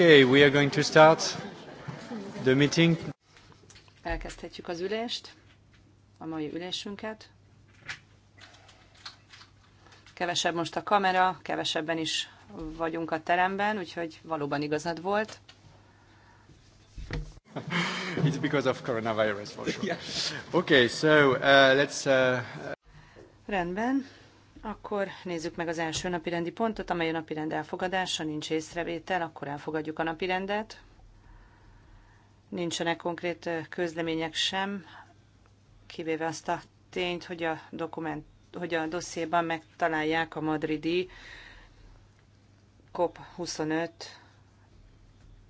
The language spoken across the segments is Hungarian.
Okay, we are going to start the meeting. Elkezdhetjük az ülést, a mai ülésünket. Kevesebb most a kamera, kevesebben is vagyunk a teremben, úgyhogy valóban igazad volt. It's because of coronavirus for sure. Yeah. Okay, so uh, let's. Uh... Rendben, akkor nézzük meg az első napirendi pontot, amely a napirend elfogadása, nincs észrevétel, akkor elfogadjuk a napirendet. Nincsenek konkrét közlemények sem, kivéve azt a tényt, hogy a, dokument, hogy a dossziéban megtalálják a madridi COP25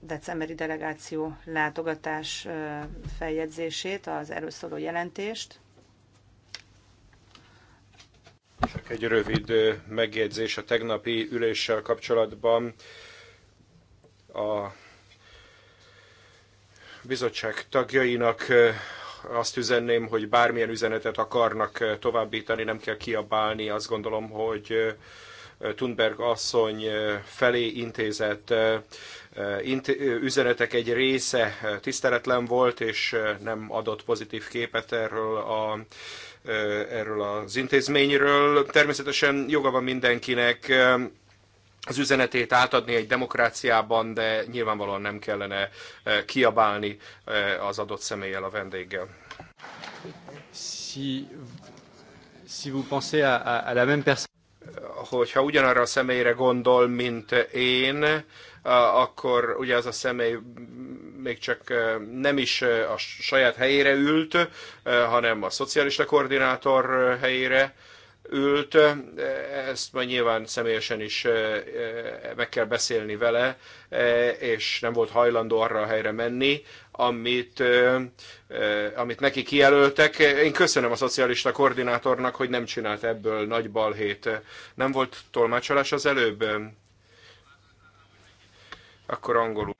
decemberi delegáció látogatás feljegyzését, az erről szóló jelentést. Csak egy rövid megjegyzés a tegnapi üléssel kapcsolatban. A bizottság tagjainak azt üzenném, hogy bármilyen üzenetet akarnak továbbítani, nem kell kiabálni. Azt gondolom, hogy Thunberg asszony felé intézett üzenetek egy része tiszteletlen volt, és nem adott pozitív képet erről a erről az intézményről. Természetesen joga van mindenkinek az üzenetét átadni egy demokráciában, de nyilvánvalóan nem kellene kiabálni az adott személlyel, a vendéggel. Si, si vous pensez à, à la même personne... Hogyha ugyanarra a személyre gondol, mint én, akkor ugye az a személy még csak nem is a saját helyére ült, hanem a szocialista koordinátor helyére ült. Ezt majd nyilván személyesen is meg kell beszélni vele, és nem volt hajlandó arra a helyre menni, amit, amit neki kijelöltek. Én köszönöm a szocialista koordinátornak, hogy nem csinált ebből nagy balhét. Nem volt tolmácsolás az előbb? akkor angolul.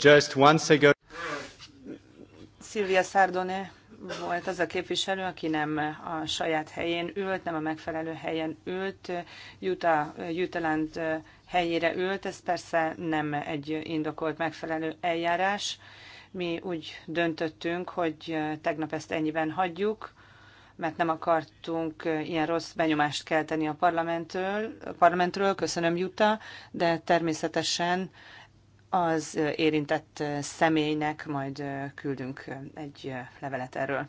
Just once ago. Szilvia Sardone, volt az a képviselő, aki nem a saját helyén ült, nem a megfelelő helyen ült, Utah, Jutland helyére ült, ez persze nem egy indokolt megfelelő eljárás. Mi úgy döntöttünk, hogy tegnap ezt ennyiben hagyjuk, mert nem akartunk ilyen rossz benyomást kelteni a parlamentről. A parlamentről. Köszönöm, Jutta, de természetesen az érintett személynek majd küldünk egy levelet erről.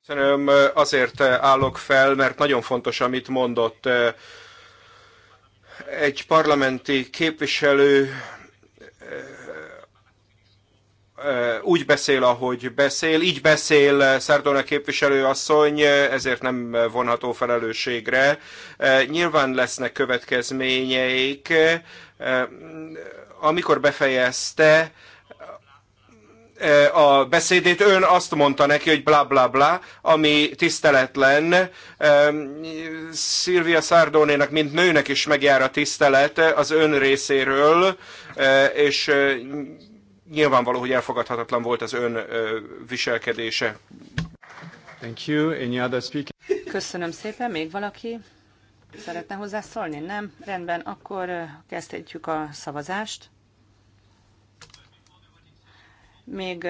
Köszönöm, azért állok fel, mert nagyon fontos, amit mondott egy parlamenti képviselő úgy beszél, ahogy beszél, így beszél eh, Szárdona képviselőasszony, eh, ezért nem vonható felelősségre. Eh, nyilván lesznek következményeik. Amikor befejezte, a beszédét, ön azt mondta neki, hogy bla bla bla, ami tiszteletlen. Szilvia Szárdónének, mint nőnek is megjár a tisztelet az ön részéről, és nyilvánvaló, hogy elfogadhatatlan volt az ön viselkedése. Thank you. Any other speaker? Köszönöm szépen. Még valaki szeretne hozzászólni? Nem? Rendben, akkor kezdhetjük a szavazást. Még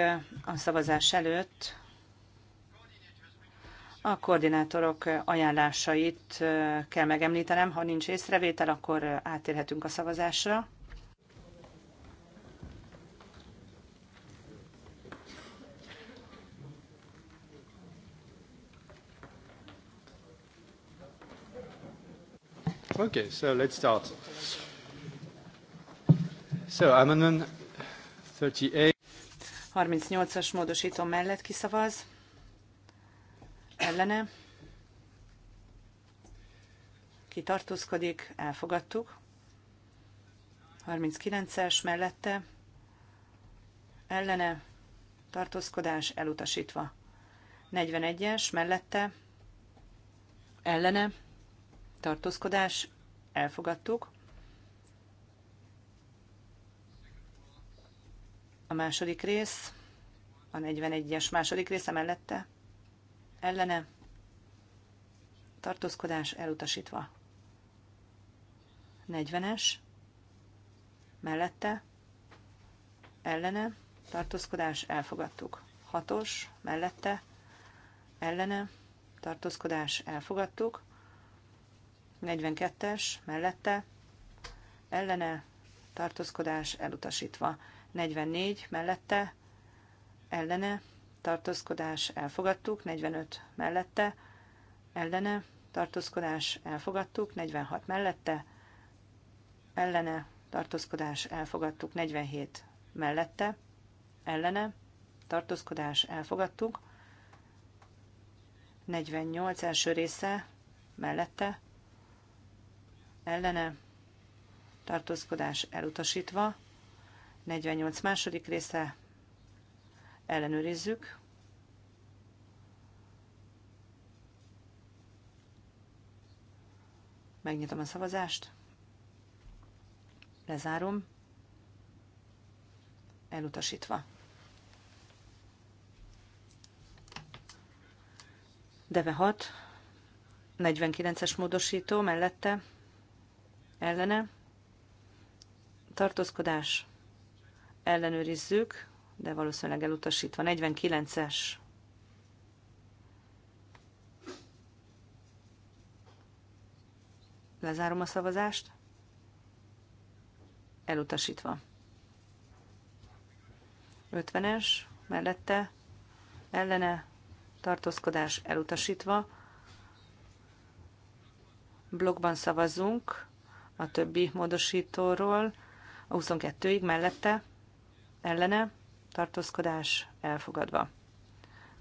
a szavazás előtt a koordinátorok ajánlásait kell megemlítenem. Ha nincs észrevétel, akkor átérhetünk a szavazásra. Okay, so let's start. So, amendment 38. 38-as módosító mellett kiszavaz. Ellene. Ki elfogadtuk. 39-es mellette. Ellene. Tartózkodás elutasítva. 41-es mellette. Ellene tartózkodás, elfogadtuk. A második rész, a 41-es második része mellette, ellene, tartózkodás elutasítva. 40-es, mellette, ellene, tartózkodás elfogadtuk. 6-os, mellette, ellene, tartózkodás elfogadtuk. 42-es mellette ellene tartózkodás elutasítva. 44 mellette ellene tartózkodás elfogadtuk, 45 mellette ellene tartózkodás elfogadtuk, 46 mellette ellene tartózkodás elfogadtuk, 47 mellette ellene tartózkodás elfogadtuk, 48 első része mellette ellene tartózkodás elutasítva, 48 második része ellenőrizzük. Megnyitom a szavazást, lezárom, elutasítva. Deve 6, 49-es módosító mellette ellene, tartózkodás, ellenőrizzük, de valószínűleg elutasítva. 49-es Lezárom a szavazást. Elutasítva. 50-es, mellette, ellene, tartózkodás elutasítva. Blogban szavazzunk a többi módosítóról, a 22-ig mellette, ellene, tartózkodás elfogadva.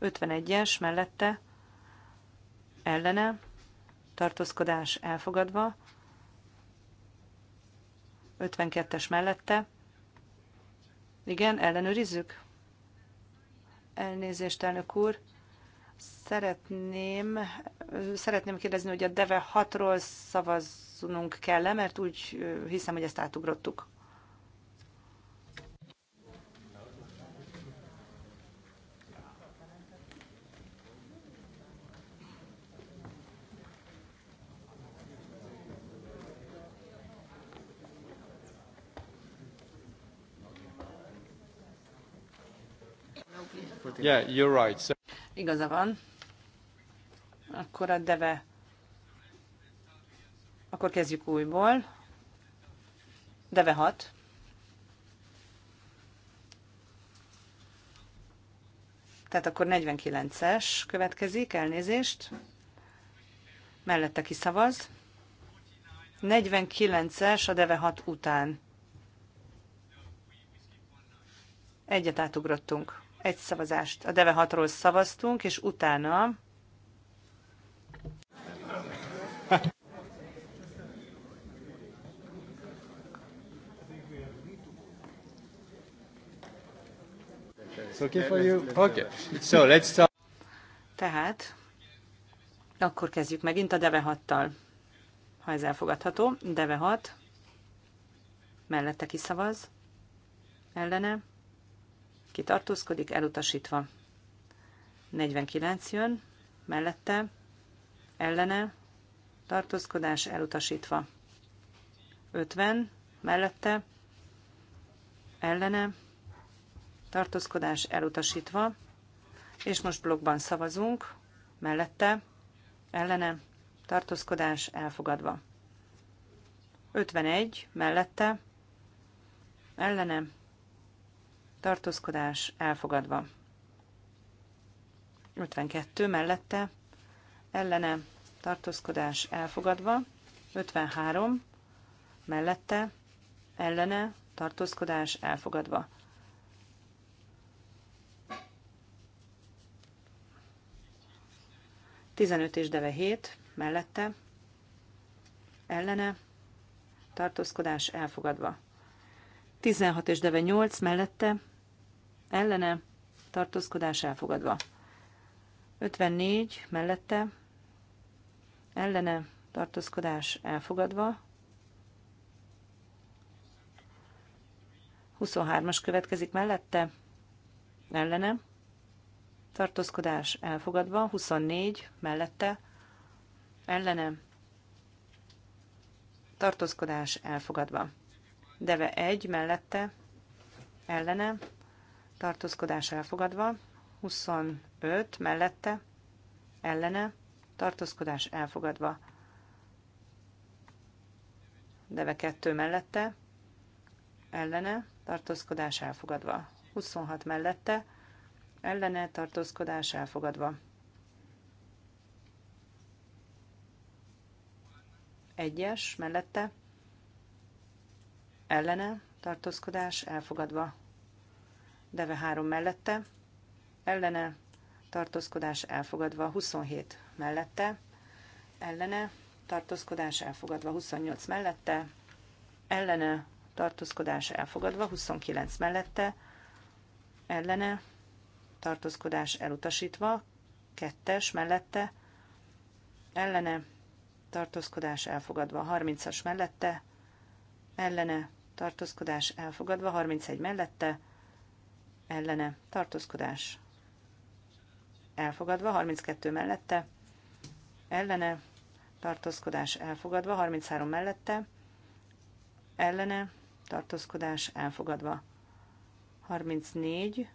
51-es mellette, ellene, tartózkodás elfogadva, 52-es mellette. Igen, ellenőrizzük? Elnézést, elnök úr. Szeretném, szeretném kérdezni, hogy a DEVE 6-ról szavaznunk kell-e, mert úgy hiszem, hogy ezt átugrottuk. Yeah, you're right. So Igaza van. Akkor a deve. Akkor kezdjük újból. Deve 6. Tehát akkor 49-es következik, elnézést. Mellette kiszavaz. 49-es a Deve 6 után. Egyet átugrottunk egy szavazást. A Deve 6-ról szavaztunk, és utána... okay for you? Okay. So let's start. Tehát, akkor kezdjük megint a Deve 6-tal, ha ez elfogadható. Deve 6, mellette kiszavaz, ellene, kitartózkodik, elutasítva. 49 jön, mellette, ellene, tartózkodás, elutasítva. 50, mellette, ellene, tartózkodás, elutasítva. És most blokkban szavazunk, mellette, ellene, tartózkodás, elfogadva. 51, mellette, ellene, tartózkodás elfogadva. 52 mellette, ellene, tartózkodás elfogadva. 53 mellette, ellene, tartózkodás elfogadva. Tizenöt és deve hét, mellette, ellene, tartózkodás elfogadva. 16 és deve 8 mellette, ellene, tartózkodás elfogadva. 54 mellette, ellene, tartózkodás elfogadva. 23-as következik mellette, ellene, tartózkodás elfogadva, 24 mellette, ellene, tartózkodás elfogadva. Deve 1 mellette, ellene, tartózkodás elfogadva, 25 mellette, ellene, tartózkodás elfogadva, deve 2 mellette, ellene, tartózkodás elfogadva, 26 mellette, ellene, tartózkodás elfogadva. Egyes mellette, ellene, tartózkodás elfogadva. Deve 3 mellette, ellene, tartózkodás elfogadva 27 mellette, ellene, tartózkodás elfogadva 28 mellette, ellene, tartózkodás elfogadva 29 mellette, ellene, tartózkodás elutasítva, 2-es mellette, ellene, tartózkodás elfogadva 30-as mellette, ellene, tartózkodás elfogadva 31 mellette, ellene tartózkodás elfogadva, 32 mellette ellene tartózkodás elfogadva, 33 mellette ellene tartózkodás elfogadva, 34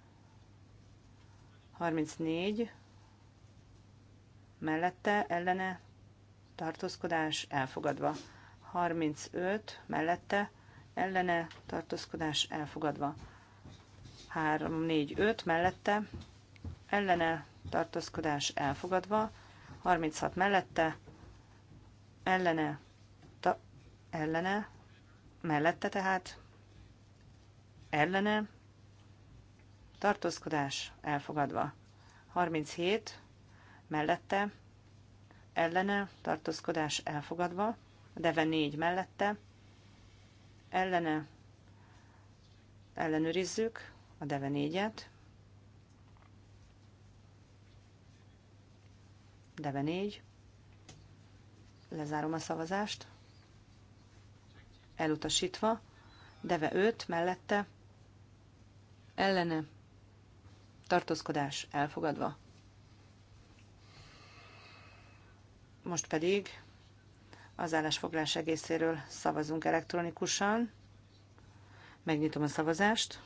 34 mellette ellene tartózkodás elfogadva. 35 mellette ellene tartózkodás elfogadva. 3, 4, 5 mellette, ellene tartózkodás elfogadva, 36 mellette, ellene, ta, ellene, mellette tehát, ellene, tartózkodás elfogadva, 37 mellette, ellene, tartózkodás elfogadva, deve 4 mellette, ellene, ellenőrizzük, a Deve négyet, Deve négy. lezárom a szavazást, elutasítva, Deve 5 mellette, ellene, tartózkodás elfogadva. Most pedig az állásfoglás egészéről szavazunk elektronikusan. Megnyitom a szavazást.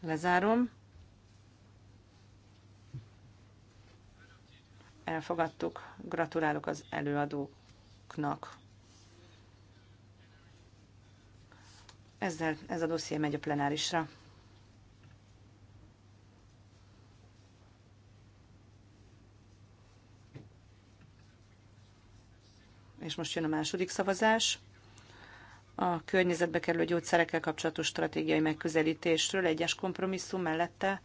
Lezárom. Elfogadtuk. Gratulálok az előadóknak. Ezzel ez a dosszié megy a plenárisra. És most jön a második szavazás a környezetbe kerülő gyógyszerekkel kapcsolatos stratégiai megközelítésről, egyes kompromisszum mellette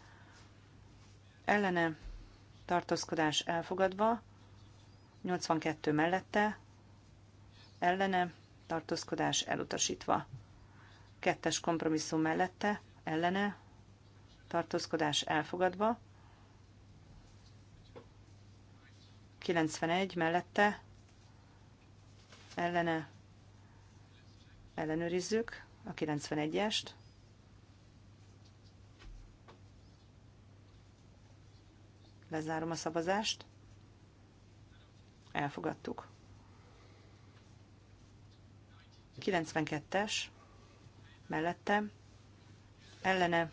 ellene tartózkodás elfogadva, 82 mellette ellene tartózkodás elutasítva, kettes kompromisszum mellette ellene tartózkodás elfogadva, 91 mellette ellene ellenőrizzük a 91-est. Lezárom a szavazást. Elfogadtuk. 92-es mellette ellene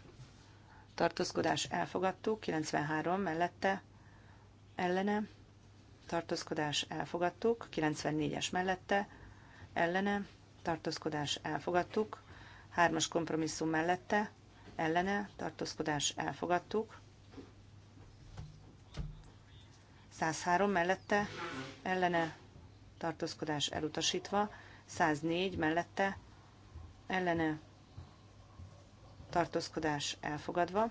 tartózkodás elfogadtuk, 93 mellette ellene tartózkodás elfogadtuk, 94-es mellette ellene tartózkodás elfogadtuk, hármas kompromisszum mellette, ellene, tartózkodás elfogadtuk, 103 mellette, ellene, tartózkodás elutasítva, 104 mellette, ellene, tartózkodás elfogadva,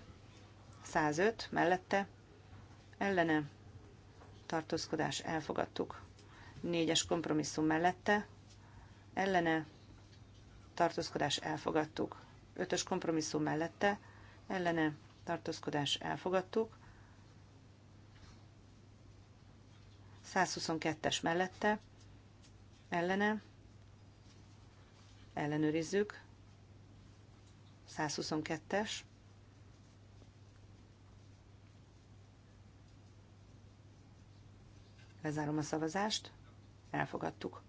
105 mellette, ellene, tartózkodás elfogadtuk, 4-es kompromisszum mellette, ellene tartózkodás elfogadtuk. Ötös kompromisszum mellette ellene tartózkodás elfogadtuk. 122-es mellette ellene ellenőrizzük. 122-es. Lezárom a szavazást. Elfogadtuk.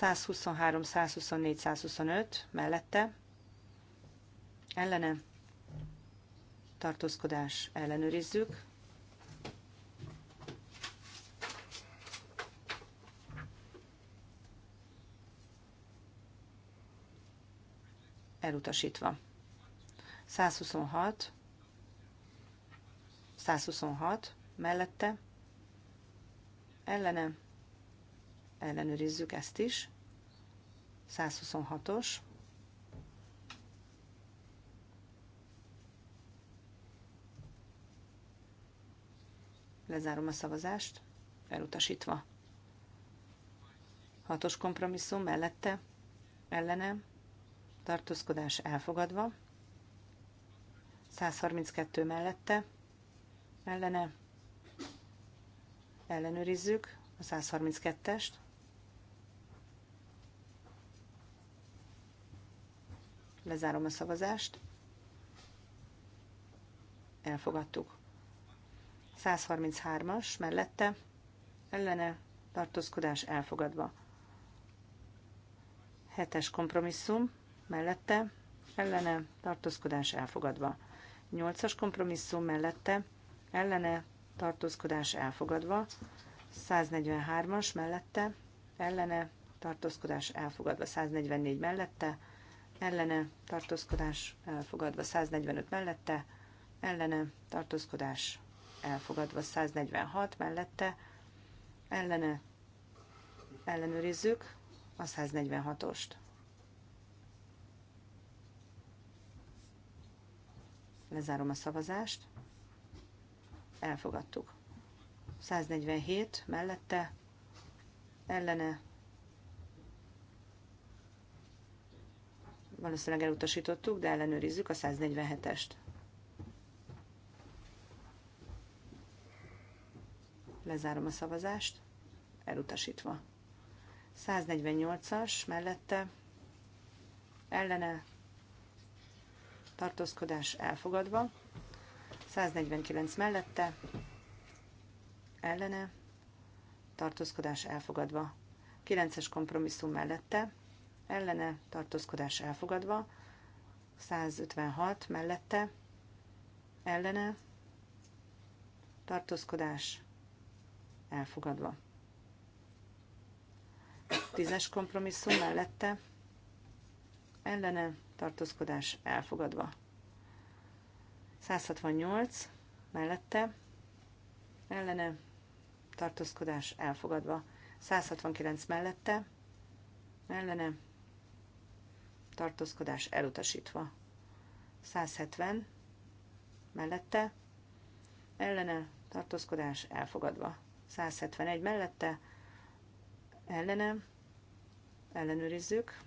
123, 124, 125 mellette, ellene, tartózkodás ellenőrizzük. Elutasítva. 126, 126 mellette, ellene, ellenőrizzük ezt is. 126-os. Lezárom a szavazást, elutasítva. Hatos kompromisszum mellette, ellene, tartózkodás elfogadva. 132 mellette, ellene, ellenőrizzük a 132-est. Lezárom a szavazást. Elfogadtuk. 133-as mellette ellene tartózkodás elfogadva. 7-es kompromisszum mellette ellene tartózkodás elfogadva. 8-as kompromisszum mellette ellene tartózkodás elfogadva. 143-as mellette ellene tartózkodás elfogadva. 144 mellette ellene tartózkodás elfogadva 145 mellette, ellene tartózkodás elfogadva 146 mellette, ellene ellenőrizzük a 146-ost. Lezárom a szavazást. Elfogadtuk. 147 mellette, ellene valószínűleg elutasítottuk, de ellenőrizzük a 147-est. Lezárom a szavazást, elutasítva. 148-as mellette ellene tartózkodás elfogadva, 149 mellette ellene tartózkodás elfogadva, 9-es kompromisszum mellette ellene tartózkodás elfogadva, 156 mellette ellene tartózkodás elfogadva. Tízes kompromisszum mellette ellene tartózkodás elfogadva. 168 mellette ellene tartózkodás elfogadva. 169 mellette ellene tartózkodás elutasítva. 170 mellette, ellene, tartózkodás elfogadva. 171 mellette, ellene, ellenőrizzük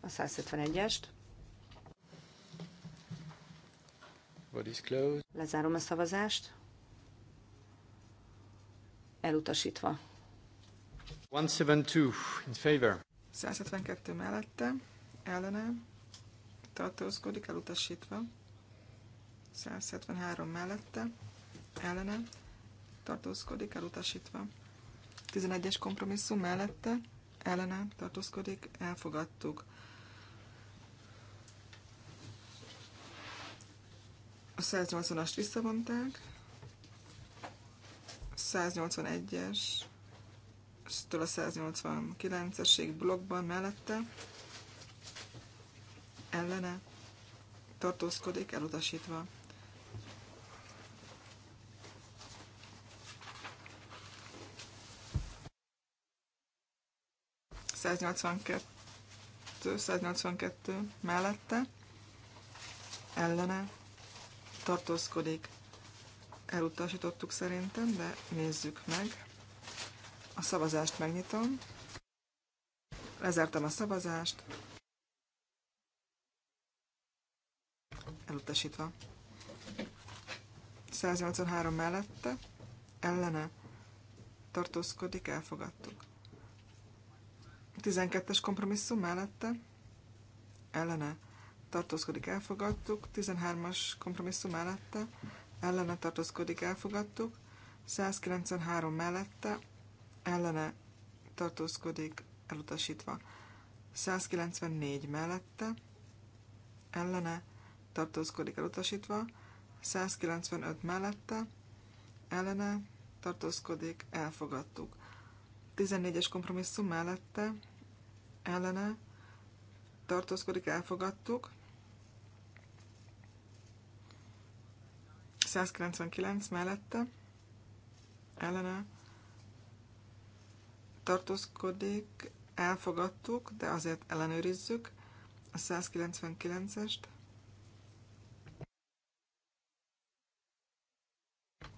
a 171-est. Lezárom a szavazást. Elutasítva. 172 in favor. 172 mellette ellene tartózkodik, elutasítva. 173 mellette ellene tartózkodik, elutasítva. 11-es kompromisszum mellette ellene tartózkodik, elfogadtuk. A 180-ast visszavonták, 181-es, a 189-esig blokkban mellette ellene tartózkodik, elutasítva. ...182, 182 mellette, ellene tartózkodik, elutasítottuk szerintem, de nézzük meg. A szavazást megnyitom, lezártam a szavazást, elutasítva. 183 mellette, ellene tartózkodik, elfogadtuk. 12-es kompromisszum mellette, ellene tartózkodik, elfogadtuk. 13-as kompromisszum mellette, ellene tartózkodik, elfogadtuk. 193 mellette, ellene tartózkodik, elutasítva. 194 mellette, ellene tartózkodik elutasítva, 195 mellette, ellene tartózkodik, elfogadtuk. 14-es kompromisszum mellette, ellene tartózkodik, elfogadtuk. 199 mellette, ellene tartózkodik, elfogadtuk, de azért ellenőrizzük a 199-est.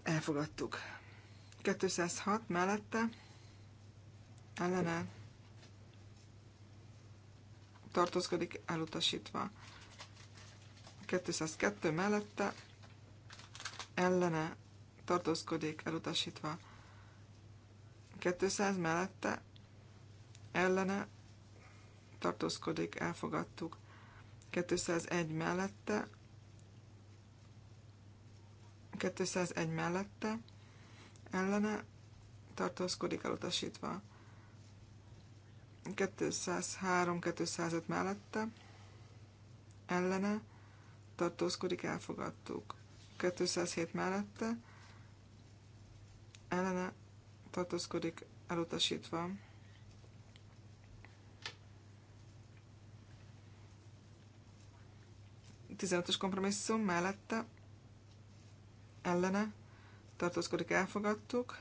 Elfogadtuk. 206 mellette ellene tartózkodik elutasítva. 202 mellette ellene tartózkodik elutasítva. 200 mellette ellene tartózkodik, elfogadtuk. 201 mellette 201 mellette ellene tartózkodik elutasítva. 203-205 mellette ellene tartózkodik elfogadtuk. 207 mellette ellene tartózkodik elutasítva. Tizenötös kompromisszum mellette ellene tartózkodik, elfogadtuk.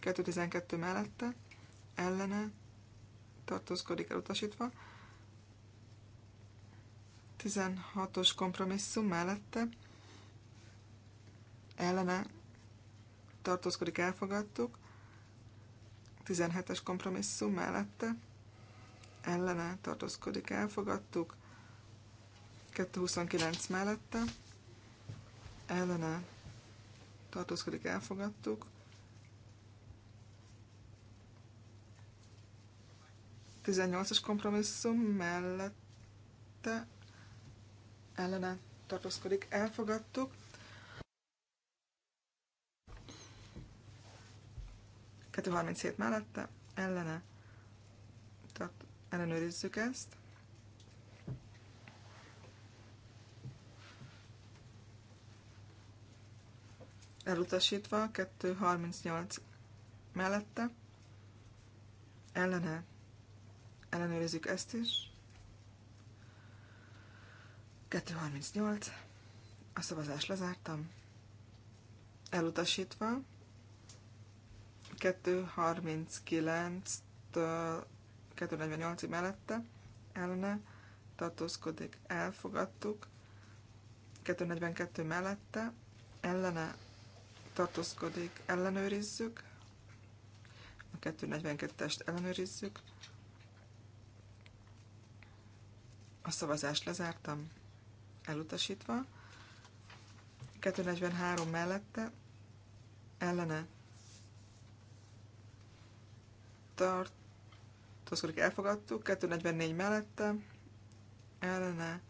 212 mellette ellene tartózkodik, elutasítva. 16-os kompromisszum mellette ellene tartózkodik, elfogadtuk. 17-es kompromisszum mellette ellene tartózkodik, elfogadtuk. 229 mellette ellene tartózkodik, elfogadtuk. 18-as kompromisszum mellette ellene tartózkodik, elfogadtuk. 37 mellette ellene, tehát ellenőrizzük ezt. elutasítva, 238 mellette, ellene, ellenőrizzük ezt is, 238, a szavazást lezártam, elutasítva, 239 248-ig mellette, ellene, tartózkodik, elfogadtuk, 242 mellette, ellene tartózkodik, ellenőrizzük. A 242-est ellenőrizzük. A szavazást lezártam, elutasítva. 243 mellette, ellene tartózkodik, elfogadtuk. 244 mellette, ellene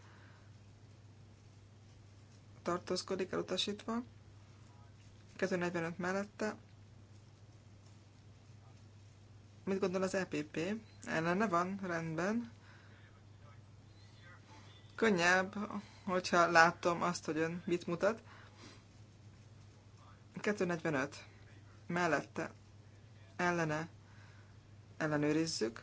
tartózkodik, elutasítva következő 45 mellette. Mit gondol az EPP? Ellene van, rendben. Könnyebb, hogyha látom azt, hogy ön mit mutat. 245. Mellette. Ellene. Ellenőrizzük.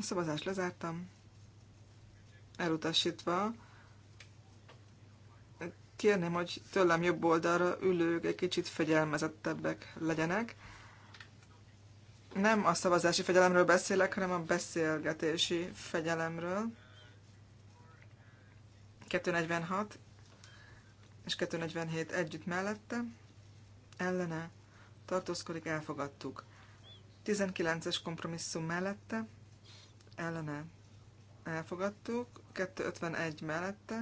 A szavazást lezártam. Elutasítva. Kérném, hogy tőlem jobb oldalra ülők egy kicsit fegyelmezettebbek legyenek. Nem a szavazási fegyelemről beszélek, hanem a beszélgetési fegyelemről. 246 és 247 együtt mellette, ellene tartózkodik, elfogadtuk. 19-es kompromisszum mellette, ellene elfogadtuk, 251 mellette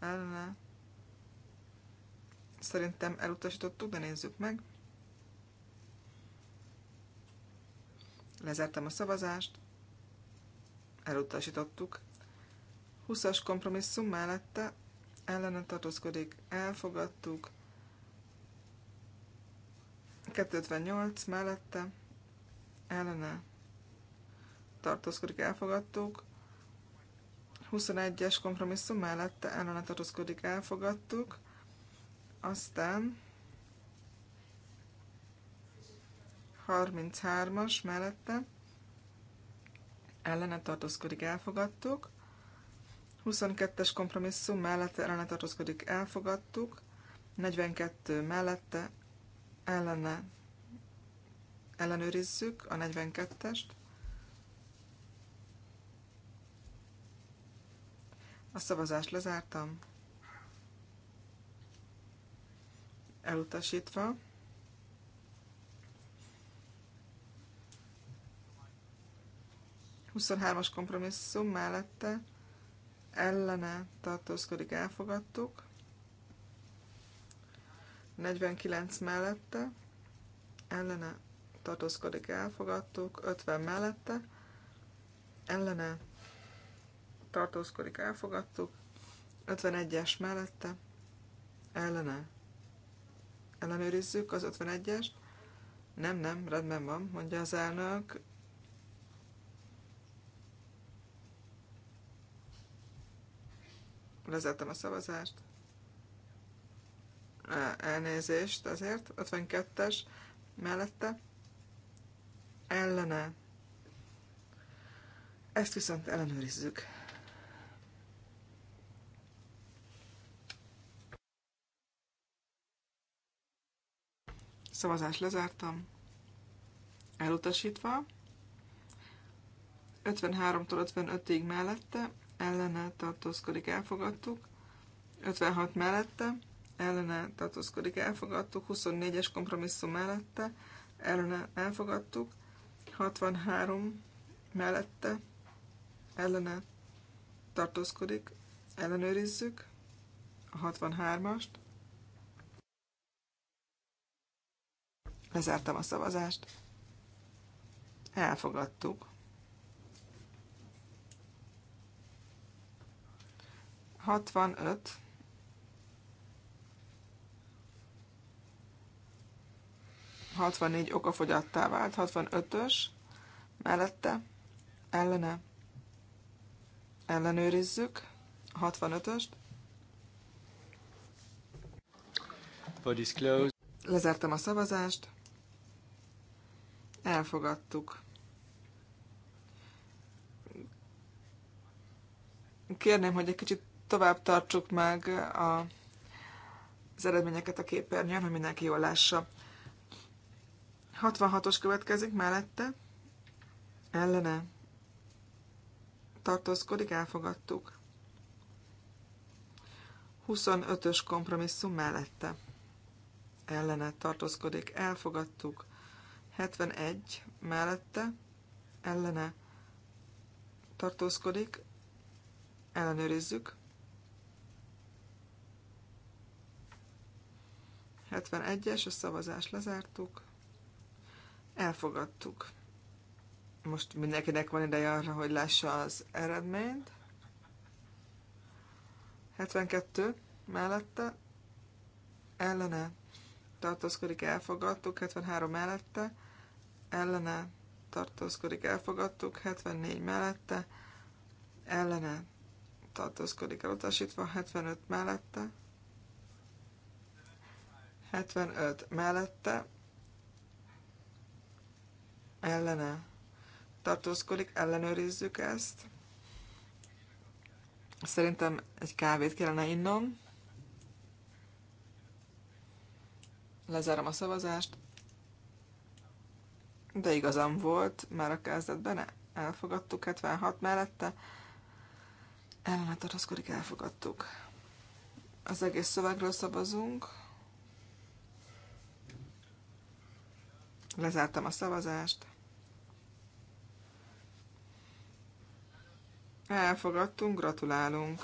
ellene szerintem elutasítottuk, de nézzük meg. Lezártam a szavazást, elutasítottuk. 20-as kompromisszum mellette ellene tartózkodik, elfogadtuk. 258 mellette ellene tartózkodik, elfogadtuk. 21-es kompromisszum mellette ellene tartózkodik, elfogadtuk. Aztán 33-as mellette ellene tartózkodik, elfogadtuk. 22-es kompromisszum mellette ellene tartózkodik, elfogadtuk. 42 mellette ellene ellenőrizzük a 42-est. A szavazást lezártam. Elutasítva. as kompromisszum mellette ellene tartózkodik, elfogadtuk. 49 mellette ellene tartózkodik, elfogadtuk. 50 mellette ellene tartózkodik, elfogadtuk. 51-es mellette, ellene. Ellenőrizzük az 51-est. Nem, nem, rendben van, mondja az elnök. Lezettem a szavazást. E, elnézést azért, 52-es mellette. Ellene. Ezt viszont ellenőrizzük. Szavazás lezártam. Elutasítva. 53-tól 55-ig mellette, ellene tartózkodik, elfogadtuk. 56 mellette, ellene tartózkodik, elfogadtuk. 24-es kompromisszum mellette, ellene elfogadtuk. 63 mellette, ellene tartózkodik, ellenőrizzük a 63-ast. Lezártam a szavazást. Elfogadtuk. 65. Hatvannégy okafogyattá vált, 65-ös, mellette, ellene, ellenőrizzük, 65-öst. Lezártam a szavazást. Elfogadtuk. Kérném, hogy egy kicsit tovább tartsuk meg a, az eredményeket a képernyőn, hogy mindenki jól lássa. 66-os következik mellette. Ellene. Tartózkodik, elfogadtuk. 25-ös kompromisszum mellette. Ellene tartózkodik, elfogadtuk. 71 mellette ellene tartózkodik, ellenőrizzük. 71-es, a szavazást lezártuk, elfogadtuk. Most mindenkinek van ideje arra, hogy lássa az eredményt. 72 mellette, ellene tartózkodik, elfogadtuk, 73 mellette, ellene tartózkodik, elfogadtuk, 74 mellette, ellene tartózkodik, elutasítva, 75 mellette, 75 mellette, ellene tartózkodik, ellenőrizzük ezt. Szerintem egy kávét kellene innom. Lezárom a szavazást. De igazam volt, már a kezdetben elfogadtuk, 76 mellette ellene tartozkodik, elfogadtuk. Az egész szövegről szavazunk. Lezártam a szavazást. Elfogadtunk, gratulálunk.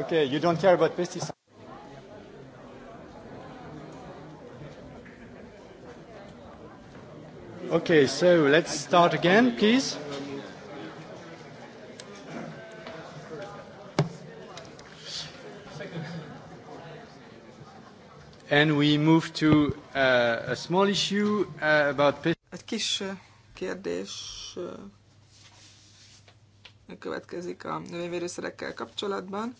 Okay, you don't care about pesticides. Okay, so let's start again, please. And we move to uh, a small issue uh, about Egy kis uh, kérdés uh, következik a növényvédőszerekkel kapcsolatban.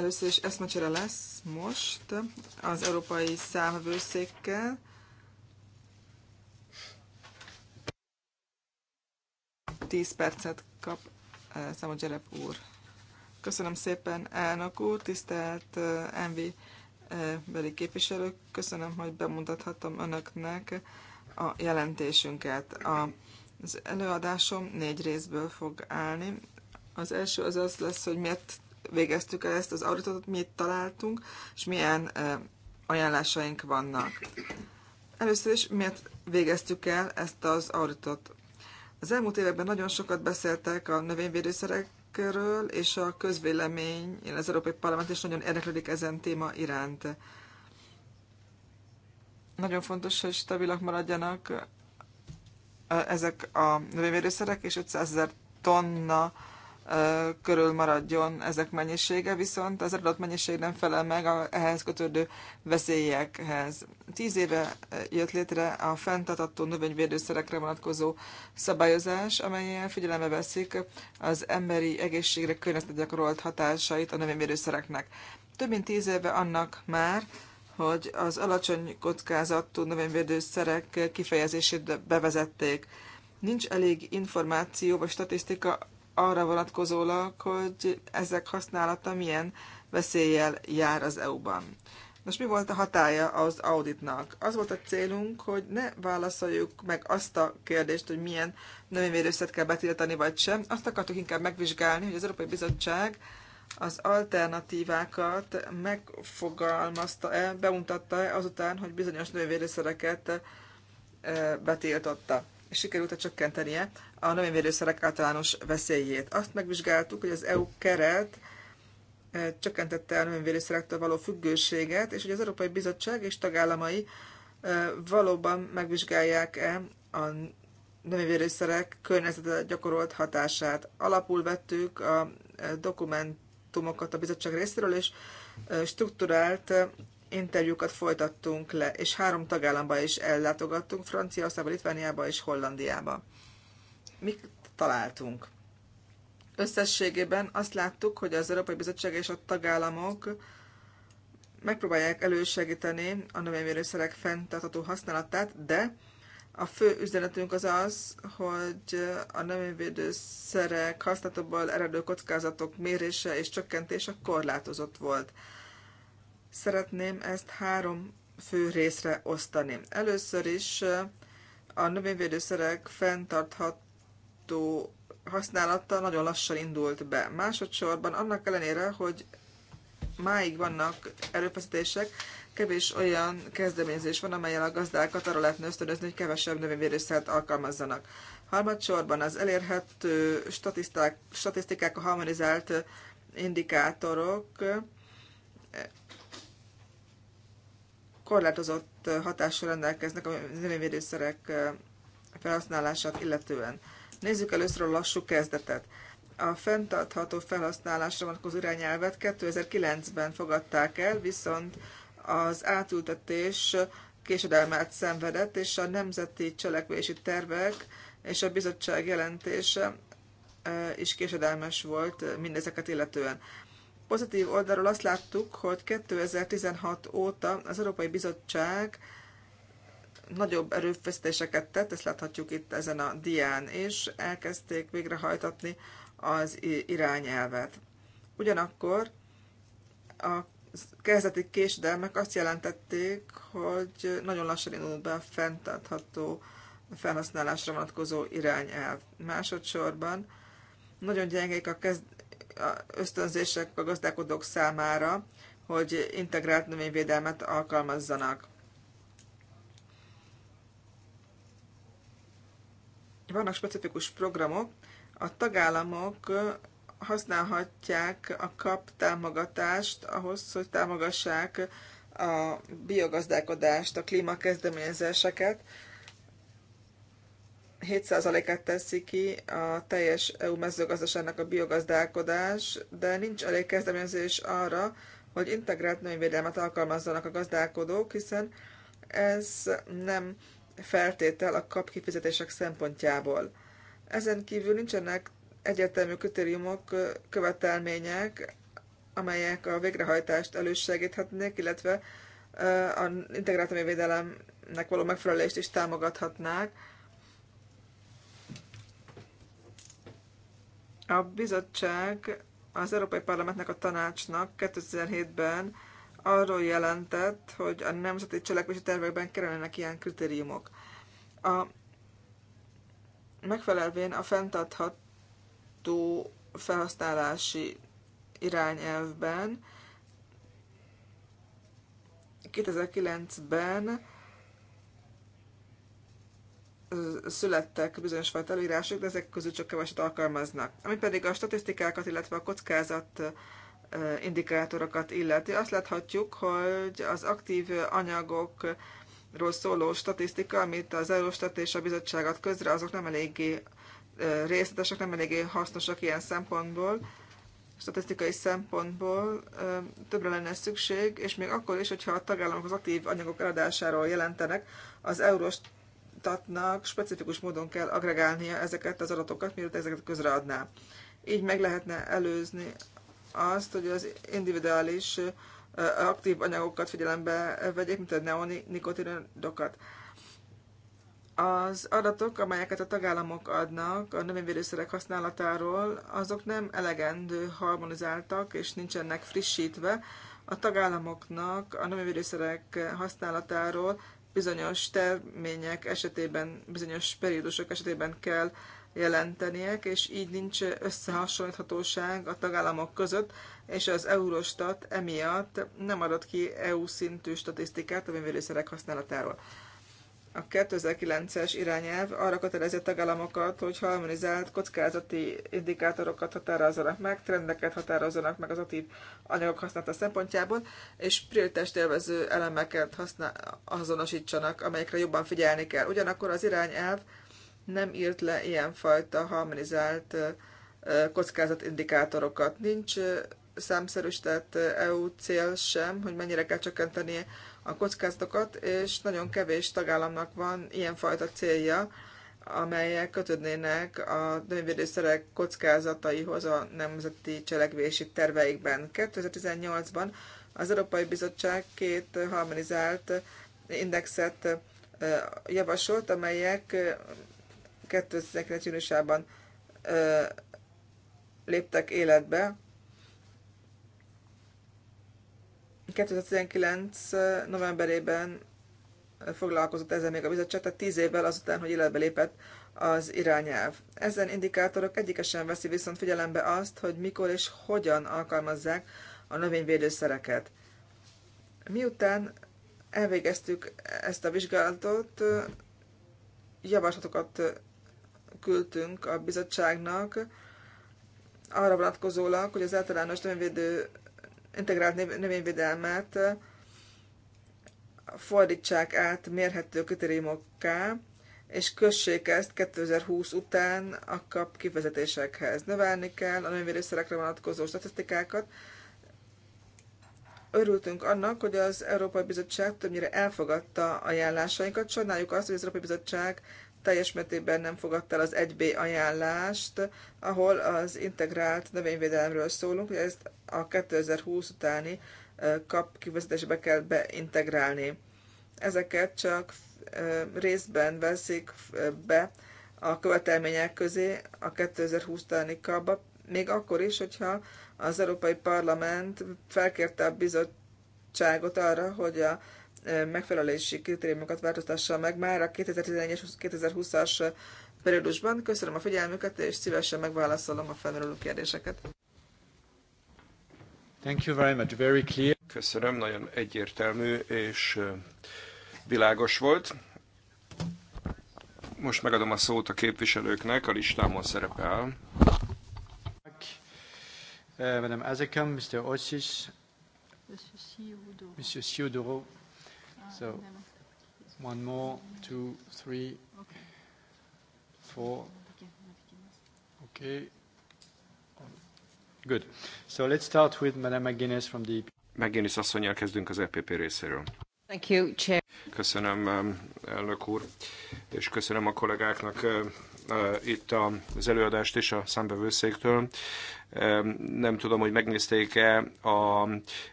Először is eszmecsere lesz most az Európai számvőszékkel. Tíz percet kap eh, Szamo Gyerep úr. Köszönöm szépen, elnök úr, tisztelt eh, Envi eh, beli képviselők, köszönöm, hogy bemutathatom önöknek a jelentésünket. Az előadásom négy részből fog állni. Az első az az lesz, hogy miért végeztük el ezt az auditot, mit találtunk, és milyen ajánlásaink vannak. Először is miért végeztük el ezt az auditot? Az elmúlt években nagyon sokat beszéltek a növényvédőszerekről, és a közvélemény, az Európai Parlament is nagyon érdeklődik ezen téma iránt. Nagyon fontos, hogy stabilak maradjanak ezek a növényvédőszerek, és 500 ezer tonna körül maradjon ezek mennyisége, viszont az eredett mennyiség nem felel meg a ehhez kötődő veszélyekhez. Tíz éve jött létre a fenntartató növényvédőszerekre vonatkozó szabályozás, amelyen figyelembe veszik az emberi egészségre környezetre gyakorolt hatásait a növényvédőszereknek. Több mint tíz éve annak már, hogy az alacsony kockázatú növényvédőszerek kifejezését bevezették. Nincs elég információ vagy statisztika arra vonatkozólag, hogy ezek használata milyen veszéllyel jár az EU-ban. Nos, mi volt a hatája az auditnak? Az volt a célunk, hogy ne válaszoljuk meg azt a kérdést, hogy milyen növényvédőszert kell betiltani vagy sem. Azt akartuk inkább megvizsgálni, hogy az Európai Bizottság az alternatívákat megfogalmazta-e, bemutatta-e azután, hogy bizonyos növényvédőszereket eh, betiltotta sikerült a csökkentenie a növényvédőszerek általános veszélyét. Azt megvizsgáltuk, hogy az EU keret csökkentette a növényvédőszerektől való függőséget, és hogy az Európai Bizottság és tagállamai valóban megvizsgálják-e a növényvédőszerek környezetre gyakorolt hatását. Alapul vettük a dokumentumokat a bizottság részéről, és strukturált interjúkat folytattunk le, és három tagállamba is ellátogattunk, Franciaországba, Litvániába és Hollandiába. Mik találtunk? Összességében azt láttuk, hogy az Európai Bizottság és a tagállamok megpróbálják elősegíteni a növényvérőszerek fenntartható használatát, de a fő üzenetünk az az, hogy a növényvédőszerek használatából eredő kockázatok mérése és csökkentése korlátozott volt. Szeretném ezt három fő részre osztani. Először is eh, a növényvédőszerek fenntartható használata nagyon lassan indult be. Másodszorban annak ellenére, hogy máig vannak erőfeszítések, kevés olyan kezdeményezés van, amelyel a gazdákat arra lehetne ösztönözni, hogy kevesebb növényvédőszert alkalmazzanak. Harmadsorban az elérhető statisztikák, statisztikák a harmonizált indikátorok korlátozott hatással rendelkeznek a növényvédőszerek felhasználását illetően. Nézzük először a lassú kezdetet. A fenntartható felhasználásra vonatkozó irányelvet 2009-ben fogadták el, viszont az átültetés késedelmet szenvedett, és a nemzeti cselekvési tervek és a bizottság jelentése is késedelmes volt mindezeket illetően. Pozitív oldalról azt láttuk, hogy 2016 óta az Európai Bizottság nagyobb erőfeszítéseket tett, ezt láthatjuk itt ezen a dián, és elkezdték végrehajtatni az irányelvet. Ugyanakkor a kezdeti késdelmek azt jelentették, hogy nagyon lassan indult be a fenntartható felhasználásra vonatkozó irányelv. Másodszorban nagyon gyengék a kezd, ösztönzések a gazdálkodók számára, hogy integrált növényvédelmet alkalmazzanak. Vannak specifikus programok, a tagállamok használhatják a kap támogatást ahhoz, hogy támogassák a biogazdálkodást, a klímakezdeményezéseket, 7%-át teszi ki a teljes EU mezőgazdaságnak a biogazdálkodás, de nincs elég kezdeményezés arra, hogy integrált növényvédelmet alkalmazzanak a gazdálkodók, hiszen ez nem feltétel a kap kifizetések szempontjából. Ezen kívül nincsenek egyértelmű kritériumok, követelmények, amelyek a végrehajtást elősegíthetnék, illetve az integrált növényvédelemnek való megfelelést is támogathatnák A bizottság az Európai Parlamentnek a tanácsnak 2007-ben arról jelentett, hogy a nemzeti cselekvési tervekben kerülnek ilyen kritériumok. A megfelelvén a fenntartható felhasználási irányelvben 2009-ben születtek bizonyos fajta előírások, de ezek közül csak keveset alkalmaznak. Ami pedig a statisztikákat, illetve a kockázat indikátorokat illeti, azt láthatjuk, hogy az aktív anyagok ról szóló statisztika, amit az Eurostat és a bizottságot közre, azok nem eléggé részletesek, nem eléggé hasznosak ilyen szempontból, statisztikai szempontból többre lenne szükség, és még akkor is, hogyha a tagállamok az aktív anyagok eladásáról jelentenek, az Eurostat szolgáltatnak, specifikus módon kell agregálnia ezeket az adatokat, mielőtt ezeket közreadná. Így meg lehetne előzni azt, hogy az individuális aktív anyagokat figyelembe vegyék, mint a neonikotinodokat. Az adatok, amelyeket a tagállamok adnak a növényvédőszerek használatáról, azok nem elegendő harmonizáltak és nincsenek frissítve. A tagállamoknak a növényvédőszerek használatáról bizonyos termények esetében, bizonyos periódusok esetében kell jelenteniek, és így nincs összehasonlíthatóság a tagállamok között, és az Eurostat emiatt nem adott ki EU szintű statisztikát a növényvédőszerek használatáról. A 2009-es irányelv arra kötelezi a tagállamokat, hogy harmonizált kockázati indikátorokat határozzanak meg, trendeket határozzanak meg az aktív anyagok használata szempontjából, és prioritást élvező elemeket használ, azonosítsanak, amelyekre jobban figyelni kell. Ugyanakkor az irányelv nem írt le ilyenfajta harmonizált kockázatindikátorokat. Nincs számszerűsített EU cél sem, hogy mennyire kell csökkenteni a kockázatokat, és nagyon kevés tagállamnak van ilyenfajta célja, amelyek kötődnének a növényvédőszerek kockázataihoz a nemzeti cselekvési terveikben. 2018-ban az Európai Bizottság két harmonizált indexet javasolt, amelyek 2019. júniusában léptek életbe, 2019. Eh, novemberében eh, foglalkozott ezzel még a bizottság, tehát 10 évvel azután, hogy életbe lépett az irányelv. Ezen indikátorok egyikesen veszi viszont figyelembe azt, hogy mikor és hogyan alkalmazzák a növényvédőszereket. Miután elvégeztük ezt a vizsgálatot, eh, javaslatokat küldtünk a bizottságnak arra vonatkozólag, hogy az általános növényvédő integrált növényvédelmet fordítsák át mérhető kritériumokká, és kössék ezt 2020 után a kap kivezetésekhez. Növelni kell a növényvédőszerekre vonatkozó statisztikákat. Örültünk annak, hogy az Európai Bizottság többnyire elfogadta ajánlásainkat. Sajnáljuk azt, hogy az Európai Bizottság teljes mértékben nem fogadta el az 1B ajánlást, ahol az integrált növényvédelemről szólunk, hogy ezt a 2020 utáni kap kivezetésbe kell beintegrálni. Ezeket csak részben veszik be a követelmények közé a 2020 utáni kapba, még akkor is, hogyha az Európai Parlament felkérte a bizottságot arra, hogy a megfelelési kritériumokat változtassa meg már a 2011-es 2020-as periódusban. Köszönöm a figyelmüket, és szívesen megválaszolom a felmerülő kérdéseket. Thank you very much. Very clear. Köszönöm, nagyon egyértelmű és világos volt. Most megadom a szót a képviselőknek, a listámon szerepel. Eh, Madame Azekam, Mr. Ossis, Monsieur Siudoro. So, ah, one more, two, three, four. Okay. Good. So let's start with Madame McGuinness from the EP. McGuinness asszonyjal kezdünk az EPP részéről. Thank you, Chair. Köszönöm, um, elnök úr, és köszönöm a kollégáknak uh, uh, itt az előadást és a számbevőszéktől. Nem tudom, hogy megnézték-e a e,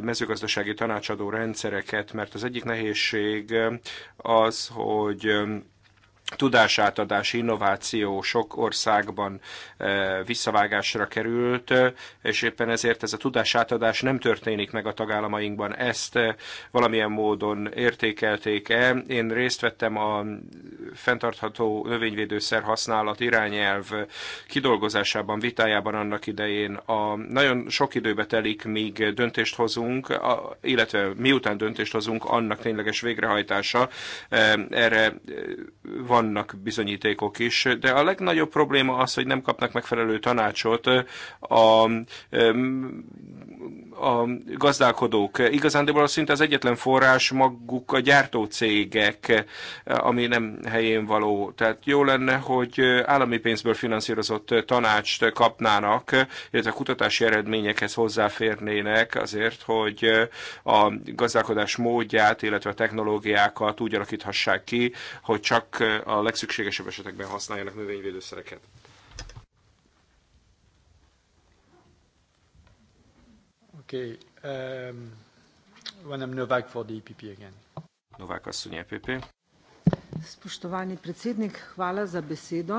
mezőgazdasági tanácsadó rendszereket, mert az egyik nehézség az, hogy tudásátadás, innováció sok országban e, visszavágásra került, e, és éppen ezért ez a tudásátadás nem történik meg a tagállamainkban. Ezt e, valamilyen módon értékelték el. Én részt vettem a fenntartható növényvédőszer használat irányelv kidolgozásában, vitájában annak idején. A, nagyon sok időbe telik, míg döntést hozunk, illetve miután döntést hozunk, annak tényleges végrehajtása. Erre vannak bizonyítékok is, de a legnagyobb probléma az, hogy nem kapnak megfelelő tanácsot a, a gazdálkodók. Igazándiból szinte az egyetlen forrás maguk a gyártócégek, ami nem helyén való. Tehát jó lenne, hogy állami pénzből finanszírozott tanácst kapnának, illetve kutatási eredményekhez hozzáférnének azért, hogy a gazdálkodás módját, illetve a technológiákat úgy alakíthassák ki, hogy csak a legszükségesebb esetekben használjanak növényvédőszereket. Okay. Um, Madame Novák for the EPP again. Novák asszony, EPP. Spoštovani predsednik, hvala za besedo.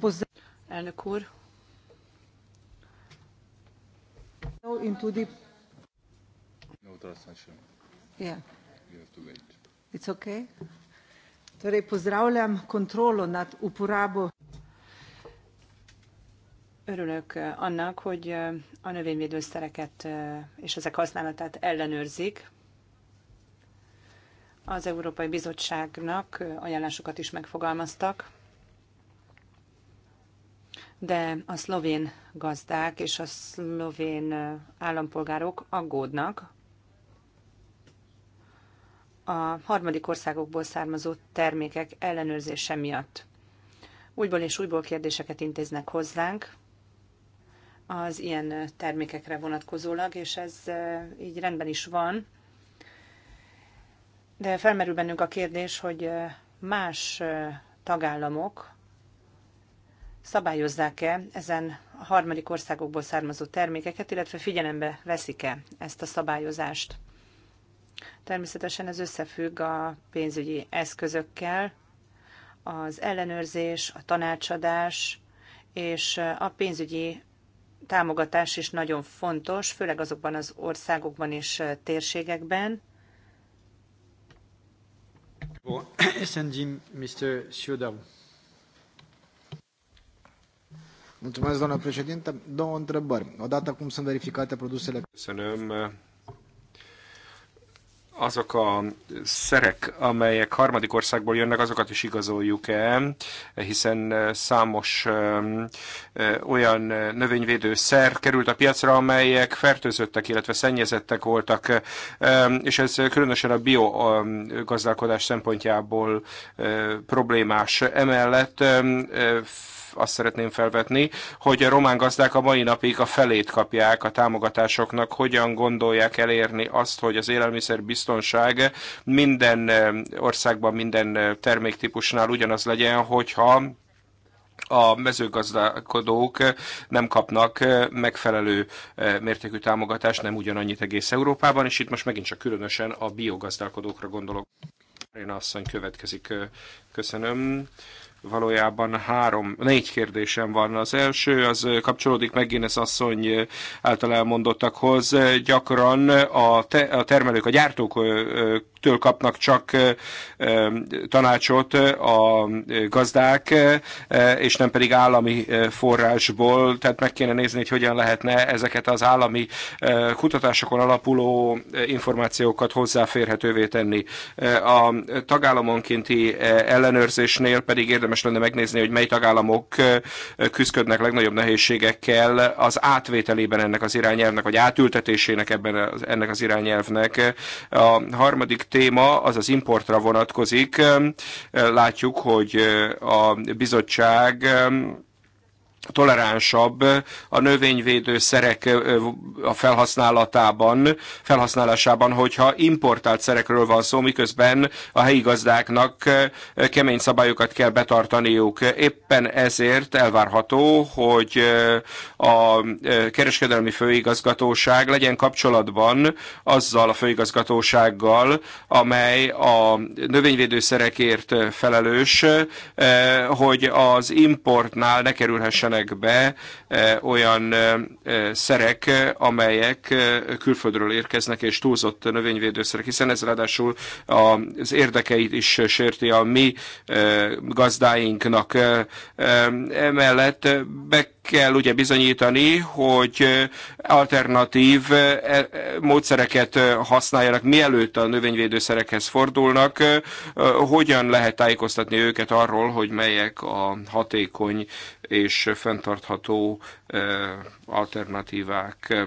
Pozdrav... Elnök úr. In tudi... No translation. Yeah. You have to wait. It's okay? Torej pozdravljam kontrolo nad uporabo. Örülök eh, annak, hogy eh, a növényvédőszereket eh, és ezek használatát ellenőrzik. Az Európai Bizottságnak ajánlásokat is megfogalmaztak, de a szlovén gazdák és a szlovén állampolgárok aggódnak, a harmadik országokból származó termékek ellenőrzése miatt. Újból és újból kérdéseket intéznek hozzánk az ilyen termékekre vonatkozólag, és ez e, így rendben is van. De felmerül bennünk a kérdés, hogy e, más e, tagállamok szabályozzák-e ezen a harmadik országokból származó termékeket, illetve figyelembe veszik-e ezt a szabályozást. Természetesen ez összefügg a pénzügyi eszközökkel, az ellenőrzés, a tanácsadás és a pénzügyi támogatás is nagyon fontos, főleg azokban az országokban és térségekben. Mr. doamna președintă. Două întrebări. Odată cum sunt verificate produsele... Köszönöm, azok a szerek, amelyek harmadik országból jönnek, azokat is igazoljuk el, hiszen eh, számos eh, olyan eh, növényvédő szer került a piacra, amelyek fertőzöttek, illetve szennyezettek voltak, és ez különösen a biogazdálkodás szempontjából problémás. Emellett azt szeretném felvetni, hogy a román gazdák a mai napig a felét kapják a támogatásoknak, hogyan gondolják elérni azt, hogy az élelmiszer biztonság minden eh, országban, minden eh, terméktípusnál ugyanaz legyen, hogyha a mezőgazdálkodók eh, nem kapnak megfelelő mértékű támogatást, nem ugyanannyit egész Európában, és itt most megint csak különösen a biogazdálkodókra gondolok. Én asszony következik. Köszönöm valójában három, négy kérdésem van. Az első, az kapcsolódik megint ez asszony által elmondottakhoz. Gyakran a, te, a termelők, a gyártók től kapnak csak tanácsot a gazdák, és nem pedig állami forrásból, tehát meg kéne nézni, hogy hogyan lehetne ezeket az állami kutatásokon alapuló információkat hozzáférhetővé tenni. A tagállamonkénti ellenőrzésnél pedig érdemes érdemes lenne megnézni, hogy mely tagállamok küzdködnek legnagyobb nehézségekkel az átvételében ennek az irányelvnek, vagy átültetésének ebben ennek az irányelvnek. A harmadik téma az az importra vonatkozik. Látjuk, hogy a bizottság toleránsabb a növényvédőszerek a felhasználatában, felhasználásában, hogyha importált szerekről van szó, miközben a helyi gazdáknak kemény szabályokat kell betartaniuk. Éppen ezért elvárható, hogy a kereskedelmi főigazgatóság legyen kapcsolatban azzal a főigazgatósággal, amely a növényvédőszerekért felelős, hogy az importnál ne kerülhessenek kerülnek be eh, olyan eh, szerek, amelyek eh, külföldről érkeznek, és túlzott növényvédőszerek, hiszen ez ráadásul az érdekeit is sérti a mi gazdáinknak. Emellett be kell ugye bizonyítani, hogy alternatív módszereket használjanak, mielőtt a növényvédőszerekhez fordulnak, hogyan lehet tájékoztatni őket arról, hogy melyek a hatékony és fenntartható eh, alternatívák.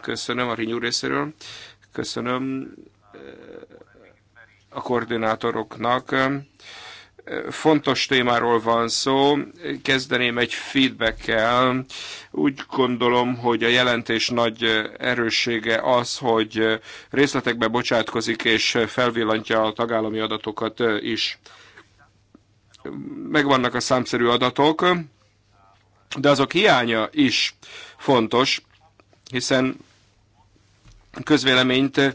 Köszönöm a Rinyú részéről, köszönöm eh, a koordinátoroknak. Eh, fontos témáról van szó, kezdeném egy feedbackkel. Úgy gondolom, hogy a jelentés nagy erőssége az, hogy részletekbe bocsátkozik és felvillantja a tagállami adatokat is megvannak a számszerű adatok, de azok hiánya is fontos, hiszen közvéleményt eh,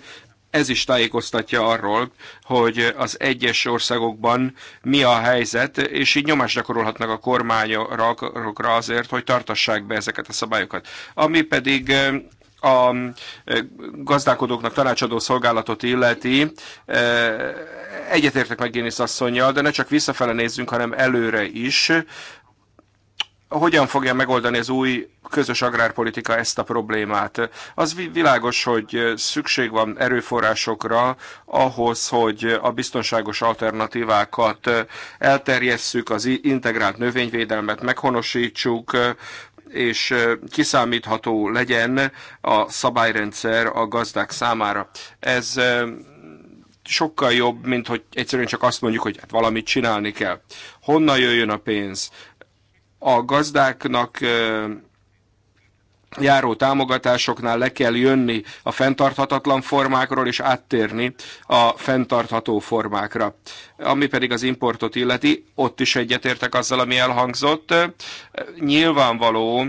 ez is tájékoztatja arról, hogy az egyes országokban mi a helyzet, és így nyomást gyakorolhatnak a kormányokra azért, hogy tartassák be ezeket a szabályokat. Ami pedig eh, a eh, gazdálkodóknak tanácsadó szolgálatot illeti, egyetértek meg Génisz asszonyjal, de ne csak visszafele nézzünk, hanem előre is hogyan fogja megoldani az új közös agrárpolitika ezt a problémát. Az világos, hogy szükség van erőforrásokra ahhoz, hogy a biztonságos alternatívákat elterjesszük, az integrált növényvédelmet meghonosítsuk, és kiszámítható legyen a szabályrendszer a gazdák számára. Ez sokkal jobb, mint hogy egyszerűen csak azt mondjuk, hogy hát valamit csinálni kell. Honnan jöjjön a pénz? a gazdáknak járó támogatásoknál le kell jönni a fenntarthatatlan formákról, és áttérni a fenntartható formákra. Ami pedig az importot illeti, ott is egyetértek azzal, ami elhangzott. Nyilvánvaló,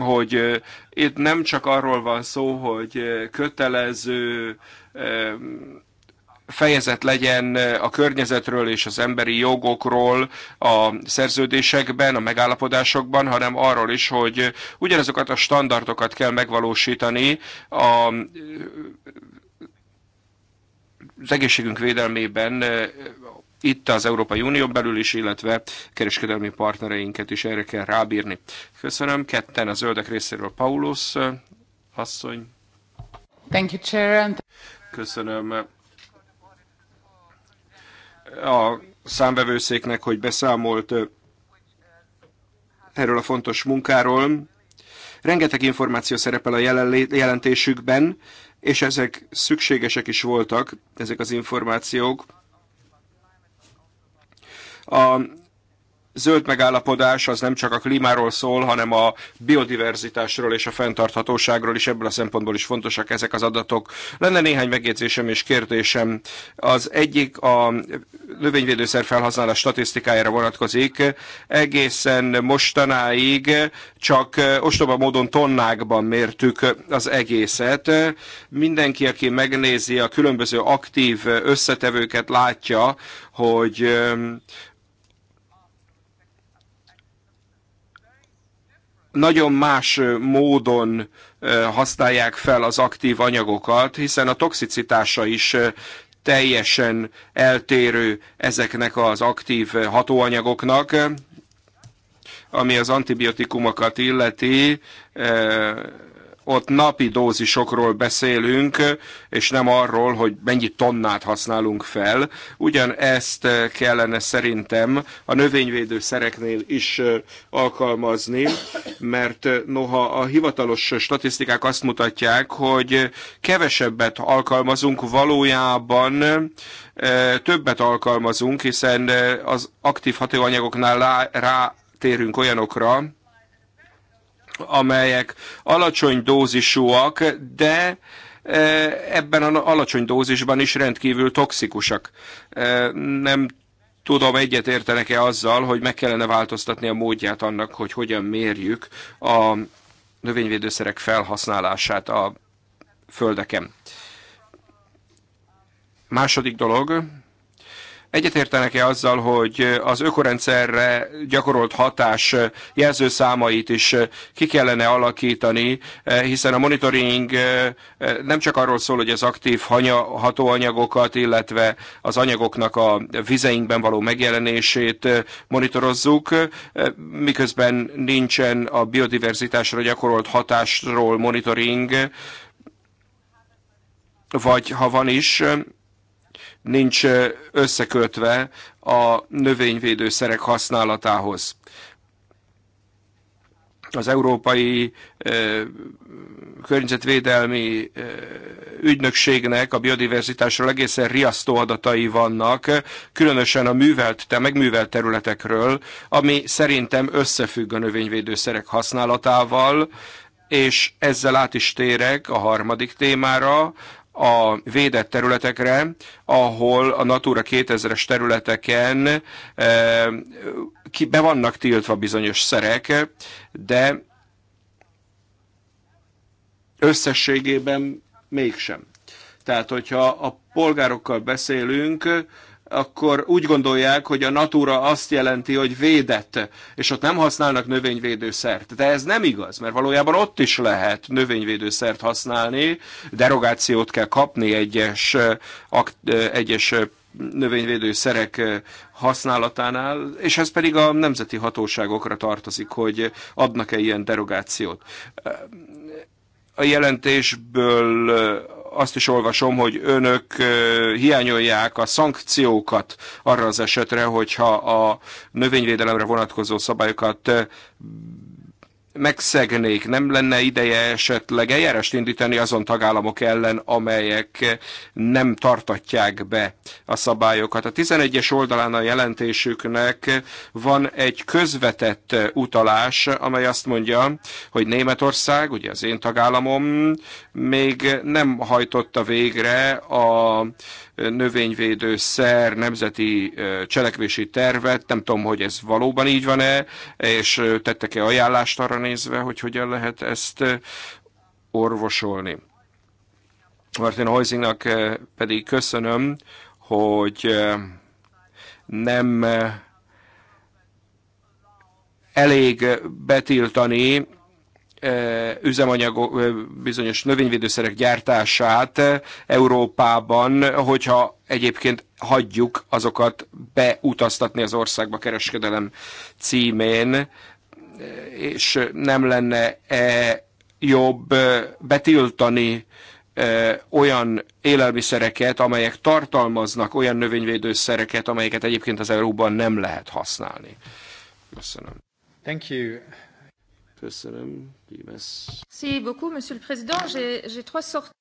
hogy itt nem csak arról van szó, hogy kötelező fejezet legyen a környezetről és az emberi jogokról a szerződésekben, a megállapodásokban, hanem arról is, hogy ugyanazokat a standardokat kell megvalósítani a az egészségünk védelmében itt az Európai Unió belül is, illetve kereskedelmi partnereinket is erre kell rábírni. Köszönöm. Ketten a zöldek részéről Paulus asszony. Thank you, Chair. Köszönöm a számvevőszéknek, hogy beszámolt erről a fontos munkáról. Rengeteg információ szerepel a jelentésükben, és ezek szükségesek is voltak, ezek az információk. A zöld megállapodás az nem csak a klímáról szól, hanem a biodiverzitásról és a fenntarthatóságról is, ebből a szempontból is fontosak ezek az adatok. Lenne néhány megjegyzésem és kérdésem. Az egyik a növényvédőszer felhasználás statisztikájára vonatkozik. Egészen mostanáig csak ostoba módon tonnákban mértük az egészet. Mindenki, aki megnézi a különböző aktív összetevőket, látja, hogy nagyon más módon használják fel az aktív anyagokat, hiszen a toxicitása is teljesen eltérő ezeknek az aktív hatóanyagoknak, ami az antibiotikumokat illeti, ott napi dózisokról beszélünk, és nem arról, hogy mennyi tonnát használunk fel. Ugyan ezt kellene szerintem a növényvédőszereknél is alkalmazni, mert noha a hivatalos statisztikák azt mutatják, hogy kevesebbet alkalmazunk, valójában többet alkalmazunk, hiszen az aktív hatóanyagoknál rá, rátérünk olyanokra, amelyek alacsony dózisúak, de e, ebben az alacsony dózisban is rendkívül toxikusak. E, nem tudom, egyet értenek-e azzal, hogy meg kellene változtatni a módját annak, hogy hogyan mérjük a növényvédőszerek felhasználását a földeken. Második dolog, Egyetértenek-e azzal, hogy az ökorendszerre gyakorolt hatás jelzőszámait is ki kellene alakítani, hiszen a monitoring nem csak arról szól, hogy az aktív hatóanyagokat, illetve az anyagoknak a vizeinkben való megjelenését monitorozzuk, miközben nincsen a biodiverzitásra gyakorolt hatásról monitoring, vagy ha van is, nincs összekötve a növényvédőszerek használatához. Az európai környezetvédelmi ügynökségnek a biodiverzitásról egészen riasztó adatai vannak, különösen a művelt, te megművelt területekről, ami szerintem összefügg a növényvédőszerek használatával, és ezzel át is térek a harmadik témára, a védett területekre, ahol a Natura 2000-es területeken eh, be vannak tiltva bizonyos szerek, de összességében mégsem. Tehát, hogyha a polgárokkal beszélünk, akkor úgy gondolják, hogy a natura azt jelenti, hogy védett, és ott nem használnak növényvédőszert. De ez nem igaz, mert valójában ott is lehet növényvédőszert használni, derogációt kell kapni egyes, egyes növényvédőszerek használatánál, és ez pedig a nemzeti hatóságokra tartozik, hogy adnak-e ilyen derogációt. A jelentésből azt is olvasom, hogy önök hiányolják a szankciókat arra az esetre, hogyha a növényvédelemre vonatkozó szabályokat megszegnék, nem lenne ideje esetleg eljárást indítani azon tagállamok ellen, amelyek nem tartatják be a szabályokat. A 11-es oldalán a jelentésüknek van egy közvetett utalás, amely azt mondja, hogy Németország, ugye az én tagállamom, még nem hajtotta végre a növényvédőszer nemzeti cselekvési tervet, nem tudom, hogy ez valóban így van-e, és tettek-e ajánlást arra nézve, hogy hogyan lehet ezt orvosolni. Martin Heusingnak pedig köszönöm, hogy nem elég betiltani üzemanyagok, bizonyos növényvédőszerek gyártását Európában, hogyha egyébként hagyjuk azokat beutaztatni az országba kereskedelem címén, és nem lenne -e jobb betiltani olyan élelmiszereket, amelyek tartalmaznak olyan növényvédőszereket, amelyeket egyébként az Euróban nem lehet használni. Köszönöm. Thank you. Köszönöm, Pimes.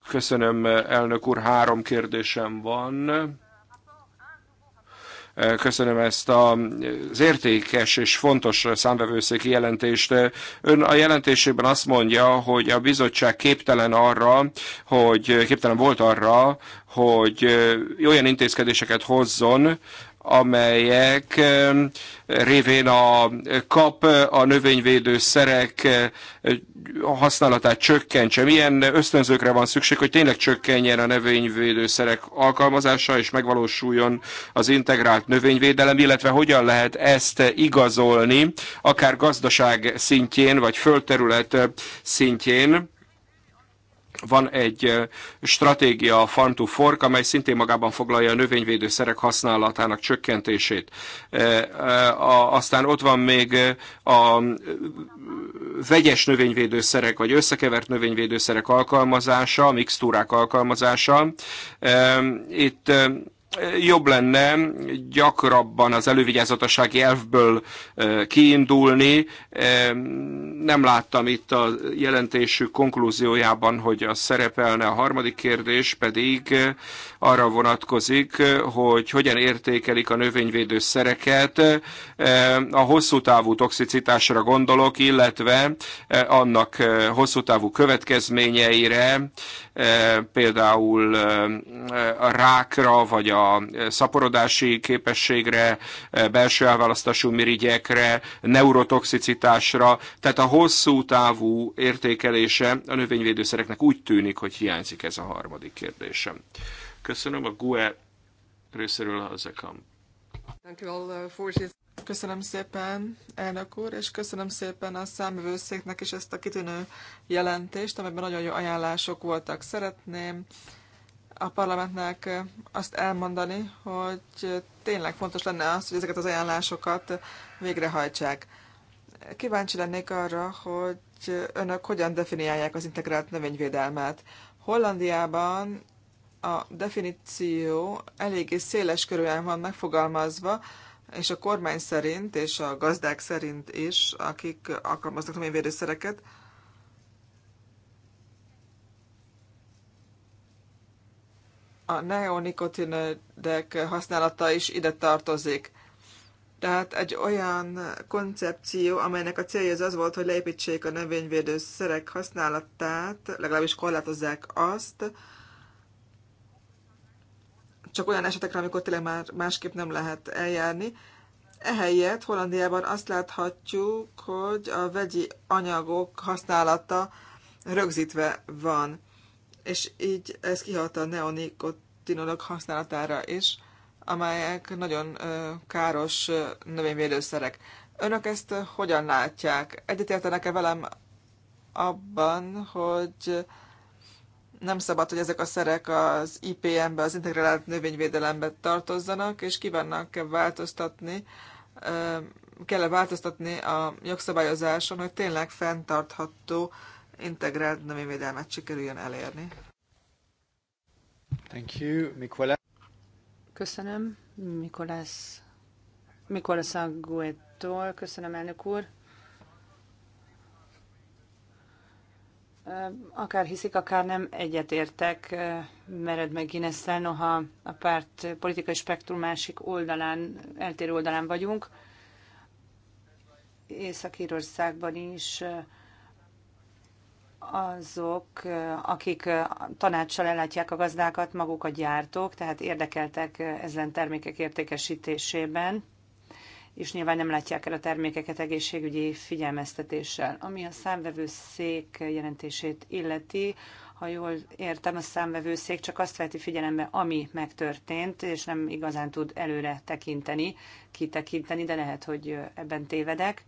Köszönöm, elnök úr, három kérdésem van. Köszönöm ezt a, az értékes és fontos számvevőszéki jelentést. Ön a jelentésében azt mondja, hogy a bizottság képtelen arra, hogy képtelen volt arra, hogy olyan intézkedéseket hozzon, amelyek révén a kap a növényvédőszerek eh, használatát csökkentse. Milyen ösztönzőkre van szükség, hogy tényleg csökkenjen a növényvédőszerek alkalmazása, és megvalósuljon az integrált növényvédelem, illetve hogyan lehet ezt igazolni, akár gazdaság szintjén, vagy földterület eh, szintjén van egy stratégia, a Farm to Fork, amely szintén magában foglalja a növényvédőszerek használatának csökkentését. Aztán ott van még a vegyes növényvédőszerek, vagy összekevert növényvédőszerek alkalmazása, mixtúrák alkalmazása. Itt jobb lenne gyakrabban az elővigyázatossági elfből kiindulni. Nem láttam itt a jelentésük konklúziójában, hogy az szerepelne. A harmadik kérdés pedig arra vonatkozik, hogy hogyan értékelik a növényvédő szereket. A hosszú távú toxicitásra gondolok, illetve annak hosszú távú következményeire, Eh, például eh, a rákra, vagy a eh, szaporodási képességre, belső elválasztású mirigyekre, neurotoxicitásra, tehát a hosszú távú értékelése a növényvédőszereknek úgy tűnik, hogy hiányzik ez a harmadik kérdésem. Köszönöm a GUE részéről a Zekam. Köszönöm szépen, elnök úr, és köszönöm szépen a számvőszéknek is ezt a kitűnő jelentést, amelyben nagyon jó ajánlások voltak. Szeretném a parlamentnek azt elmondani, hogy tényleg fontos lenne az, hogy ezeket az ajánlásokat végrehajtsák. Kíváncsi lennék arra, hogy önök hogyan definiálják az integrált növényvédelmet. Hollandiában a definíció eléggé széles körülön van megfogalmazva, és a kormány szerint, és a gazdák szerint is, akik alkalmaznak védőszereket, a neonikotinoidek használata is ide tartozik. Tehát egy olyan koncepció, amelynek a célja az, az volt, hogy leépítsék a növényvédőszerek használatát, legalábbis korlátozzák azt, csak olyan esetekre, amikor tényleg már másképp nem lehet eljárni. Ehelyett Hollandiában azt láthatjuk, hogy a vegyi anyagok használata rögzítve van, és így ez kihat a neonikotinolok használatára is, amelyek nagyon káros növényvédőszerek. Önök ezt hogyan látják? Egyetértenek-e velem abban, hogy nem szabad, hogy ezek a szerek az IPM-be, az integrált növényvédelembe tartozzanak, és kívánnak kell változtatni, kell-e változtatni a jogszabályozáson, hogy tényleg fenntartható integrált növényvédelmet sikerüljön elérni. Thank you, Mikola. Köszönöm, Mikolász, Mikolász Aguettól. Köszönöm, elnök úr. akár hiszik, akár nem egyetértek Mered meg guinness noha a párt politikai spektrum másik oldalán, eltérő oldalán vagyunk. Észak-Írországban is azok, akik tanácssal ellátják a gazdákat, maguk a gyártók, tehát érdekeltek ezen termékek értékesítésében és nyilván nem látják el a termékeket egészségügyi figyelmeztetéssel. Ami a számvevőszék jelentését illeti, ha jól értem, a számvevőszék csak azt veti figyelembe, ami megtörtént, és nem igazán tud előre tekinteni, kitekinteni, de lehet, hogy ebben tévedek.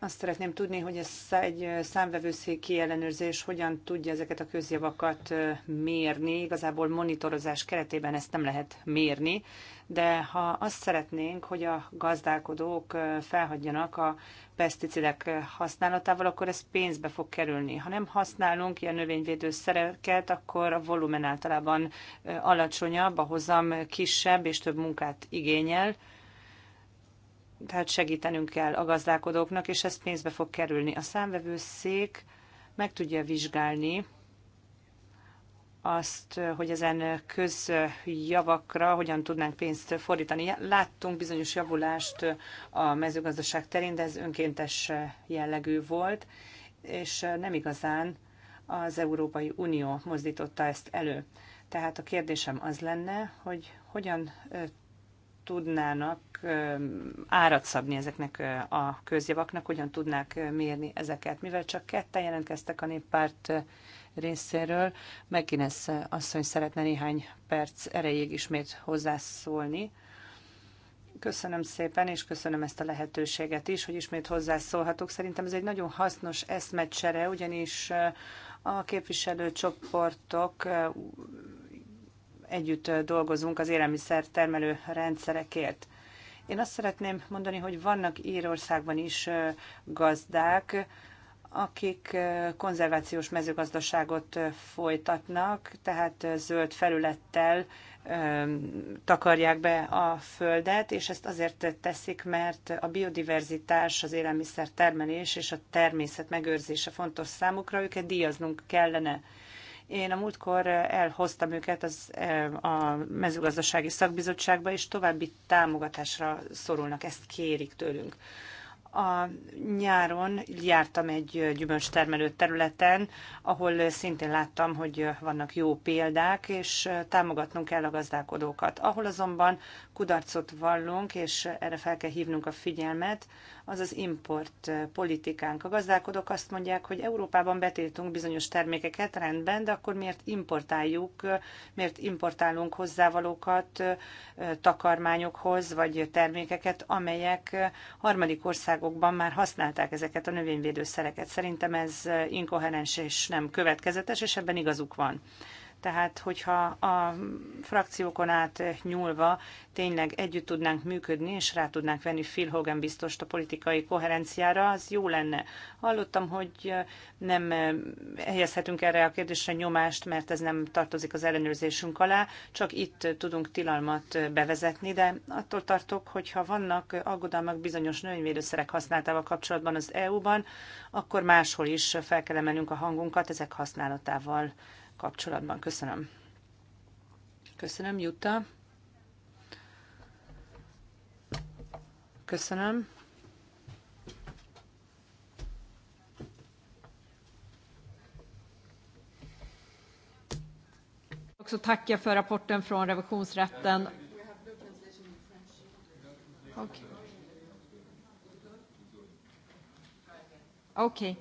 Azt szeretném tudni, hogy ez egy számvevőszéki ellenőrzés hogyan tudja ezeket a közjavakat mérni. Igazából monitorozás keretében ezt nem lehet mérni, de ha azt szeretnénk, hogy a gazdálkodók felhagyjanak a peszticidek használatával, akkor ez pénzbe fog kerülni. Ha nem használunk ilyen növényvédő szereket akkor a volumen általában alacsonyabb, a hozam kisebb és több munkát igényel tehát segítenünk kell a gazdálkodóknak, és ez pénzbe fog kerülni. A számvevőszék meg tudja vizsgálni azt, hogy ezen közjavakra hogyan tudnánk pénzt fordítani. Láttunk bizonyos javulást a mezőgazdaság terén, de ez önkéntes jellegű volt, és nem igazán az Európai Unió mozdította ezt elő. Tehát a kérdésem az lenne, hogy hogyan tudnának árat szabni ezeknek a közjavaknak, hogyan tudnák mérni ezeket. Mivel csak ketten jelentkeztek a néppárt részéről, Megkinesz asszony szeretne néhány perc erejéig ismét hozzászólni. Köszönöm szépen, és köszönöm ezt a lehetőséget is, hogy ismét hozzászólhatok. Szerintem ez egy nagyon hasznos eszmecsere, ugyanis a képviselőcsoportok együtt dolgozunk az élelmiszer termelő rendszerekért. Én azt szeretném mondani, hogy vannak Írországban is gazdák, akik konzervációs mezőgazdaságot folytatnak, tehát zöld felülettel takarják be a földet, és ezt azért teszik, mert a biodiverzitás, az élelmiszer termelés és a természet megőrzése fontos számukra, őket díjaznunk kellene. Én a múltkor elhoztam őket az, a mezőgazdasági szakbizottságba, és további támogatásra szorulnak, ezt kérik tőlünk. A nyáron jártam egy gyümölcstermelő területen, ahol szintén láttam, hogy vannak jó példák, és támogatnunk kell a gazdálkodókat. Ahol azonban kudarcot vallunk, és erre fel kell hívnunk a figyelmet, az az import politikánk. A gazdálkodók azt mondják, hogy Európában betiltunk bizonyos termékeket, rendben, de akkor miért importáljuk, miért importálunk hozzávalókat takarmányokhoz, vagy termékeket, amelyek harmadik országokban már használták ezeket a növényvédőszereket. Szerintem ez inkoherens és nem következetes, és ebben igazuk van. Tehát, hogyha a frakciókon át nyúlva tényleg együtt tudnánk működni, és rá tudnánk venni Phil Hogan biztost a politikai koherenciára, az jó lenne. Hallottam, hogy nem helyezhetünk erre a kérdésre nyomást, mert ez nem tartozik az ellenőrzésünk alá, csak itt tudunk tilalmat bevezetni, de attól tartok, hogyha vannak aggodalmak bizonyos növényvédőszerek használatával kapcsolatban az EU-ban, akkor máshol is fel kell emelnünk a hangunkat ezek használatával kapcsolatban. Köszönöm. Köszönöm, Jutta. Köszönöm. också tacka för rapporten från revisionsrätten. Okej. Okay. Okay.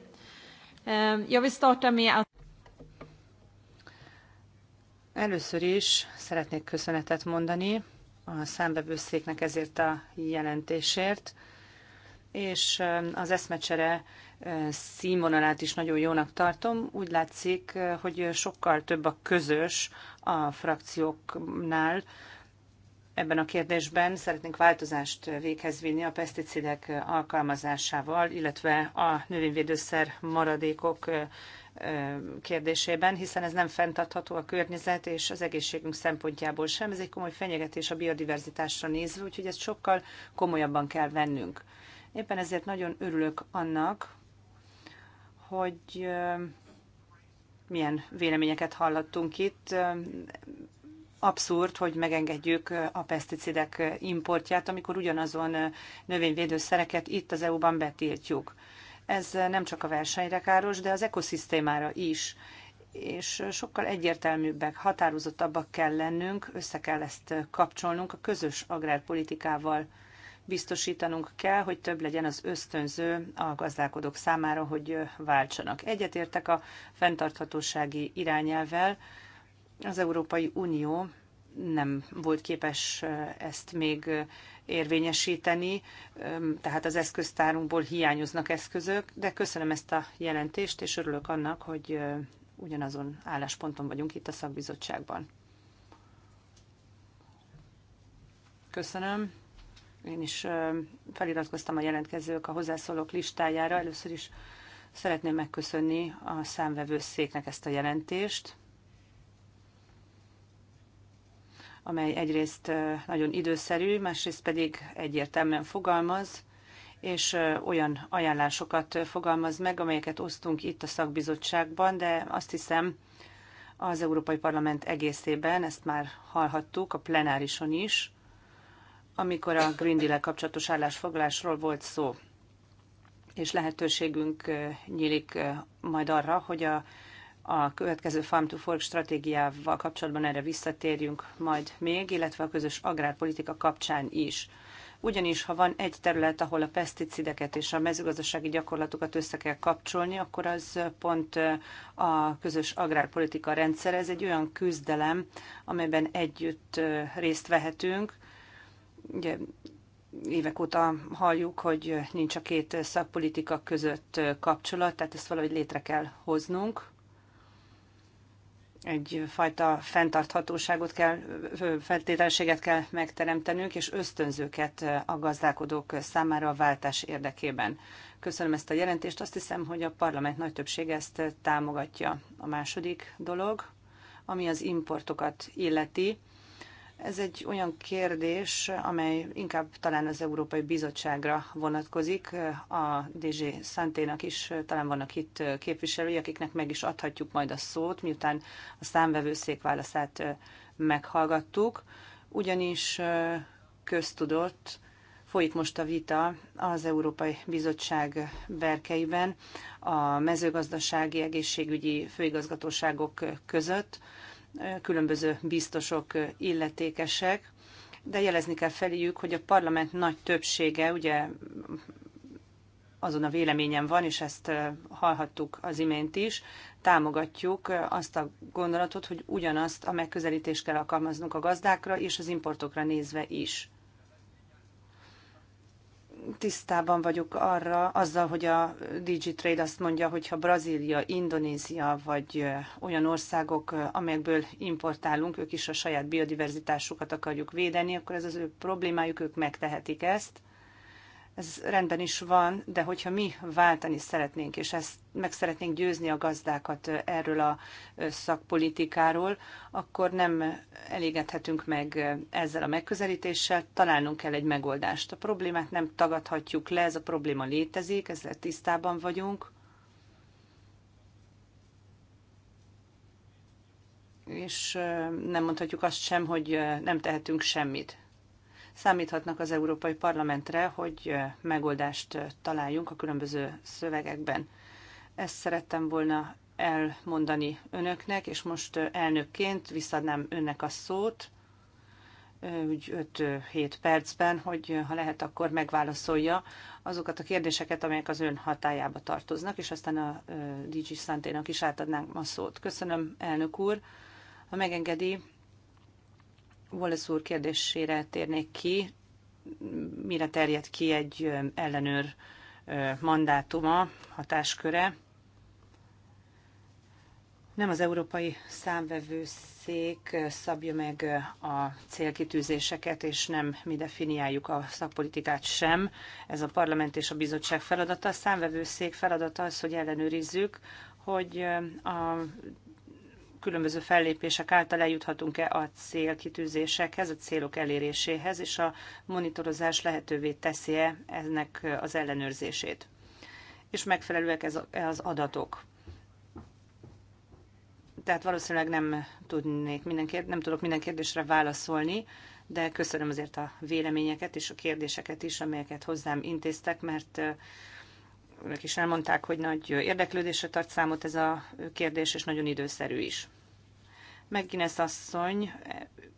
Ehm, jag vill starta med att Először is szeretnék köszönetet mondani a számbevőszéknek ezért a jelentésért, és eh, az eszmecsere eh, színvonalát is nagyon jónak tartom. Úgy látszik, eh, hogy sokkal több a közös a frakcióknál, ebben a kérdésben szeretnénk változást véghez vinni a peszticidek alkalmazásával, illetve a növényvédőszer maradékok kérdésében, hiszen ez nem fenntartható a környezet és az egészségünk szempontjából sem. Ez egy komoly fenyegetés a biodiverzitásra nézve, úgyhogy ezt sokkal komolyabban kell vennünk. Éppen ezért nagyon örülök annak, hogy milyen véleményeket hallottunk itt. Abszurd, hogy megengedjük a peszticidek importját, amikor ugyanazon növényvédőszereket itt az EU-ban betiltjuk. Ez nem csak a versenyre káros, de az ekoszisztémára is és sokkal egyértelműbbek, határozottabbak kell lennünk, össze kell ezt kapcsolnunk a közös agrárpolitikával. Biztosítanunk kell, hogy több legyen az ösztönző a gazdálkodók számára, hogy váltsanak. Egyetértek a fenntarthatósági irányelvel. Az Európai Unió nem volt képes ezt még érvényesíteni, tehát az eszköztárunkból hiányoznak eszközök, de köszönöm ezt a jelentést, és örülök annak, hogy ugyanazon állásponton vagyunk itt a szakbizottságban. Köszönöm. Én is feliratkoztam a jelentkezők a hozzászólók listájára. Először is szeretném megköszönni a számvevőszéknek ezt a jelentést amely egyrészt nagyon időszerű, másrészt pedig egyértelműen fogalmaz, és olyan ajánlásokat fogalmaz meg, amelyeket osztunk itt a szakbizottságban, de azt hiszem az Európai Parlament egészében, ezt már hallhattuk a plenárison is, amikor a Green Deal-el kapcsolatos állásfoglalásról volt szó. És lehetőségünk nyílik majd arra, hogy a a következő Farm to Fork stratégiával kapcsolatban erre visszatérjünk majd még, illetve a közös agrárpolitika kapcsán is. Ugyanis, ha van egy terület, ahol a peszticideket és a mezőgazdasági gyakorlatokat össze kell kapcsolni, akkor az pont a közös agrárpolitika rendszer. Ez egy olyan küzdelem, amelyben együtt részt vehetünk. Ugye, évek óta halljuk, hogy nincs a két szakpolitika között kapcsolat, tehát ezt valahogy létre kell hoznunk egyfajta fenntarthatóságot kell, feltételséget kell megteremtenünk, és ösztönzőket a gazdálkodók számára a váltás érdekében. Köszönöm ezt a jelentést. Azt hiszem, hogy a parlament nagy többség ezt támogatja. A második dolog, ami az importokat illeti, ez egy olyan kérdés, amely inkább talán az Európai Bizottságra vonatkozik. A DG Szenténak is talán vannak itt képviselői, akiknek meg is adhatjuk majd a szót, miután a számvevőszék válaszát meghallgattuk. Ugyanis köztudott, folyik most a vita az Európai Bizottság berkeiben a mezőgazdasági egészségügyi főigazgatóságok között különböző biztosok illetékesek, de jelezni kell feléjük, hogy a parlament nagy többsége ugye azon a véleményen van, és ezt hallhattuk az imént is, támogatjuk azt a gondolatot, hogy ugyanazt a megközelítést kell alkalmaznunk a gazdákra és az importokra nézve is tisztában vagyok arra, azzal, hogy a DigiTrade azt mondja, hogy ha Brazília, Indonézia vagy olyan országok, amelyekből importálunk, ők is a saját biodiverzitásukat akarjuk védeni, akkor ez az ő problémájuk, ők megtehetik ezt ez rendben is van, de hogyha mi váltani szeretnénk, és ezt meg szeretnénk győzni a gazdákat erről a szakpolitikáról, akkor nem elégedhetünk meg ezzel a megközelítéssel, találnunk kell egy megoldást. A problémát nem tagadhatjuk le, ez a probléma létezik, ezzel tisztában vagyunk. És nem mondhatjuk azt sem, hogy nem tehetünk semmit számíthatnak az Európai Parlamentre, hogy megoldást találjunk a különböző szövegekben. Ezt szerettem volna elmondani önöknek, és most elnökként visszadnám önnek a szót, úgy 5-7 percben, hogy ha lehet, akkor megválaszolja azokat a kérdéseket, amelyek az ön hatájába tartoznak, és aztán a DG Santénak is átadnánk ma szót. Köszönöm, elnök úr. Ha megengedi, Wallace úr kérdésére térnék ki, mire terjed ki egy ellenőr mandátuma, hatásköre. Nem az Európai Számvevőszék szabja meg a célkitűzéseket, és nem mi definiáljuk a szakpolitikát sem. Ez a parlament és a bizottság feladata. A számvevőszék feladata az, hogy ellenőrizzük, hogy a különböző fellépések által eljuthatunk-e a célkitűzésekhez, a célok eléréséhez, és a monitorozás lehetővé teszi-e ennek az ellenőrzését. És megfelelőek ez az adatok. Tehát valószínűleg nem, tudnék minden kérd- nem tudok minden kérdésre válaszolni, de köszönöm azért a véleményeket és a kérdéseket is, amelyeket hozzám intéztek, mert ők is elmondták, hogy nagy érdeklődésre tart számot ez a kérdés, és nagyon időszerű is. McGuinness asszony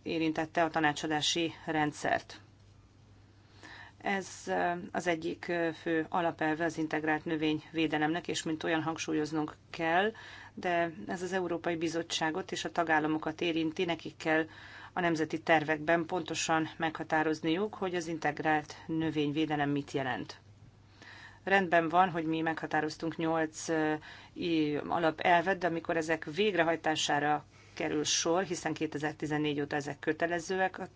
érintette a tanácsadási rendszert. Ez eh, az egyik eh, fő alapelve az integrált növényvédelemnek, és mint olyan hangsúlyoznunk kell, de ez az Európai Bizottságot és a tagállamokat érinti, nekik kell a nemzeti tervekben pontosan meghatározniuk, hogy az integrált növényvédelem mit jelent. Rendben van, hogy mi meghatároztunk nyolc eh, alapelvet, de amikor ezek végrehajtására kerül sor, hiszen 2014 óta ezek kötelezőek az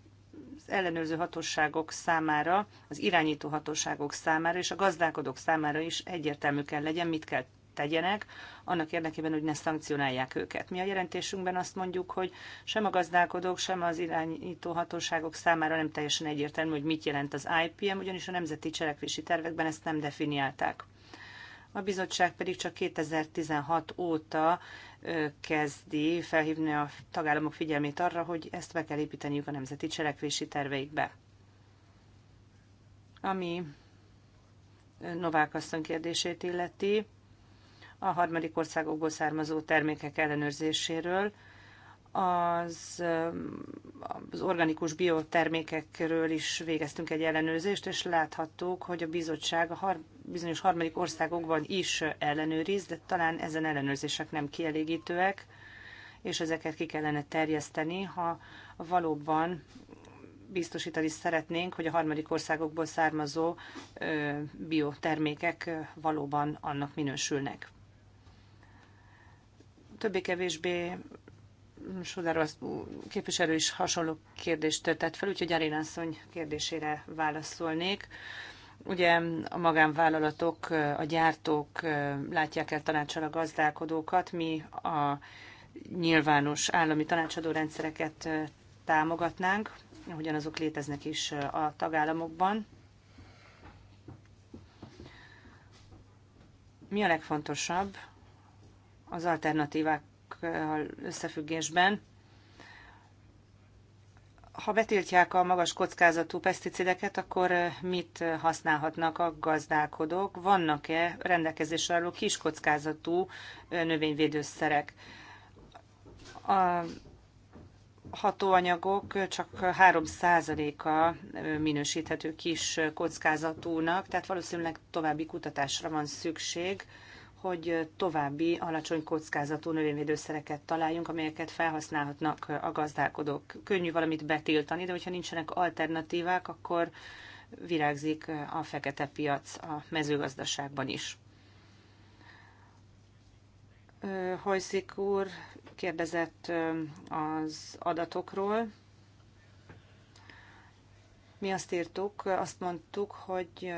ellenőrző hatóságok számára, az irányító hatóságok számára és a gazdálkodók számára is egyértelmű kell legyen, mit kell tegyenek, annak érdekében, hogy ne szankcionálják őket. Mi a jelentésünkben azt mondjuk, hogy sem a gazdálkodók, sem az irányító hatóságok számára nem teljesen egyértelmű, hogy mit jelent az IPM, ugyanis a nemzeti cselekvési tervekben ezt nem definiálták. A bizottság pedig csak 2016 óta kezdi felhívni a tagállamok figyelmét arra, hogy ezt be kell építeniük a nemzeti cselekvési terveikbe. Ami Novák asszony kérdését illeti, a harmadik országokból származó termékek ellenőrzéséről, az, az organikus biotermékekről is végeztünk egy ellenőrzést, és láthattuk, hogy a bizottság a har- bizonyos harmadik országokban is ellenőriz, de talán ezen ellenőrzések nem kielégítőek, és ezeket ki kellene terjeszteni, ha valóban biztosítani szeretnénk, hogy a harmadik országokból származó biotermékek valóban annak minősülnek. Többé-kevésbé mm, Sudár képviselő is hasonló kérdést tett fel, úgyhogy Arénászony kérdésére válaszolnék. Ugye a magánvállalatok, a gyártók látják el tanácsal a gazdálkodókat, mi a nyilvános állami tanácsadó rendszereket támogatnánk, ahogyan azok léteznek is a tagállamokban. Mi a legfontosabb az alternatívákkal összefüggésben? ha betiltják a magas kockázatú peszticideket, akkor mit használhatnak a gazdálkodók? Vannak-e rendelkezésre álló kis kockázatú növényvédőszerek? A hatóanyagok csak 3%-a minősíthető kis kockázatúnak, tehát valószínűleg további kutatásra van szükség hogy további alacsony kockázatú növényvédőszereket találjunk, amelyeket felhasználhatnak a gazdálkodók. Könnyű valamit betiltani, de hogyha nincsenek alternatívák, akkor virágzik a fekete piac a mezőgazdaságban is. Hojszik úr kérdezett az adatokról. Mi azt írtuk, azt mondtuk, hogy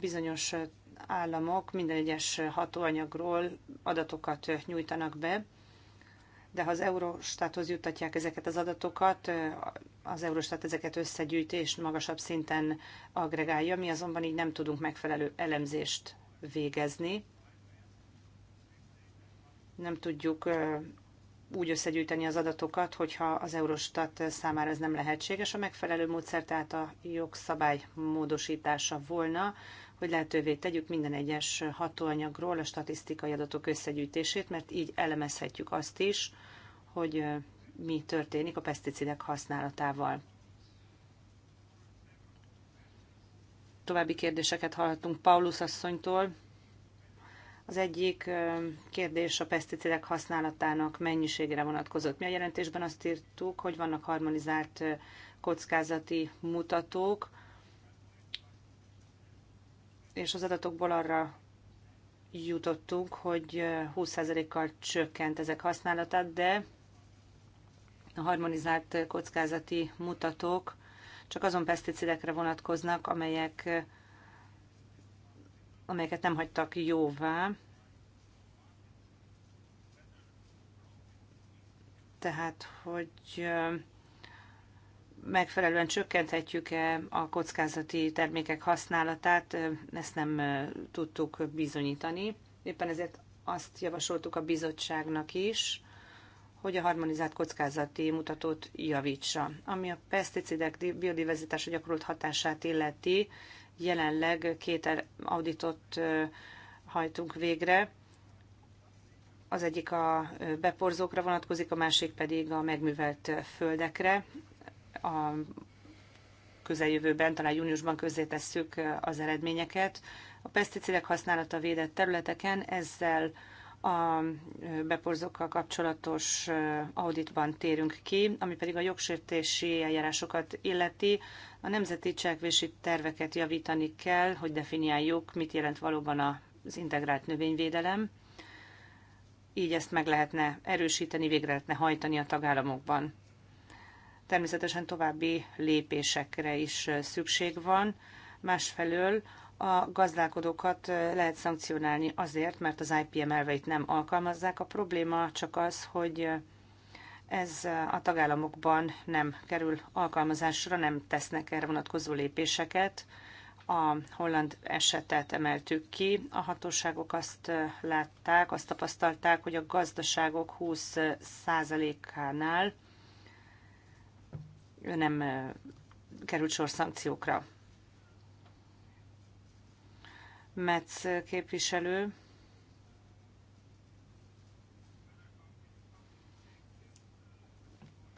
bizonyos államok minden egyes hatóanyagról adatokat nyújtanak be, de ha az Eurostathoz juttatják ezeket az adatokat, az Eurostat ezeket összegyűjti és magasabb szinten agregálja, mi azonban így nem tudunk megfelelő elemzést végezni. Nem tudjuk úgy összegyűjteni az adatokat, hogyha az Eurostat számára ez nem lehetséges. A megfelelő módszer tehát a jogszabály módosítása volna, hogy lehetővé tegyük minden egyes hatóanyagról a statisztikai adatok összegyűjtését, mert így elemezhetjük azt is, hogy mi történik a peszticidek használatával. További kérdéseket hallhatunk Paulus asszonytól. Az egyik kérdés a peszticidek használatának mennyiségére vonatkozott. Mi a jelentésben azt írtuk, hogy vannak harmonizált kockázati mutatók, és az adatokból arra jutottunk, hogy 20%-kal csökkent ezek használatát, de a harmonizált kockázati mutatók csak azon peszticidekre vonatkoznak, amelyek, amelyeket nem hagytak jóvá. Tehát, hogy megfelelően csökkenthetjük-e a kockázati termékek használatát, ezt nem tudtuk bizonyítani. Éppen ezért azt javasoltuk a bizottságnak is, hogy a harmonizált kockázati mutatót javítsa. Ami a peszticidek biodiverzitásra gyakorolt hatását illeti, jelenleg két auditot hajtunk végre. Az egyik a beporzókra vonatkozik, a másik pedig a megművelt földekre a közeljövőben, talán júniusban közzétesszük az eredményeket. A peszticidek használata védett területeken ezzel a beporzókkal kapcsolatos auditban térünk ki, ami pedig a jogsértési eljárásokat illeti. A nemzeti cselekvési terveket javítani kell, hogy definiáljuk, mit jelent valóban az integrált növényvédelem. Így ezt meg lehetne erősíteni, végre lehetne hajtani a tagállamokban természetesen további lépésekre is szükség van. Másfelől a gazdálkodókat lehet szankcionálni azért, mert az IPM elveit nem alkalmazzák. A probléma csak az, hogy ez a tagállamokban nem kerül alkalmazásra, nem tesznek erre vonatkozó lépéseket. A holland esetet emeltük ki. A hatóságok azt látták, azt tapasztalták, hogy a gazdaságok 20%-ánál nem került sor szankciókra. Metz képviselő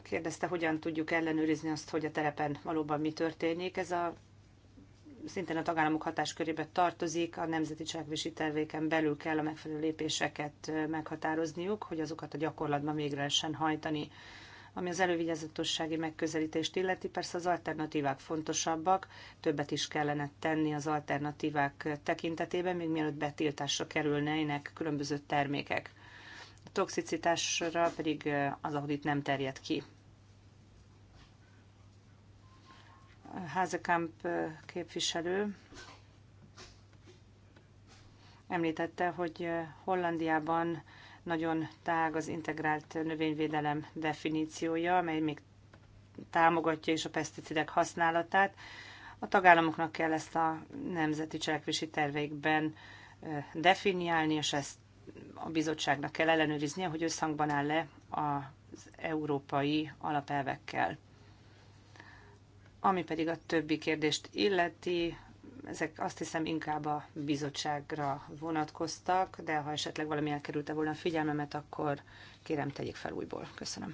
kérdezte, hogyan tudjuk ellenőrizni azt, hogy a telepen valóban mi történik. Ez a szintén a tagállamok hatáskörébe tartozik, a nemzeti cselekvési tervéken belül kell a megfelelő lépéseket meghatározniuk, hogy azokat a gyakorlatban végre lehessen hajtani. Ami az elővigyázatossági megközelítést illeti, persze az alternatívák fontosabbak, többet is kellene tenni az alternatívák tekintetében, még mielőtt betiltásra kerülnének különböző termékek. A toxicitásra pedig az audit nem terjed ki. Házekamp képviselő említette, hogy Hollandiában nagyon tág az integrált növényvédelem definíciója, amely még támogatja is a peszticidek használatát. A tagállamoknak kell ezt a nemzeti cselekvési terveikben definiálni, és ezt a bizottságnak kell ellenőriznie, hogy összhangban áll-e az európai alapelvekkel. Ami pedig a többi kérdést illeti, ezek azt hiszem inkább a bizottságra vonatkoztak, de ha esetleg valami elkerülte volna a figyelmemet, akkor kérem tegyék fel újból. Köszönöm.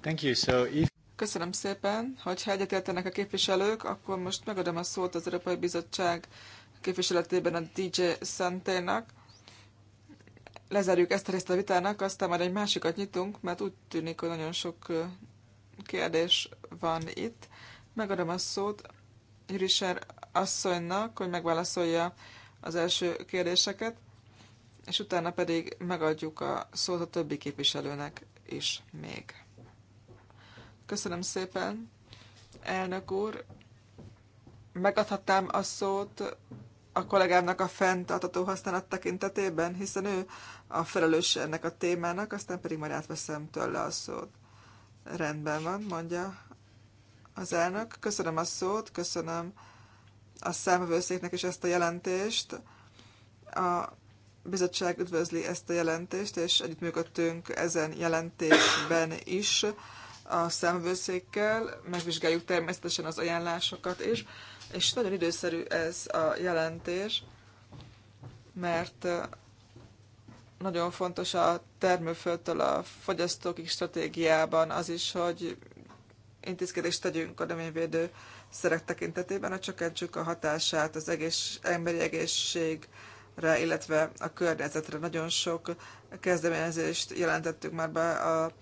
Thank you. So if... Köszönöm szépen. Hogyha egyetértenek a képviselők, akkor most megadom a szót az Európai Bizottság képviseletében a DJ Szenténak. Lezárjuk ezt a részt a vitának, aztán már egy másikat nyitunk, mert úgy tűnik, hogy nagyon sok kérdés van itt. Megadom a szót Jürisár asszonynak, hogy megválaszolja az első kérdéseket, és utána pedig megadjuk a szót a többi képviselőnek is még. Köszönöm szépen, elnök úr. Megadhatnám a szót a kollégámnak a fenntartató használat tekintetében, hiszen ő a felelős ennek a témának, aztán pedig majd átveszem tőle a szót. Rendben van, mondja az elnök. Köszönöm a szót, köszönöm a számvevőszéknek is ezt a jelentést. A bizottság üdvözli ezt a jelentést, és együttműködtünk ezen jelentésben is a számvőszékkel, megvizsgáljuk természetesen az ajánlásokat is, és nagyon időszerű ez a jelentés, mert nagyon fontos a termőföldtől a fogyasztókig stratégiában az is, hogy intézkedést tegyünk a növényvédő szerek tekintetében, hogy csökkentsük a hatását az egész, emberi egészségre, illetve a környezetre. Nagyon sok kezdeményezést jelentettük már be a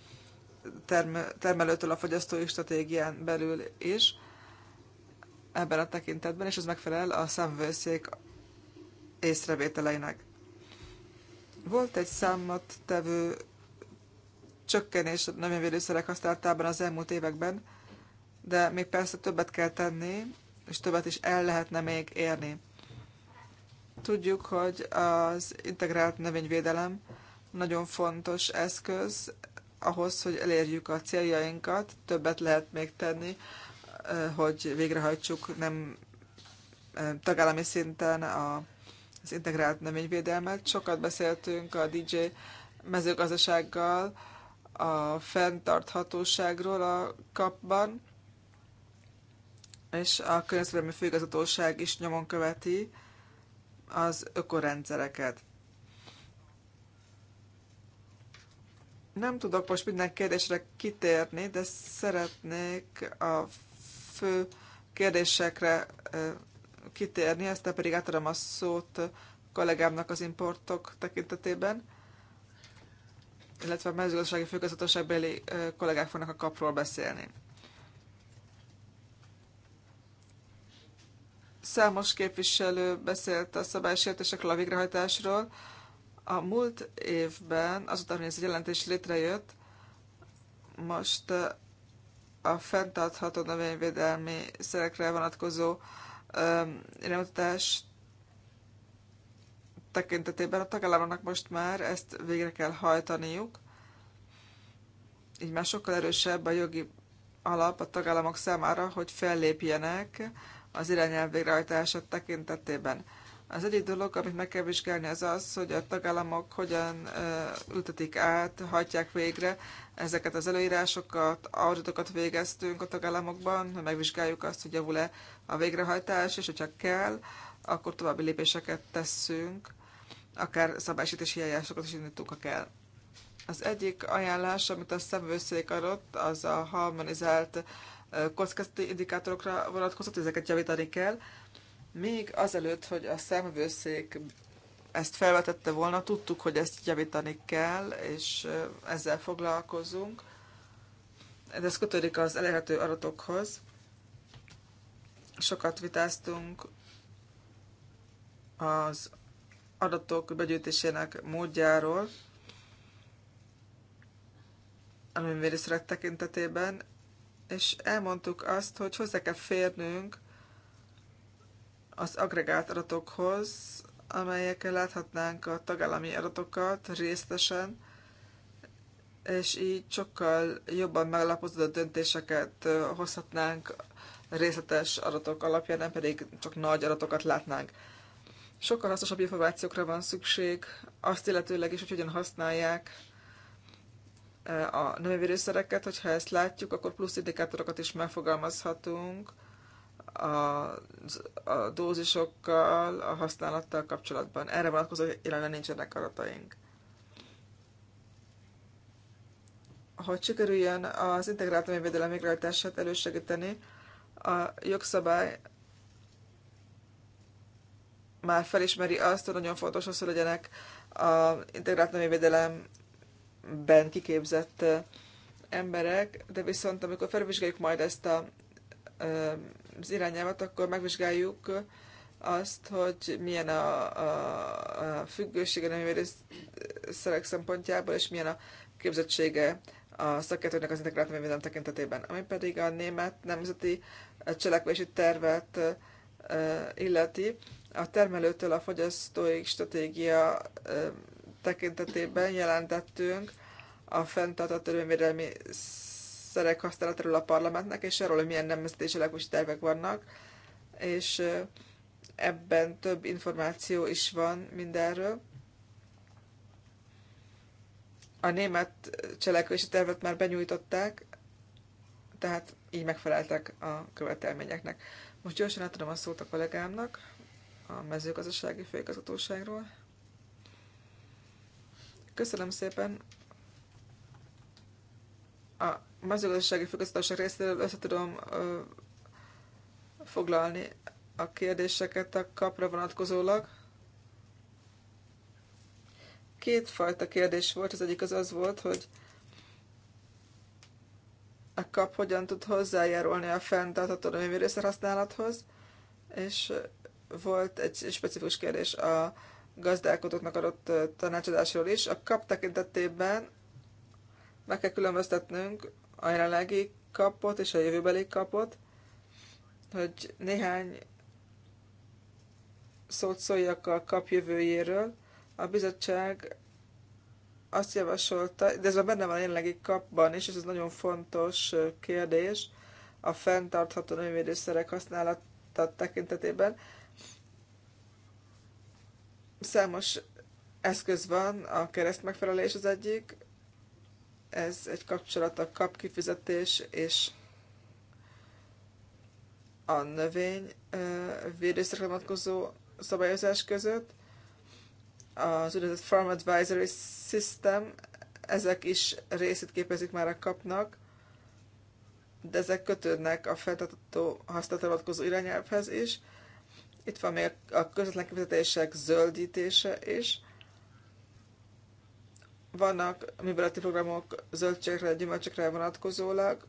termelőtől a fogyasztói stratégián belül is ebben a tekintetben, és ez megfelel a számvőszék észrevételeinek. Volt egy számot tevő csökkenés a növényvédőszerek használatában az elmúlt években, de még persze többet kell tenni, és többet is el lehetne még érni. Tudjuk, hogy az integrált növényvédelem nagyon fontos eszköz ahhoz, hogy elérjük a céljainkat, többet lehet még tenni, hogy végrehajtsuk nem tagállami szinten az integrált növényvédelmet. Sokat beszéltünk a DJ mezőgazdasággal, a fenntarthatóságról a kapban, és a Környezetvédelmi Főigazgatóság is nyomon követi az ökorendszereket. Nem tudok most minden kérdésre kitérni, de szeretnék a fő kérdésekre kitérni, aztán pedig átadom a szót kollégámnak az importok tekintetében, illetve a mezőgazdasági főgazdaságbeli kollégák fognak a kapról beszélni. Számos képviselő beszélt a szabálysértésekről, a végrehajtásról. A múlt évben, azután, hogy ez a jelentés létrejött, most a fenntartható növényvédelmi szerekre vonatkozó iránymutatást tekintetében a tagállamoknak most már ezt végre kell hajtaniuk. Így már sokkal erősebb a jogi alap a tagállamok számára, hogy fellépjenek az irányelv végrehajtása tekintetében. Az egyik dolog, amit meg kell vizsgálni, az az, hogy a tagállamok hogyan ültetik át, hajtják végre ezeket az előírásokat, auditokat végeztünk a tagállamokban, hogy megvizsgáljuk azt, hogy javul-e a végrehajtás, és hogyha kell, akkor további lépéseket tesszünk, akár szabálysítési eljárásokat is indítunk, ha kell. Az egyik ajánlás, amit a szemvőszék adott, az a harmonizált kockázati indikátorokra vonatkozott, ezeket javítani kell. Még azelőtt, hogy a számvevőszék ezt felvetette volna, tudtuk, hogy ezt javítani kell, és ezzel foglalkozunk. De ez kötődik az elérhető adatokhoz. Sokat vitáztunk az adatok begyűjtésének módjáról, a nővérészek tekintetében, és elmondtuk azt, hogy hozzá kell férnünk az agregált adatokhoz, amelyekkel láthatnánk a tagállami adatokat részletesen, és így sokkal jobban megalapozott döntéseket hozhatnánk részletes adatok alapján, nem pedig csak nagy adatokat látnánk. Sokkal hasznosabb információkra van szükség, azt illetőleg is, hogy hogyan használják a növényvédőszereket, hogyha ezt látjuk, akkor plusz indikátorokat is megfogalmazhatunk a, a dózisokkal, a használattal kapcsolatban. Erre vonatkozó jelenleg nincsenek adataink. Hogy sikerüljön az integrált növényvédelem végrehajtását elősegíteni, a jogszabály már felismeri azt, hogy nagyon fontos az, hogy legyenek a integrált növényvédelem ben kiképzett emberek, de viszont amikor felvizsgáljuk majd ezt a, az irányelvet, akkor megvizsgáljuk azt, hogy milyen a, a, a függősége nővérszerek szempontjából, és milyen a képzettsége a szakértőnek az integrált művészet tekintetében, ami pedig a német nemzeti cselekvési tervet illeti. A termelőtől a fogyasztói stratégia tekintetében jelentettünk a fenntartott törvényvédelmi szerek használatáról a parlamentnek, és arról, hogy milyen nemzetési lakosi tervek vannak, és ebben több információ is van mindenről. A német cselekvési tervet már benyújtották, tehát így megfeleltek a követelményeknek. Most gyorsan átadom a szót a kollégámnak a mezőgazdasági főigazgatóságról. Köszönöm szépen. A mezőgazdasági főgazdaság részéről össze tudom foglalni a kérdéseket a kapra vonatkozólag. Kétfajta kérdés volt, az egyik az az volt, hogy a kap hogyan tud hozzájárulni a fenntartható növényvédőszer használathoz, és volt egy specifikus kérdés a gazdálkodóknak adott tanácsadásról is. A kap tekintetében meg kell különböztetnünk a jelenlegi kapot és a jövőbeli kapot, hogy néhány szót szóljak a kap jövőjéről. A bizottság azt javasolta, de ez már benne van a jelenlegi kapban is, és ez nagyon fontos kérdés, a fenntartható növényvédőszerek használata tekintetében. Számos eszköz van, a kereszt megfelelés az egyik, ez egy kapcsolat a kap kifizetés és a növény védőszerre vonatkozó szabályozás között. Az úgynevezett Farm Advisory System, ezek is részét képezik már a kapnak, de ezek kötődnek a feltartató használatra vonatkozó irányelvhez is. Itt van még a közvetlen kifizetések zöldítése is. Vannak műveleti programok zöldségekre, gyümölcsökre vonatkozólag,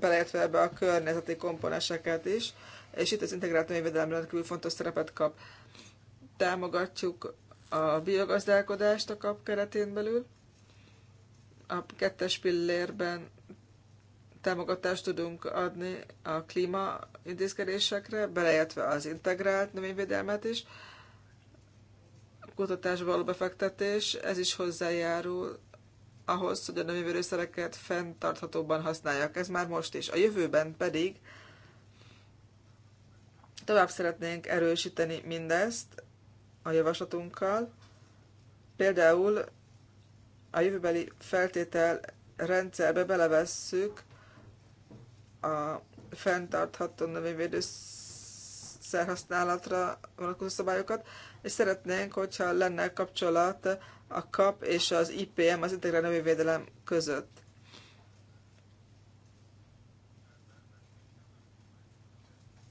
beleértve ebbe a környezeti komponenseket is, és itt az integrált növényvédelem rendkívül fontos szerepet kap. Támogatjuk a biogazdálkodást a kap keretén belül, a kettes pillérben támogatást tudunk adni a klíma intézkedésekre, beleértve az integrált növényvédelmet is, kutatásba való befektetés, ez is hozzájárul ahhoz, hogy a növényvédőszereket fenntarthatóban használják. Ez már most is. A jövőben pedig tovább szeretnénk erősíteni mindezt a javaslatunkkal. Például a jövőbeli feltétel rendszerbe belevesszük a fenntartható növényvédő szerhasználatra vonatkozó szabályokat, és szeretnénk, hogyha lenne kapcsolat a KAP és az IPM, az Integrál Növényvédelem között.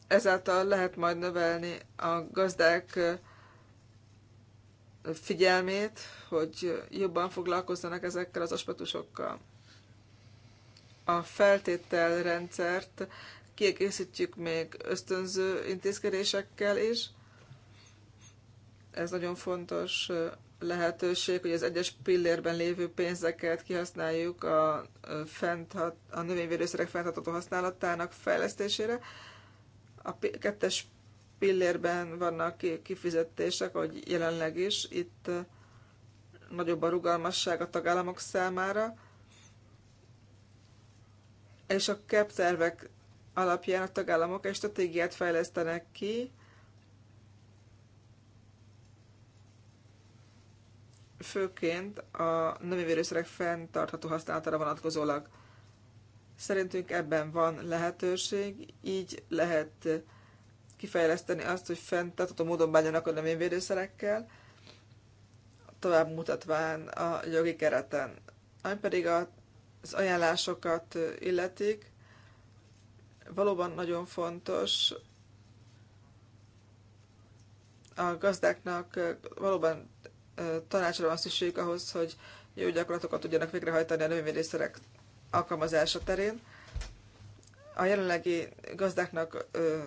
Ezáltal lehet majd növelni a gazdák figyelmét, hogy jobban foglalkozzanak ezekkel az aspektusokkal a feltételrendszert kiegészítjük még ösztönző intézkedésekkel is. Ez nagyon fontos lehetőség, hogy az egyes pillérben lévő pénzeket kihasználjuk a, fenthat, a növényvédőszerek fenntartható használatának fejlesztésére. A kettes pillérben vannak kifizetések, hogy jelenleg is, itt nagyobb a rugalmasság a tagállamok számára, és a CAP tervek alapján a tagállamok egy stratégiát fejlesztenek ki, főként a növényvédőszerek fenntartható használatára vonatkozólag. Szerintünk ebben van lehetőség, így lehet kifejleszteni azt, hogy fenntartható módon bánjanak a növényvédőszerekkel, tovább mutatván a jogi kereten. Ami pedig a az ajánlásokat illetik, valóban nagyon fontos a gazdáknak valóban tanácsra van szükség ahhoz, hogy jó gyakorlatokat tudjanak végrehajtani a növényvédőszerek alkalmazása terén. A jelenlegi gazdáknak szent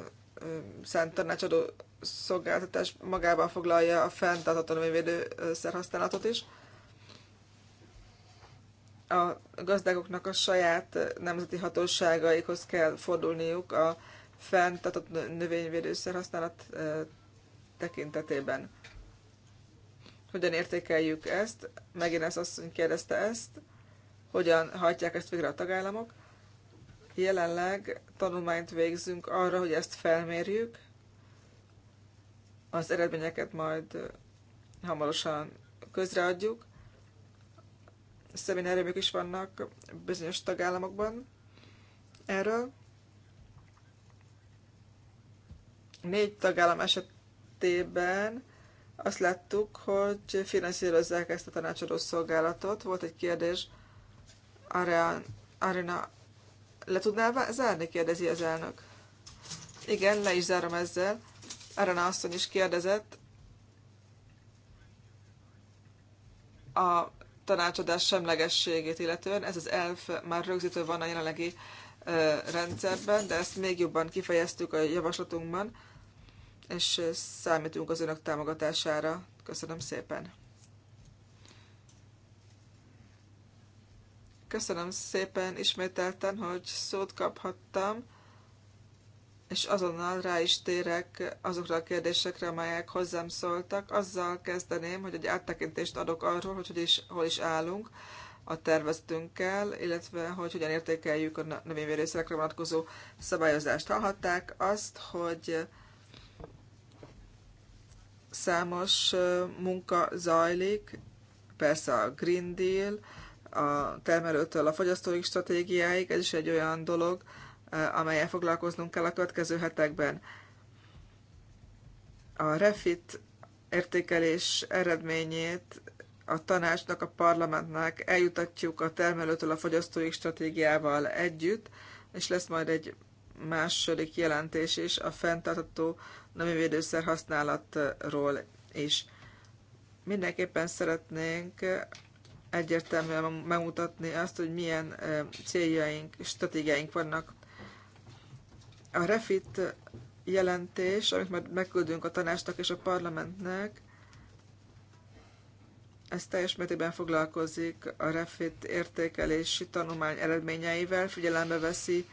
szánt tanácsadó szolgáltatás magában foglalja a fenntartható növényvédőszer használatot is a gazdagoknak a saját nemzeti hatóságaikhoz kell fordulniuk a fenntartott növényvédőszer használat tekintetében. Hogyan értékeljük ezt? Megint ezt asszony kérdezte ezt. Hogyan hajtják ezt végre a tagállamok? Jelenleg tanulmányt végzünk arra, hogy ezt felmérjük. Az eredményeket majd hamarosan közreadjuk szemináriumok is vannak bizonyos tagállamokban erről. Négy tagállam esetében azt láttuk, hogy finanszírozzák ezt a tanácsadó szolgálatot. Volt egy kérdés, Arena, le tudnál zárni? kérdezi az elnök. Igen, le is zárom ezzel. Arena asszony is kérdezett. A tanácsadás semlegességét illetően. Ez az elf már rögzítő van a jelenlegi rendszerben, de ezt még jobban kifejeztük a javaslatunkban, és számítunk az önök támogatására. Köszönöm szépen! Köszönöm szépen ismételten, hogy szót kaphattam és azonnal rá is térek azokra a kérdésekre, amelyek hozzám szóltak. Azzal kezdeném, hogy egy áttekintést adok arról, hogy, hogy is, hol is állunk a terveztünkkel, illetve hogy hogyan értékeljük a növényvédőszerekre vonatkozó szabályozást. Hallhatták azt, hogy számos munka zajlik, persze a Green Deal, a termelőtől a fogyasztói stratégiáig, ez is egy olyan dolog, Eh, amelyel foglalkoznunk kell a következő hetekben. A refit értékelés eredményét a tanácsnak, a parlamentnek eljutatjuk a termelőtől a fogyasztói stratégiával együtt, és lesz majd egy második jelentés is a fenntartható növényvédőszer használatról is. Mindenképpen szeretnénk egyértelműen megmutatni azt, hogy milyen eh, céljaink, stratégiáink vannak a refit jelentés, amit majd megküldünk a tanácsnak és a parlamentnek, ez teljes mértékben foglalkozik a refit értékelési tanulmány eredményeivel, figyelembe veszi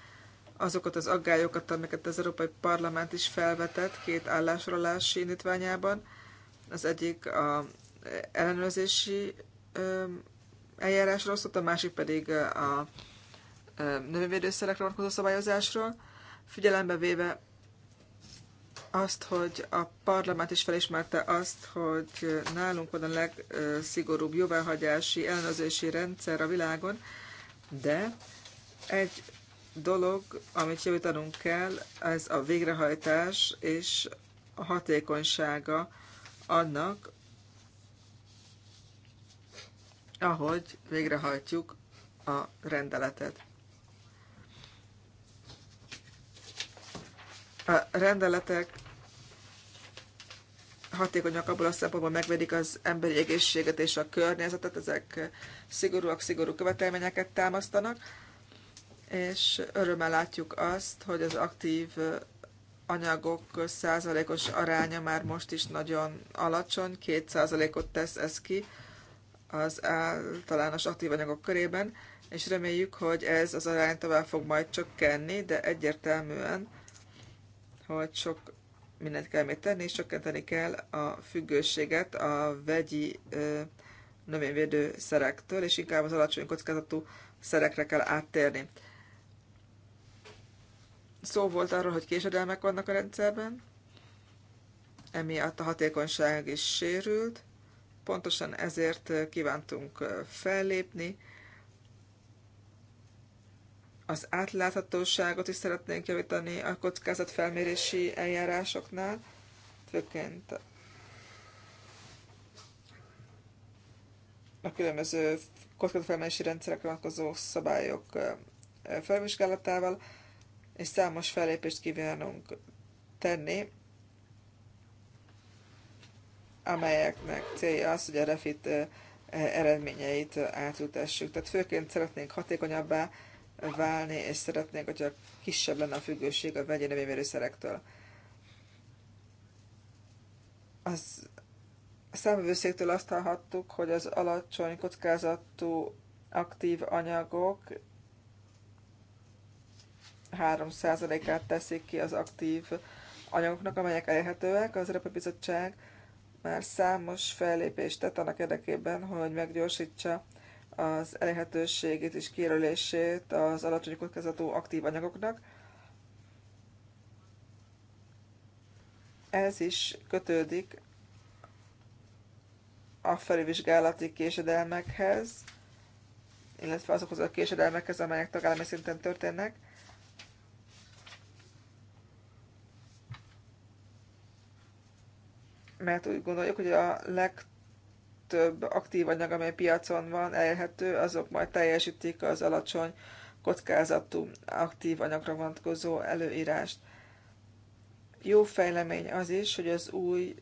azokat az aggályokat, amiket az Európai Parlament is felvetett két állásolási indítványában. Az egyik a ellenőrzési eljárásról szólt, a másik pedig a növényvédőszerekre vonatkozó szabályozásról figyelembe véve azt, hogy a parlament is felismerte azt, hogy nálunk van a legszigorúbb jóváhagyási, ellenőrzési rendszer a világon, de egy dolog, amit javítanunk kell, ez a végrehajtás és a hatékonysága annak, ahogy végrehajtjuk a rendeletet. a rendeletek hatékonyak abból a szempontból megvédik az emberi egészséget és a környezetet, ezek szigorúak, szigorú követelményeket támasztanak, és örömmel látjuk azt, hogy az aktív anyagok százalékos aránya már most is nagyon alacsony, két százalékot tesz ez ki az általános aktív anyagok körében, és reméljük, hogy ez az arány tovább fog majd csökkenni, de egyértelműen hogy sok mindent kell még tenni, és csökkenteni kell a függőséget a vegyi ö, növényvédő szerektől, és inkább az alacsony kockázatú szerekre kell áttérni. Szó volt arról, hogy késedelmek vannak a rendszerben, emiatt a hatékonyság is sérült, pontosan ezért kívántunk fellépni, az átláthatóságot is szeretnénk javítani a kockázatfelmérési eljárásoknál, főként a különböző kockázatfelmérési rendszerek vonatkozó szabályok felvizsgálatával, és számos fellépést kívánunk tenni, amelyeknek célja az, hogy a refit eredményeit átültessük. Tehát főként szeretnénk hatékonyabbá válni, és szeretnék, hogyha kisebb lenne a függőség a vegyi növényvédőszerektől. Az a számvevőszéktől azt hallhattuk, hogy az alacsony kockázatú aktív anyagok 3%-át teszik ki az aktív anyagoknak, amelyek elérhetőek. Az Európai Bizottság már számos fellépést tett annak érdekében, hogy meggyorsítsa az elérhetőségét és kijelölését az alacsony kockázatú aktív anyagoknak. Ez is kötődik a felülvizsgálati késedelmekhez, illetve azokhoz a késedelmekhez, amelyek tagállami szinten történnek. Mert úgy gondoljuk, hogy a legtöbb legtöbb aktív anyag, amely piacon van elérhető, azok majd teljesítik az alacsony kockázatú aktív anyagra vonatkozó előírást. Jó fejlemény az is, hogy az új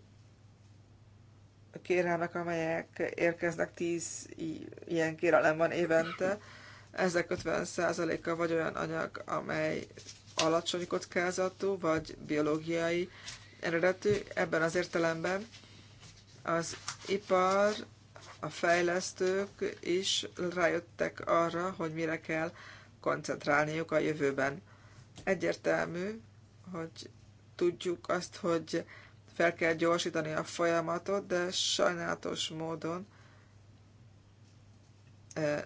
kérelmek, amelyek érkeznek, 10 ilyen kérelem van évente, ezek 50%-a vagy olyan anyag, amely alacsony kockázatú, vagy biológiai eredetű. Ebben az értelemben az ipar, a fejlesztők is rájöttek arra, hogy mire kell koncentrálniuk a jövőben. Egyértelmű, hogy tudjuk azt, hogy fel kell gyorsítani a folyamatot, de sajnálatos módon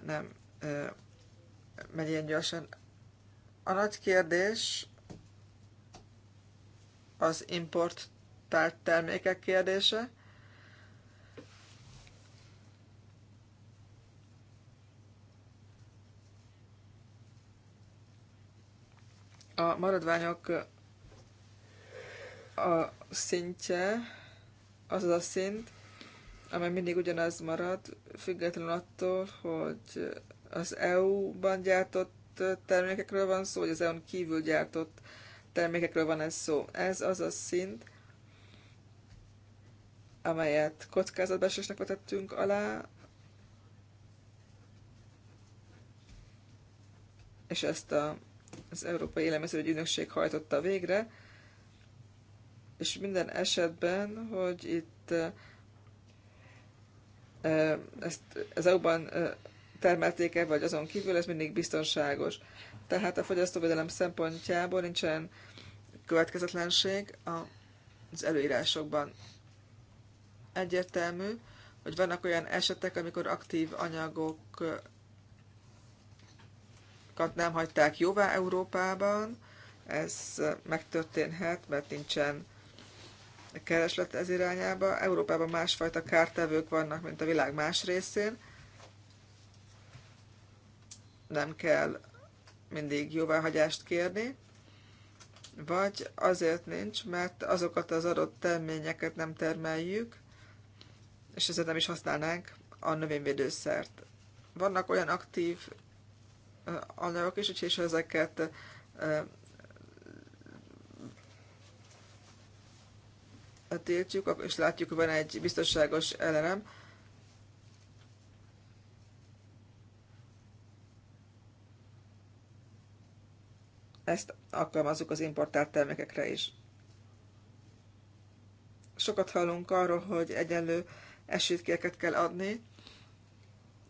nem megy ilyen gyorsan. A nagy kérdés az importált termékek kérdése. a maradványok a szintje, az az a szint, amely mindig ugyanaz marad, függetlenül attól, hogy az EU-ban gyártott termékekről van szó, vagy az EU-n kívül gyártott termékekről van ez szó. Ez az a szint, amelyet kockázatbesésnek vetettünk alá, és ezt a az Európai Élelmezői Ügynökség hajtotta végre, és minden esetben, hogy itt ezt az EU-ban termelték-e, vagy azon kívül, ez mindig biztonságos. Tehát a fogyasztóvédelem szempontjából nincsen következetlenség az előírásokban. Egyértelmű, hogy vannak olyan esetek, amikor aktív anyagok amerikaiakat nem hagyták jóvá Európában. Ez megtörténhet, mert nincsen kereslet ez irányába. Európában másfajta kártevők vannak, mint a világ más részén. Nem kell mindig jóváhagyást kérni, vagy azért nincs, mert azokat az adott terményeket nem termeljük, és ezért nem is használnánk a növényvédőszert. Vannak olyan aktív anyagok is, és ezeket tiltjuk, és látjuk, hogy van egy biztonságos elem. Ezt alkalmazzuk az importált termékekre is. Sokat hallunk arról, hogy egyenlő esítkéket kell adni.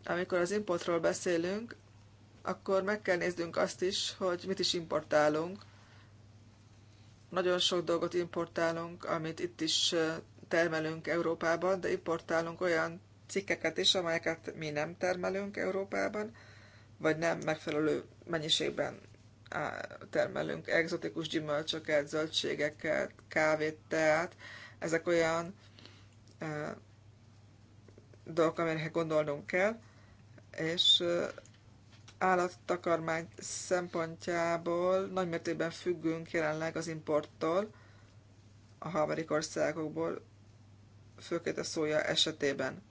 Amikor az importról beszélünk, akkor meg kell néznünk azt is, hogy mit is importálunk. Nagyon sok dolgot importálunk, amit itt is termelünk Európában, de importálunk olyan cikkeket is, amelyeket mi nem termelünk Európában, vagy nem megfelelő mennyiségben termelünk egzotikus gyümölcsöket, zöldségeket, kávét, teát. Ezek olyan dolgok, amelyekre gondolnunk kell, és állattakarmány szempontjából nagymértékben függünk jelenleg az importtól a harmadik országokból, főként a szója esetében.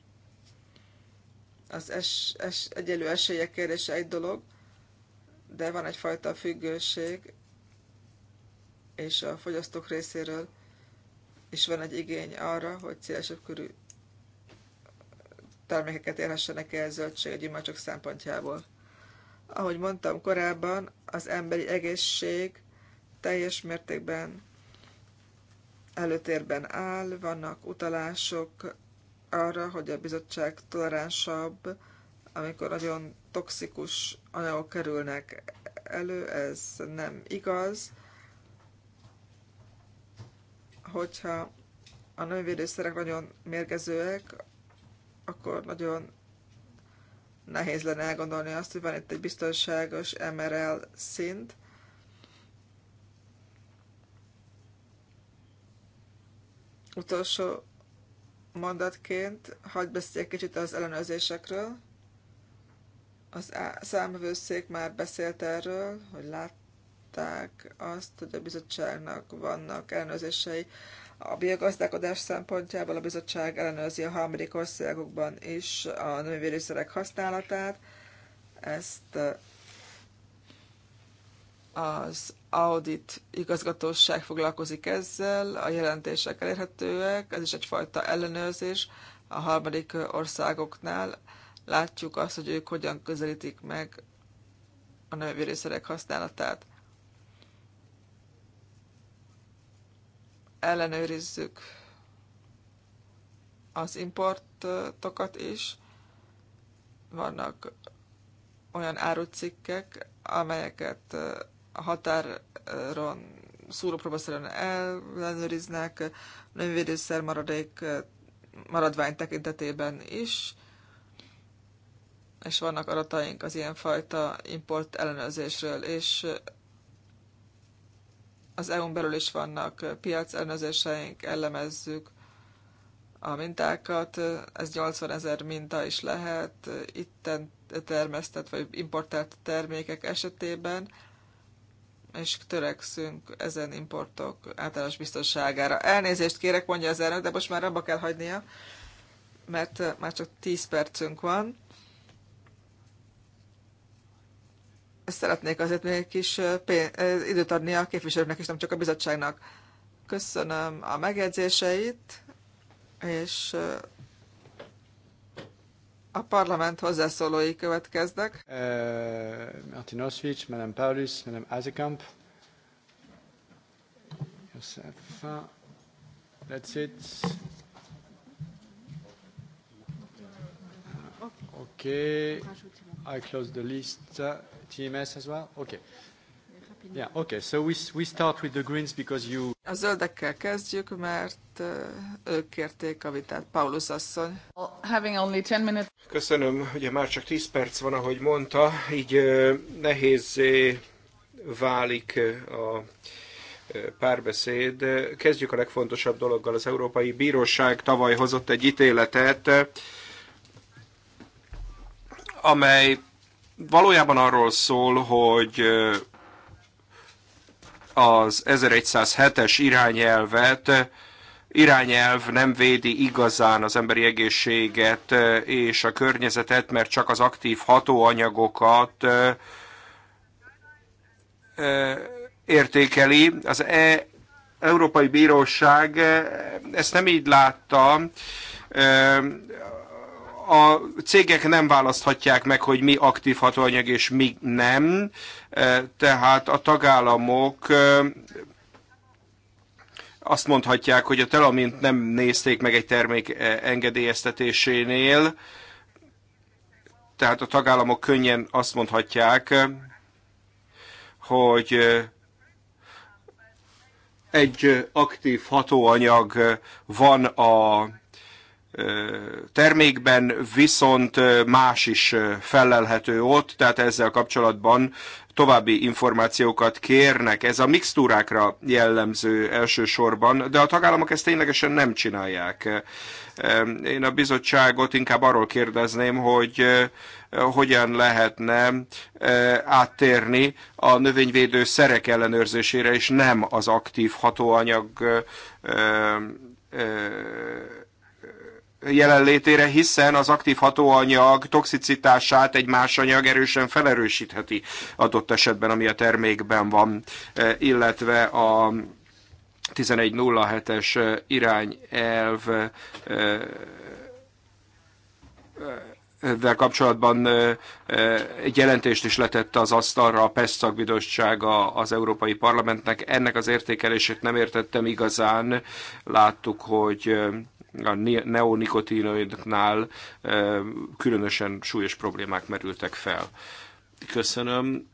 Az es, es, egyelő esélyek kérdése egy dolog, de van egyfajta függőség, és a fogyasztók részéről is van egy igény arra, hogy szélesebb körű termékeket érhessenek el zöldség, gyümölcsök szempontjából. Ahogy mondtam korábban, az emberi egészség teljes mértékben előtérben áll, vannak utalások arra, hogy a bizottság toleránsabb, amikor nagyon toxikus anyagok kerülnek elő, ez nem igaz. Hogyha a növényvédőszerek nagyon mérgezőek, akkor nagyon nehéz lenne elgondolni azt, hogy van itt egy biztonságos MRL szint, utolsó mondatként hagyd beszéljek kicsit az ellenőrzésekről. Az számvőszék már beszélt erről, hogy látták azt, hogy a bizottságnak vannak ellenőrzései a biogazdálkodás szempontjából a bizottság ellenőrzi a harmadik országokban is a növényvédőszerek használatát. Ezt az audit igazgatóság foglalkozik ezzel, a jelentések elérhetőek, ez is egyfajta ellenőrzés a harmadik országoknál. Látjuk azt, hogy ők hogyan közelítik meg a növényvédőszerek használatát. ellenőrizzük az importokat is. Vannak olyan árucikkek, amelyeket a határon szúrópróbaszerűen ellenőriznek, növényvédőszer maradék maradvány tekintetében is, és vannak adataink az ilyenfajta import ellenőrzésről, és az EU-n belül is vannak piacellenőrzéseink, ellemezzük a mintákat, ez 80 ezer minta is lehet itten termesztett vagy importált termékek esetében, és törekszünk ezen importok általános biztonságára. Elnézést kérek, mondja az elnök, de most már abba kell hagynia, mert már csak 10 percünk van. szeretnék azért még kis időt adni a képviselőknek és nem csak a bizottságnak. Köszönöm a megjegyzéseit, és a parlament hozzászólói következnek. Uh, Martin Oswich, Madame Paulus, Madame Azekamp. Josefa. That's it. Ah, okay. I close the list. TMS as well? Okay. Yeah, okay. So we, we start with the Greens because you... A zöldekkel kezdjük, mert ők kérték a vitát. Paulus asszony. Having only 10 minutes. Köszönöm, ugye már csak 10 perc van, ahogy mondta, így nehéz válik a párbeszéd. Kezdjük a legfontosabb dologgal. Az Európai Bíróság tavaly hozott egy ítéletet, amely valójában arról szól, hogy az 1107-es irányelvet irányelv nem védi igazán az emberi egészséget és a környezetet, mert csak az aktív hatóanyagokat értékeli. Az e Európai Bíróság ezt nem így látta a cégek nem választhatják meg, hogy mi aktív hatóanyag és mi nem, e, tehát a tagállamok e, azt mondhatják, hogy a telamint nem nézték meg egy termék e, engedélyeztetésénél, tehát a tagállamok könnyen azt mondhatják, hogy egy aktív hatóanyag van a termékben, viszont más is fellelhető ott, tehát ezzel kapcsolatban további információkat kérnek. Ez a mixtúrákra jellemző elsősorban, de a tagállamok ezt ténylegesen nem csinálják. Én a bizottságot inkább arról kérdezném, hogy hogyan lehetne áttérni a növényvédő szerek ellenőrzésére, és nem az aktív hatóanyag jelenlétére, hiszen az aktív hatóanyag toxicitását egy más anyag erősen felerősítheti adott esetben, ami a termékben van, e, illetve a 1107-es irányelv e, e, vel kapcsolatban egy jelentést is letett az asztalra a PESZ szakbizottsága az Európai Parlamentnek. Ennek az értékelését nem értettem igazán. Láttuk, hogy a neonikotinoidnál különösen súlyos problémák merültek fel. Köszönöm.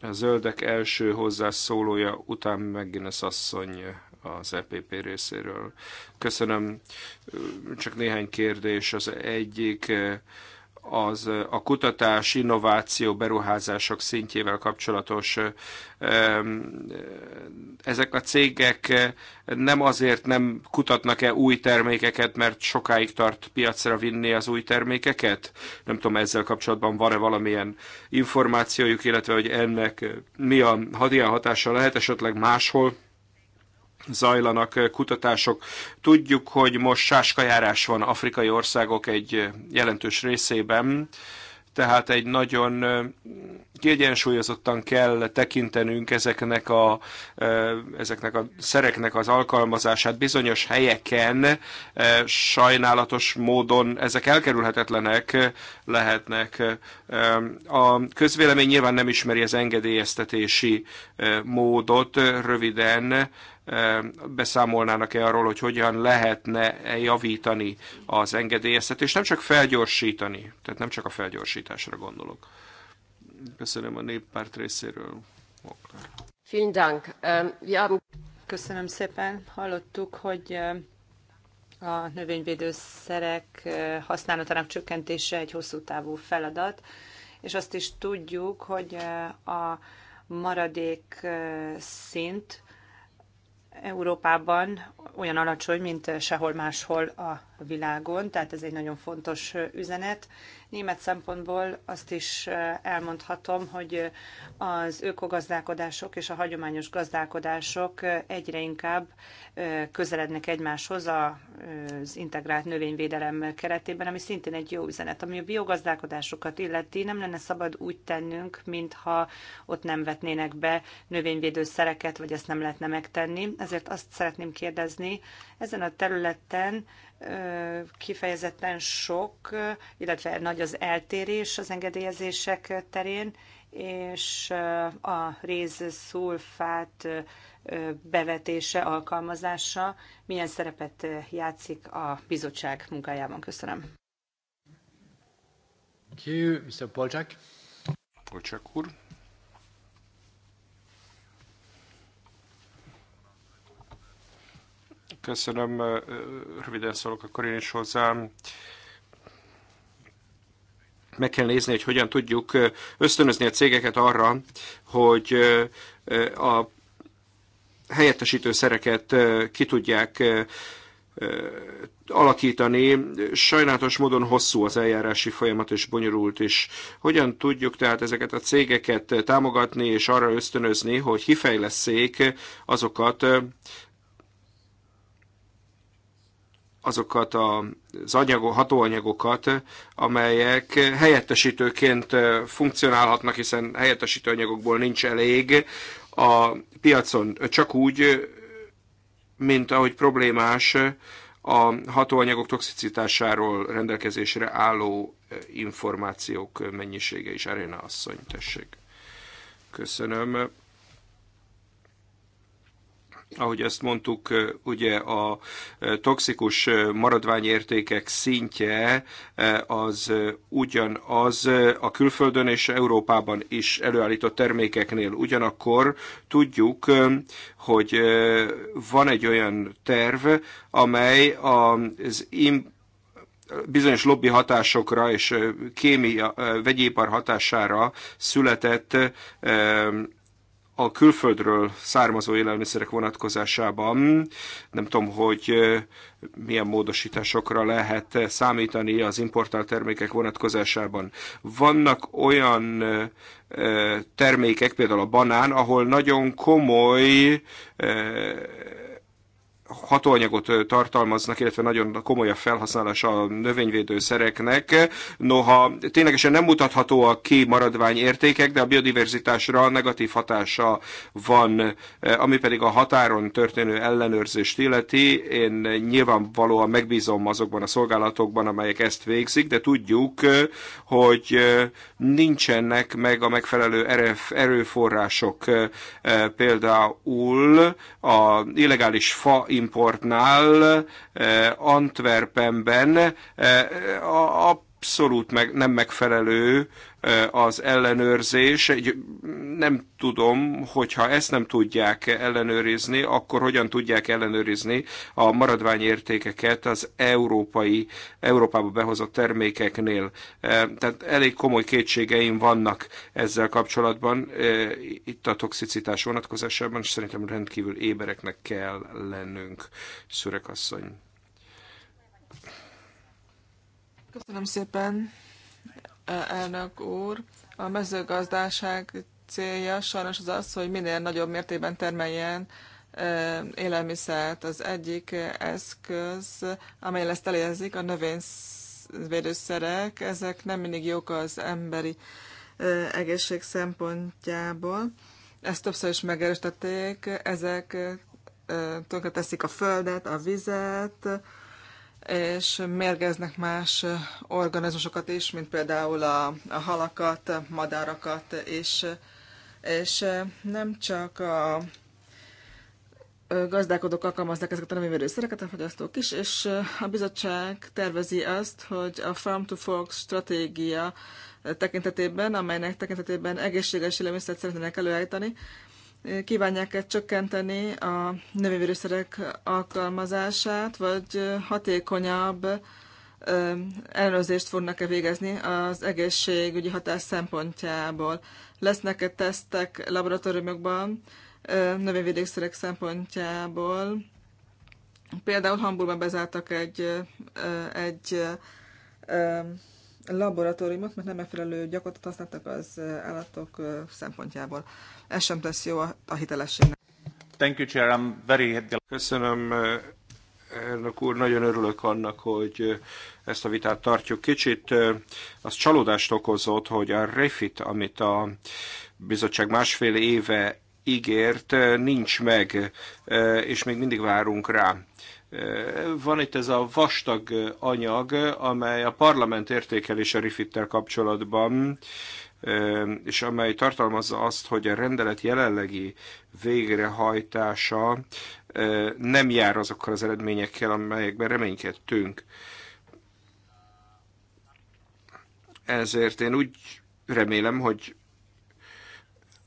A zöldek első hozzászólója, után megint az asszony az EPP részéről. Köszönöm. Csak néhány kérdés. Az egyik az a kutatás, innováció, beruházások szintjével kapcsolatos ezek a cégek nem azért nem kutatnak-e új termékeket, mert sokáig tart piacra vinni az új termékeket? Nem tudom, ezzel kapcsolatban van-e valamilyen információjuk, illetve hogy ennek mi a, milyen hatása lehet esetleg máshol zajlanak eh, kutatások. Tudjuk, hogy most sáskajárás van afrikai országok egy eh, jelentős részében, tehát egy nagyon eh, kiegyensúlyozottan kell tekintenünk ezeknek a, ezeknek a szereknek az alkalmazását bizonyos helyeken sajnálatos módon ezek elkerülhetetlenek lehetnek. A közvélemény nyilván nem ismeri az engedélyeztetési módot, röviden beszámolnának-e arról, hogy hogyan lehetne -e javítani az engedélyeztetést, nem csak felgyorsítani, tehát nem csak a felgyorsításra gondolok. Köszönöm a néppárt részéről. Vielen Dank. Ähm, Köszönöm szépen. Hallottuk, hogy a növényvédőszerek használatának csökkentése egy hosszú távú feladat, és azt is tudjuk, hogy a maradék szint Európában olyan alacsony, mint sehol máshol a világon, tehát ez egy nagyon fontos üzenet. Német szempontból azt is eh, elmondhatom, hogy eh, az ökogazdálkodások és a hagyományos gazdálkodások eh, egyre inkább közelednek egymáshoz az integrált növényvédelem keretében, ami szintén egy jó üzenet. Ami a biogazdálkodásokat illeti, nem lenne szabad úgy tennünk, mintha ott nem vetnének be növényvédőszereket, vagy ezt nem lehetne megtenni. Ezért azt szeretném kérdezni, ezen a területen kifejezetten sok, illetve nagy az eltérés az engedélyezések terén, és a rézszulfát bevetése, alkalmazása milyen szerepet játszik a bizottság munkájában. Köszönöm. Thank you, Mr. Polcsák. Polcsák úr. Köszönöm, röviden szólok akkor én is hozzám. Meg kell nézni, hogy hogyan tudjuk ösztönözni a cégeket arra, hogy a helyettesítő szereket ki tudják alakítani. Sajnálatos módon hosszú az eljárási folyamat, és bonyolult is. Hogyan tudjuk tehát ezeket a cégeket támogatni, és arra ösztönözni, hogy kifejleszék azokat azokat az anyagok, hatóanyagokat, amelyek helyettesítőként funkcionálhatnak, hiszen helyettesítő anyagokból nincs elég a piacon. Csak úgy, mint ahogy problémás a hatóanyagok toxicitásáról rendelkezésre álló információk mennyisége is. Arena asszony, tessék. Köszönöm ahogy ezt mondtuk, ugye a toxikus maradványértékek szintje az ugyanaz a külföldön és Európában is előállított termékeknél. Ugyanakkor tudjuk, hogy van egy olyan terv, amely az bizonyos lobby hatásokra és kémia, vegyipar hatására született a külföldről származó élelmiszerek vonatkozásában nem tudom, hogy milyen módosításokra lehet számítani az importált termékek vonatkozásában. Vannak olyan termékek, például a banán, ahol nagyon komoly hatóanyagot tartalmaznak, illetve nagyon komoly a felhasználás a növényvédőszereknek. Noha ténylegesen nem a ki maradvány értékek, de a biodiverzitásra negatív hatása van, ami pedig a határon történő ellenőrzést illeti. Én nyilvánvalóan megbízom azokban a szolgálatokban, amelyek ezt végzik, de tudjuk, hogy nincsenek meg a megfelelő erőforrások, például a illegális fa importnál eh, Antwerpenben eh, a abszolút meg, nem megfelelő az ellenőrzés. Nem tudom, hogyha ezt nem tudják ellenőrizni, akkor hogyan tudják ellenőrizni a maradványértékeket az európai, Európába behozott termékeknél. Tehát elég komoly kétségeim vannak ezzel kapcsolatban. Itt a toxicitás vonatkozásában, és szerintem rendkívül ébereknek kell lennünk, szürekasszony. Köszönöm szépen, e, elnök úr. A mezőgazdaság célja sajnos az az, hogy minél nagyobb mértékben termeljen e, élelmiszert. Az egyik eszköz, amely ezt elérzik, a növényvédőszerek. Ezek nem mindig jók az emberi e, egészség szempontjából. Ezt többször is megerősítették. Ezek tönkreteszik a földet, a vizet, és mérgeznek más organizmusokat is, mint például a, a halakat, madarakat, és, és nem csak a gazdálkodók alkalmaznak ezeket a növényvédő szereket, a fogyasztók is, és a bizottság tervezi azt, hogy a Farm to Fork stratégia tekintetében, amelynek tekintetében egészséges élelmiszert szeretnének előállítani, kívánják-e csökkenteni a növényvédőszerek alkalmazását, vagy hatékonyabb ellenőrzést fognak-e végezni az egészségügyi hatás szempontjából? Lesznek-e tesztek laboratóriumokban növényvédőszerek szempontjából? Például Hamburgban bezártak egy, egy laboratóriumot, mert nem megfelelő gyakorlatot használtak az állatok szempontjából. Ez sem tesz jó a hitelességnek. Thank you, Chair. I'm very... Köszönöm, elnök úr, nagyon örülök annak, hogy ezt a vitát tartjuk. Kicsit az csalódást okozott, hogy a refit, amit a bizottság másfél éve ígért, nincs meg, és még mindig várunk rá. Van itt ez a vastag anyag, amely a parlament értékelése Rifittel kapcsolatban, és amely tartalmazza azt, hogy a rendelet jelenlegi végrehajtása nem jár azokkal az eredményekkel, amelyekben reménykedtünk. Ezért én úgy remélem, hogy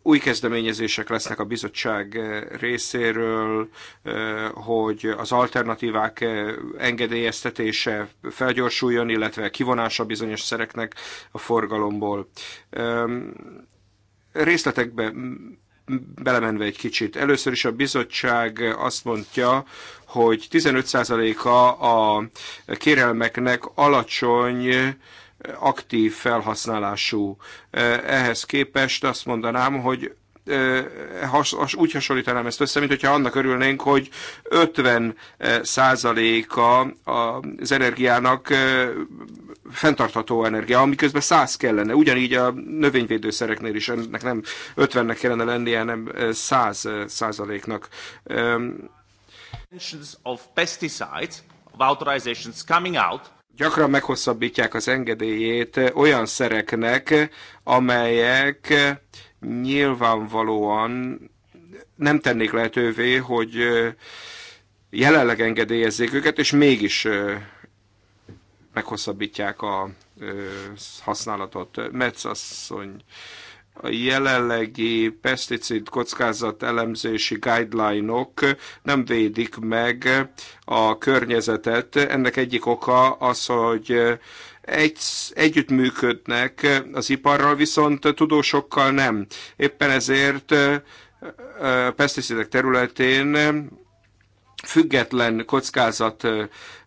új kezdeményezések lesznek a bizottság eh, részéről, eh, hogy az alternatívák eh, engedélyeztetése felgyorsuljon, illetve kivonása bizonyos szereknek a forgalomból. Részletekbe belemenve egy kicsit. Először is a bizottság azt mondja, hogy 15%-a a kérelmeknek alacsony aktív felhasználású. Ehhez képest azt mondanám, hogy has, úgy hasonlítanám ezt össze, mint hogyha annak örülnénk, hogy 50 százaléka az energiának fenntartható energia, amiközben 100 kellene. Ugyanígy a növényvédőszereknél is ennek nem 50-nek kellene lennie, hanem 100 százaléknak. Of pesticides, of authorizations coming out gyakran meghosszabbítják az engedélyét olyan szereknek, amelyek nyilvánvalóan nem tennék lehetővé, hogy jelenleg engedélyezzék őket, és mégis meghosszabbítják a használatot. Metsz asszony a jelenlegi pesticid kockázat elemzési guideline-ok nem védik meg a környezetet. Ennek egyik oka az, hogy egy, együttműködnek az iparral, viszont tudósokkal nem. Éppen ezért a területén független kockázat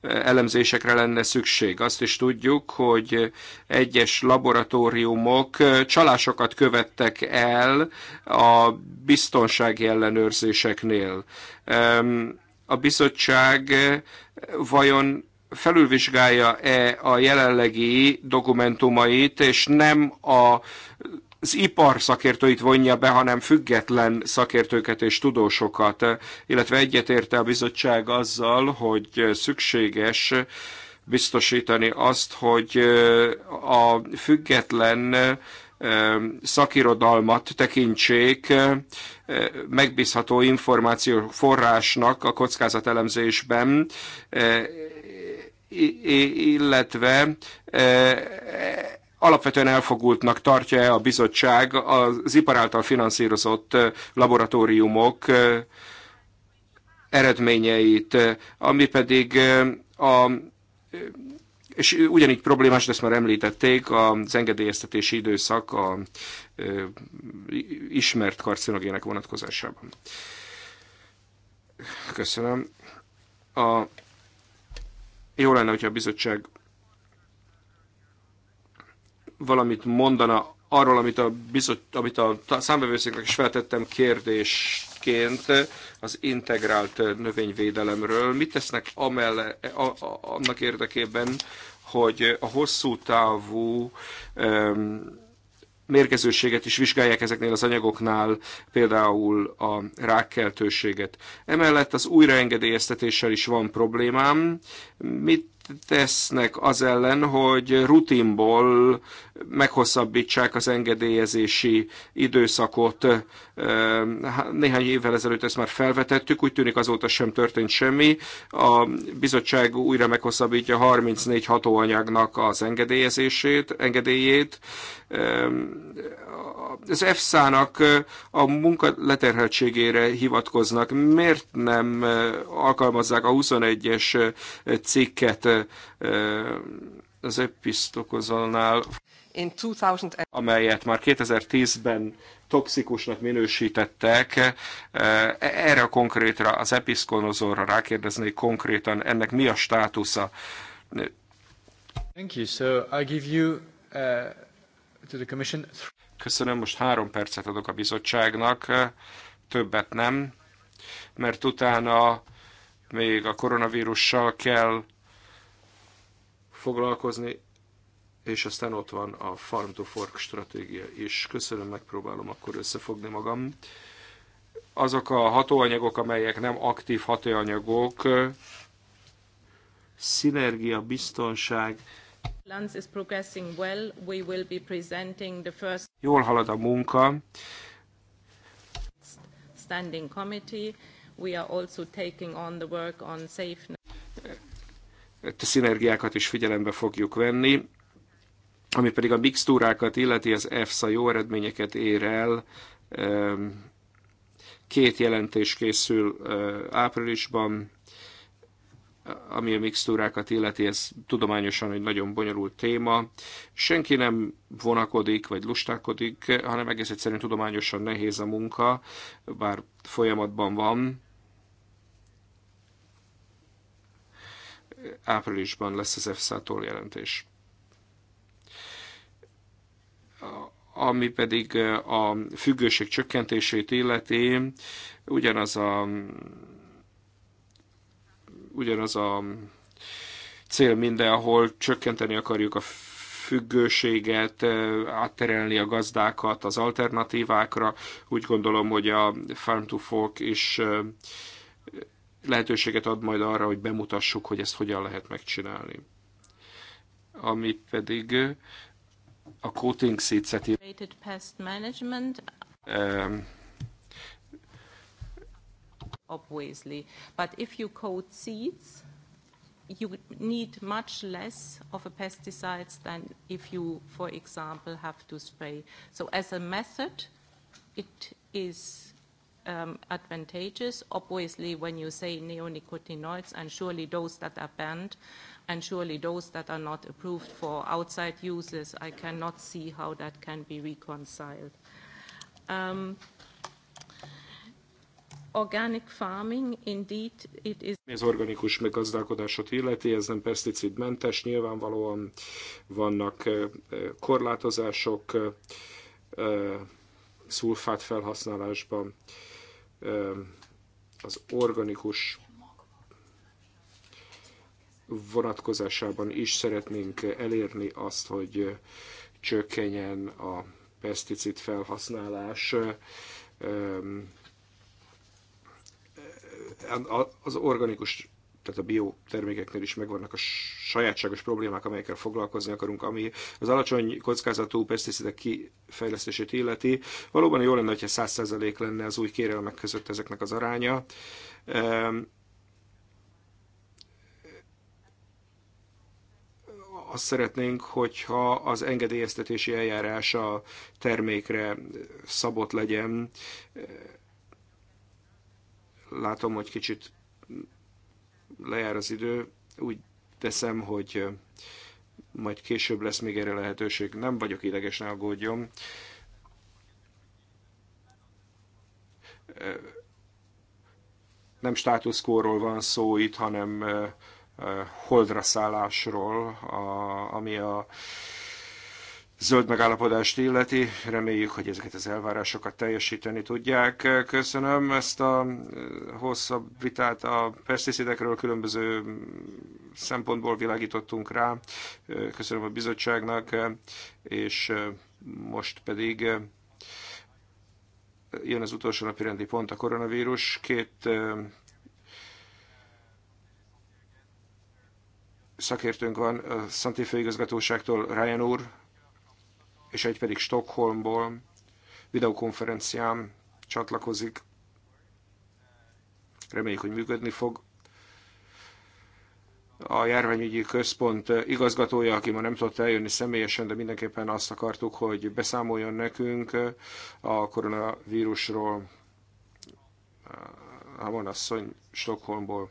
elemzésekre lenne szükség. Azt is tudjuk, hogy egyes laboratóriumok csalásokat követtek el a biztonsági ellenőrzéseknél. A bizottság vajon felülvizsgálja-e a jelenlegi dokumentumait, és nem a az ipar szakértőit vonja be, hanem független szakértőket és tudósokat, illetve egyetérte a bizottság azzal, hogy szükséges biztosítani azt, hogy a független szakirodalmat tekintsék megbízható információ forrásnak a kockázatelemzésben, illetve alapvetően elfogultnak tartja-e a bizottság az ipar által finanszírozott laboratóriumok eredményeit, ami pedig a és ugyanígy problémás, de ezt már említették, az engedélyeztetési időszak a e, ismert karcinogének vonatkozásában. Köszönöm. A, jó lenne, hogyha a bizottság valamit mondana arról, amit a, bizot, amit a számbevőszéknek is feltettem kérdésként az integrált növényvédelemről. Mit tesznek amelle, a, a, annak érdekében, hogy a hosszú távú um, mérgezőséget is vizsgálják ezeknél az anyagoknál, például a rákkeltőséget. Emellett az újraengedélyeztetéssel is van problémám. Mit tesznek az ellen, hogy rutinból meghosszabbítsák az engedélyezési időszakot. Néhány évvel ezelőtt ezt már felvetettük, úgy tűnik azóta sem történt semmi. A bizottság újra meghosszabbítja 34 hatóanyagnak az engedélyezését, engedélyét az EFSA-nak a munka leterheltségére hivatkoznak. Miért nem alkalmazzák a 21-es cikket az episztokozónál, amelyet már 2010-ben toxikusnak minősítettek. Erre a konkrétra, az episzkonozóra rákérdeznék konkrétan, ennek mi a státusza? Thank you. So I give you uh, to the commission Köszönöm, most három percet adok a bizottságnak, többet nem, mert utána még a koronavírussal kell foglalkozni, és aztán ott van a Farm to Fork stratégia is. Köszönöm, megpróbálom akkor összefogni magam. Azok a hatóanyagok, amelyek nem aktív hatóanyagok, szinergia, biztonság, Jól halad a munka. Standing committee. We are also taking on the work on safe... A szinergiákat is figyelembe fogjuk venni. Ami pedig a mixtúrákat illeti, az EFSA jó eredményeket ér el. Két jelentés készül áprilisban, ami a mixtúrákat illeti, ez tudományosan egy nagyon bonyolult téma. Senki nem vonakodik, vagy lustákodik, hanem egész egyszerűen tudományosan nehéz a munka, bár folyamatban van. Áprilisban lesz az EFSA-tól jelentés. Ami pedig a függőség csökkentését illeti, ugyanaz a ugyanaz a cél mindenhol, csökkenteni akarjuk a függőséget, átterelni a gazdákat az alternatívákra. Úgy gondolom, hogy a Farm to Fork is lehetőséget ad majd arra, hogy bemutassuk, hogy ezt hogyan lehet megcsinálni. Ami pedig a coating seeds obviously. But if you coat seeds, you need much less of a pesticides than if you, for example, have to spray. So as a method, it is um, advantageous. Obviously, when you say neonicotinoids, and surely those that are banned, and surely those that are not approved for outside uses, I cannot see how that can be reconciled. Um, organic farming, indeed it is... Az organikus megazdálkodásot illeti, ez nem pesticidmentes, nyilvánvalóan vannak korlátozások szulfát felhasználásban, az organikus vonatkozásában is szeretnénk elérni azt, hogy csökkenjen a peszticid felhasználás az organikus, tehát a bio termékeknél is megvannak a sajátságos problémák, amelyekkel foglalkozni akarunk, ami az alacsony kockázatú peszticidek kifejlesztését illeti. Valóban jó lenne, hogyha 100% lenne az új kérelmek között ezeknek az aránya. Ehm, azt szeretnénk, hogyha az engedélyeztetési eljárás a termékre szabott legyen, látom, hogy kicsit lejár az idő, úgy teszem, hogy majd később lesz még erre lehetőség. Nem vagyok ideges, ne aggódjon. Nem státuszkóról van szó itt, hanem holdra szállásról, ami a zöld megállapodást illeti. Reméljük, hogy ezeket az elvárásokat teljesíteni tudják. Köszönöm ezt a eh, hosszabb vitát a pesticidekről, különböző szempontból világítottunk rá. Eh, köszönöm a bizottságnak, eh, és most pedig jön az utolsó napi rendi pont, a koronavírus. Két szakértőnk van a Szanti Főigazgatóságtól, Ryan úr, és egy pedig Stockholmból videokonferencián csatlakozik. Reméljük, hogy működni fog. A járványügyi központ igazgatója, aki ma nem tudott eljönni személyesen, de mindenképpen azt akartuk, hogy beszámoljon nekünk a koronavírusról. Hamon asszony Stockholmból.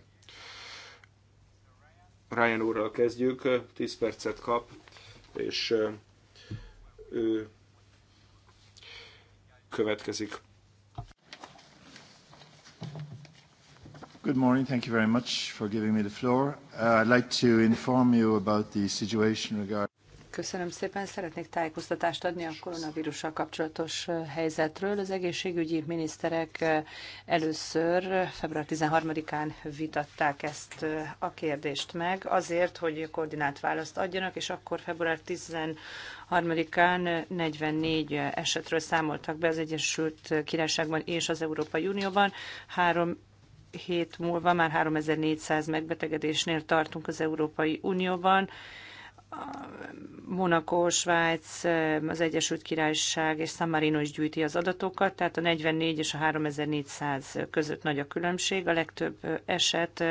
Ryan úrral kezdjük, 10 percet kap, és ő következik. Good morning. Thank you very much for giving me the floor. Uh, I'd like to inform you about the situation regarding Köszönöm szépen. Szeretnék tájékoztatást adni a koronavírussal kapcsolatos helyzetről. Az egészségügyi miniszterek először február 13-án vitatták ezt a kérdést meg, azért, hogy koordinált választ adjanak, és akkor február 13-án 44 esetről számoltak be az Egyesült Királyságban és az Európai Unióban. Három hét múlva már 3400 megbetegedésnél tartunk az Európai Unióban Monaco, Svájc, az Egyesült Királyság és San Marino is gyűjti az adatokat, tehát a 44 és a 3400 között nagy a különbség. A legtöbb eset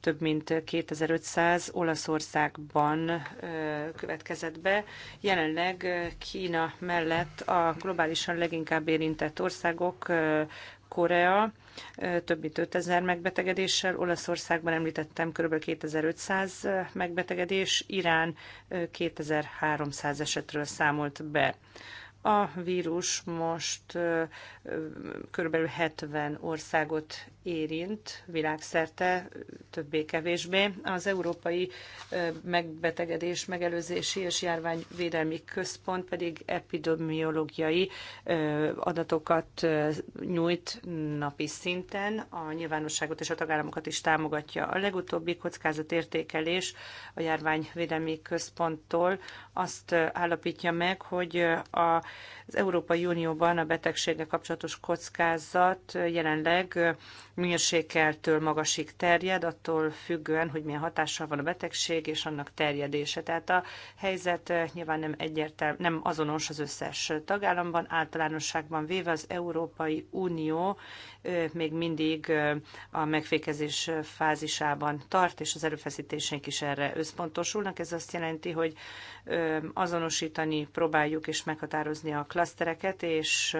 több mint 2500 Olaszországban következett be. Jelenleg Kína mellett a globálisan leginkább érintett országok Korea több mint 5000 megbetegedéssel, Olaszországban említettem kb. 2500 megbetegedés, Irán 2300 esetről számolt be. A vírus most körülbelül 70 országot érint világszerte, többé-kevésbé. Az Európai Megbetegedés Megelőzési és Járványvédelmi Központ pedig epidemiológiai adatokat nyújt napi szinten. A nyilvánosságot és a tagállamokat is támogatja. A legutóbbi kockázatértékelés a Járványvédelmi Központtól azt állapítja meg, hogy a az Európai Unióban a betegséggel kapcsolatos kockázat jelenleg mérsékeltől magasig terjed, attól függően, hogy milyen hatással van a betegség és annak terjedése. Tehát a helyzet nyilván nem egyértelmű, nem azonos az összes tagállamban, általánosságban véve az Európai Unió még mindig a megfékezés fázisában tart, és az erőfeszítéseink is erre összpontosulnak. Ez azt jelenti, hogy azonosítani próbáljuk és meghatározni a klasztereket, és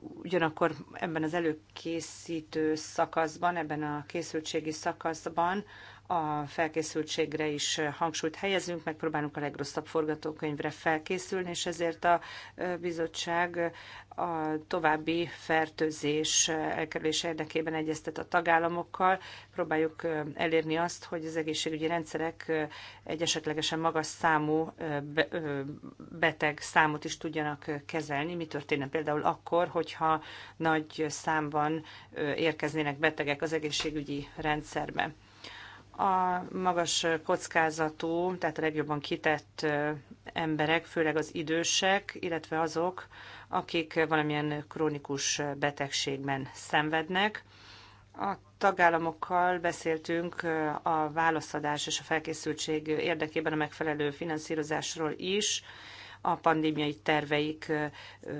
ugyanakkor ebben az előkészítő szakaszban, ebben a készültségi szakaszban a felkészültségre is hangsúlyt helyezünk, megpróbálunk a legrosszabb forgatókönyvre felkészülni, és ezért a bizottság a további fertőzés elkerülése érdekében egyeztet a tagállamokkal. Próbáljuk elérni azt, hogy az egészségügyi rendszerek egy esetlegesen magas számú beteg számot is tudjanak kezelni. Mi történne például akkor, hogyha nagy számban érkeznének betegek az egészségügyi rendszerbe? a magas kockázatú, tehát a legjobban kitett emberek, főleg az idősek, illetve azok, akik valamilyen krónikus betegségben szenvednek. A tagállamokkal beszéltünk a válaszadás és a felkészültség érdekében a megfelelő finanszírozásról is, a pandémiai terveik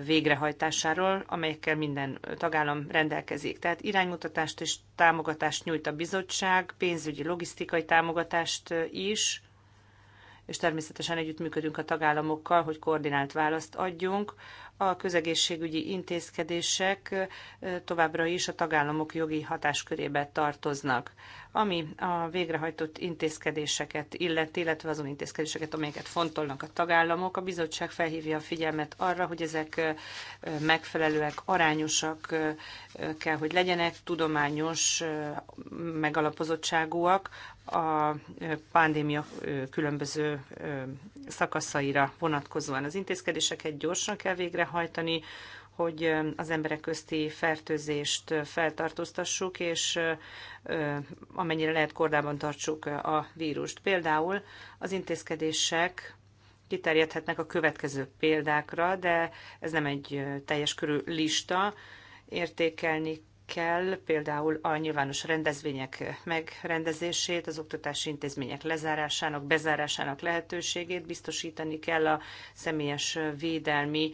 végrehajtásáról, amelyekkel minden tagállam rendelkezik. Tehát iránymutatást és támogatást nyújt a bizottság, pénzügyi, logisztikai támogatást is, és természetesen együttműködünk a tagállamokkal, hogy koordinált választ adjunk a közegészségügyi intézkedések továbbra is a tagállamok jogi hatáskörébe tartoznak. Ami a végrehajtott intézkedéseket illet, illetve azon intézkedéseket, amelyeket fontolnak a tagállamok, a bizottság felhívja a figyelmet arra, hogy ezek megfelelőek, arányosak kell, hogy legyenek, tudományos megalapozottságúak a pandémia különböző szakaszaira vonatkozóan. Az intézkedéseket gyorsan kell végrehajtani, hogy az emberek közti fertőzést feltartóztassuk, és amennyire lehet kordában tartsuk a vírust. Például az intézkedések kiterjedhetnek a következő példákra, de ez nem egy teljes körű lista, értékelni kell például a nyilvános rendezvények megrendezését, az oktatási intézmények lezárásának, bezárásának lehetőségét biztosítani kell a személyes védelmi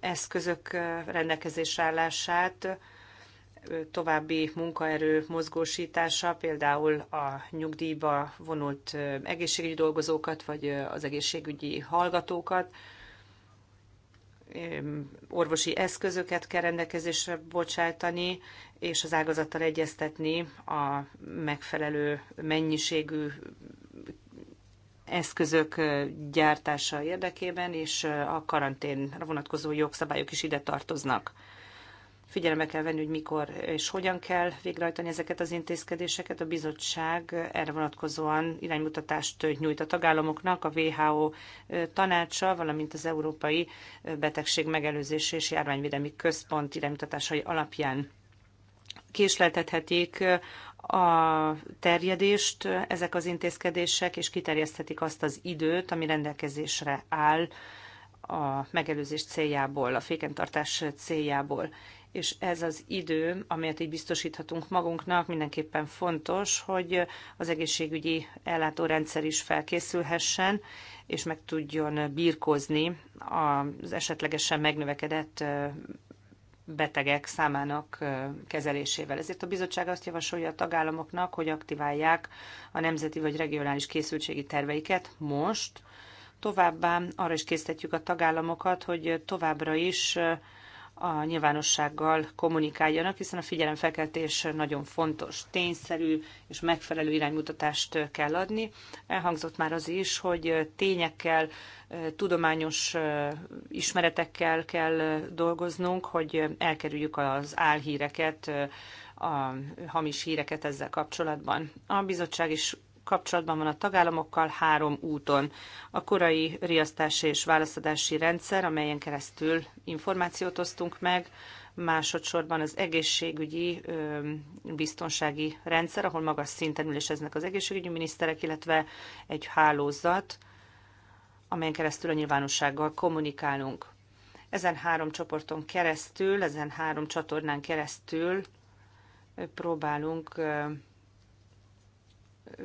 eszközök rendelkezés állását, további munkaerő mozgósítása, például a nyugdíjba vonult egészségügyi dolgozókat, vagy az egészségügyi hallgatókat, orvosi eszközöket kell rendelkezésre bocsájtani, és az ágazattal egyeztetni a megfelelő mennyiségű eszközök gyártása érdekében, és a karanténra vonatkozó jogszabályok is ide tartoznak. Figyelembe kell venni, hogy mikor és hogyan kell végrehajtani ezeket az intézkedéseket. A bizottság erre vonatkozóan iránymutatást nyújt a tagállamoknak, a WHO tanácsa, valamint az Európai Betegség Megelőzés és Járványvédelmi Központ iránymutatásai alapján késleltethetik a terjedést ezek az intézkedések, és kiterjeszthetik azt az időt, ami rendelkezésre áll a megelőzés céljából, a fékentartás céljából és ez az idő, amelyet így biztosíthatunk magunknak, mindenképpen fontos, hogy az egészségügyi ellátórendszer is felkészülhessen, és meg tudjon birkózni az esetlegesen megnövekedett betegek számának kezelésével. Ezért a bizottság azt javasolja a tagállamoknak, hogy aktiválják a nemzeti vagy regionális készültségi terveiket most. Továbbá arra is készítjük a tagállamokat, hogy továbbra is a nyilvánossággal kommunikáljanak, hiszen a figyelemfelkeltés nagyon fontos, tényszerű és megfelelő iránymutatást kell adni. Elhangzott már az is, hogy tényekkel, tudományos ismeretekkel kell dolgoznunk, hogy elkerüljük az álhíreket, a hamis híreket ezzel kapcsolatban. A bizottság is kapcsolatban van a tagállamokkal három úton. A korai riasztási és válaszadási rendszer, amelyen keresztül információt osztunk meg, másodszorban az egészségügyi biztonsági rendszer, ahol magas szinten üléseznek az egészségügyi miniszterek, illetve egy hálózat, amelyen keresztül a nyilvánossággal kommunikálunk. Ezen három csoporton keresztül, ezen három csatornán keresztül próbálunk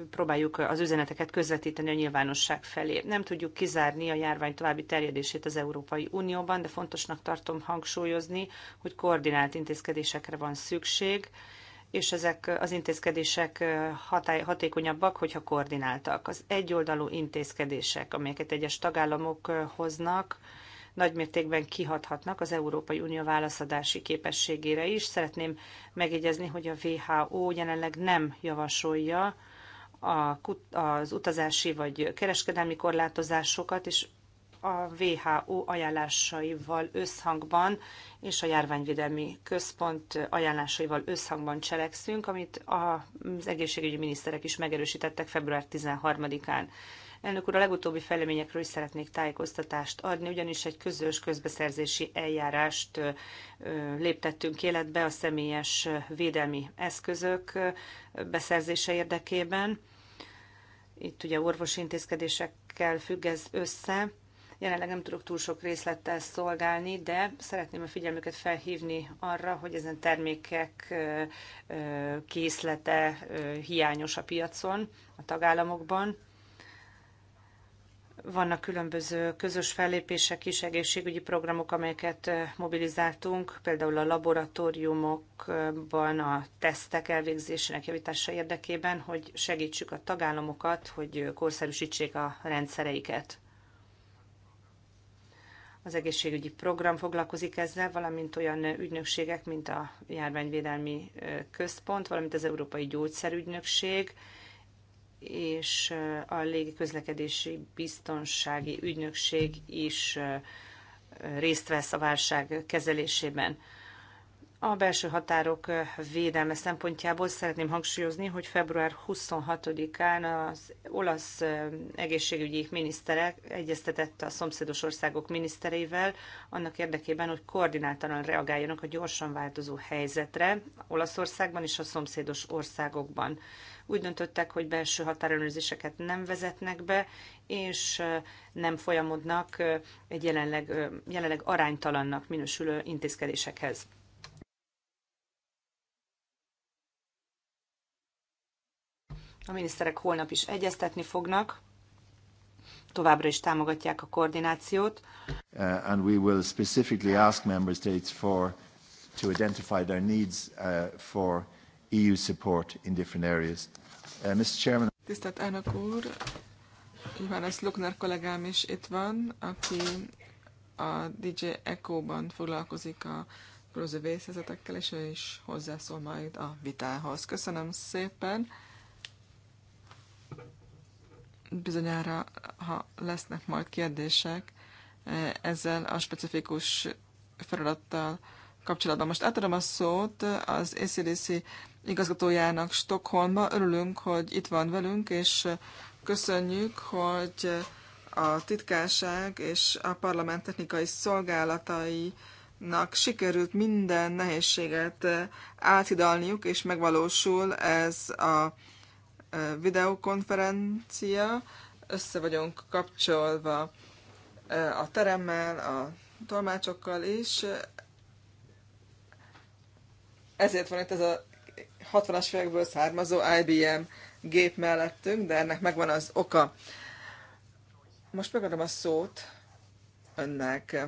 próbáljuk az üzeneteket közvetíteni a nyilvánosság felé. Nem tudjuk kizárni a járvány további terjedését az Európai Unióban, de fontosnak tartom hangsúlyozni, hogy koordinált intézkedésekre van szükség, és ezek az intézkedések hatály, hatékonyabbak, hogyha koordináltak. Az egyoldalú intézkedések, amelyeket egyes tagállamok hoznak, nagymértékben kihathatnak az Európai Unió válaszadási képességére is. Szeretném megjegyezni, hogy a WHO jelenleg nem javasolja a, az utazási vagy kereskedelmi korlátozásokat, és a WHO ajánlásaival összhangban és a járványvédelmi központ ajánlásaival összhangban cselekszünk, amit az egészségügyi miniszterek is megerősítettek február 13-án. Elnök úr, a legutóbbi fejleményekről is szeretnék tájékoztatást adni, ugyanis egy közös közbeszerzési eljárást léptettünk életbe a személyes védelmi eszközök beszerzése érdekében. Itt ugye orvosi intézkedésekkel függ ez össze. Jelenleg nem tudok túl sok részlettel szolgálni, de szeretném a figyelmüket felhívni arra, hogy ezen termékek készlete hiányos a piacon, a tagállamokban vannak különböző közös fellépések is, egészségügyi programok, amelyeket eh, mobilizáltunk, például a laboratóriumokban a tesztek elvégzésének javítása érdekében, hogy segítsük a tagállamokat, hogy eh, korszerűsítsék a rendszereiket. Az egészségügyi program foglalkozik ezzel, valamint olyan ügynökségek, mint a Járványvédelmi eh, Központ, valamint az Európai Gyógyszerügynökség, és a légiközlekedési biztonsági ügynökség is részt vesz a válság kezelésében. A belső határok védelme szempontjából szeretném hangsúlyozni, hogy február 26-án az olasz egészségügyi miniszterek egyeztetett a szomszédos országok minisztereivel annak érdekében, hogy koordináltan reagáljanak a gyorsan változó helyzetre Olaszországban és a szomszédos országokban. Úgy döntöttek, hogy belső határőrzéseket nem vezetnek be, és nem folyamodnak egy jelenleg, jelenleg aránytalannak minősülő intézkedésekhez. A miniszterek holnap is egyeztetni fognak, továbbra is támogatják a koordinációt. Uh, and we will specifically ask member states for to identify their needs uh, for EU support in different areas. Uh, Mr. Chairman. Tisztelt elnök úr, Johannes Luckner kollégám is itt van, aki a DJ Echo-ban foglalkozik a különböző vészhelyzetekkel, és ő is hozzászól majd a vitához. Köszönöm szépen! Bizonyára, ha lesznek majd kérdések eh, ezzel a specifikus feladattal kapcsolatban. Most átadom a szót az ACDC igazgatójának Stockholmba. Örülünk, hogy itt van velünk, és köszönjük, hogy a titkárság és a parlament technikai szolgálatainak sikerült minden nehézséget áthidalniuk, és megvalósul ez a videokonferencia. Össze vagyunk kapcsolva a teremmel, a tolmácsokkal is ezért van itt ez a 60-as évekből származó IBM gép mellettünk, de ennek megvan az oka. Most megadom a szót önnek.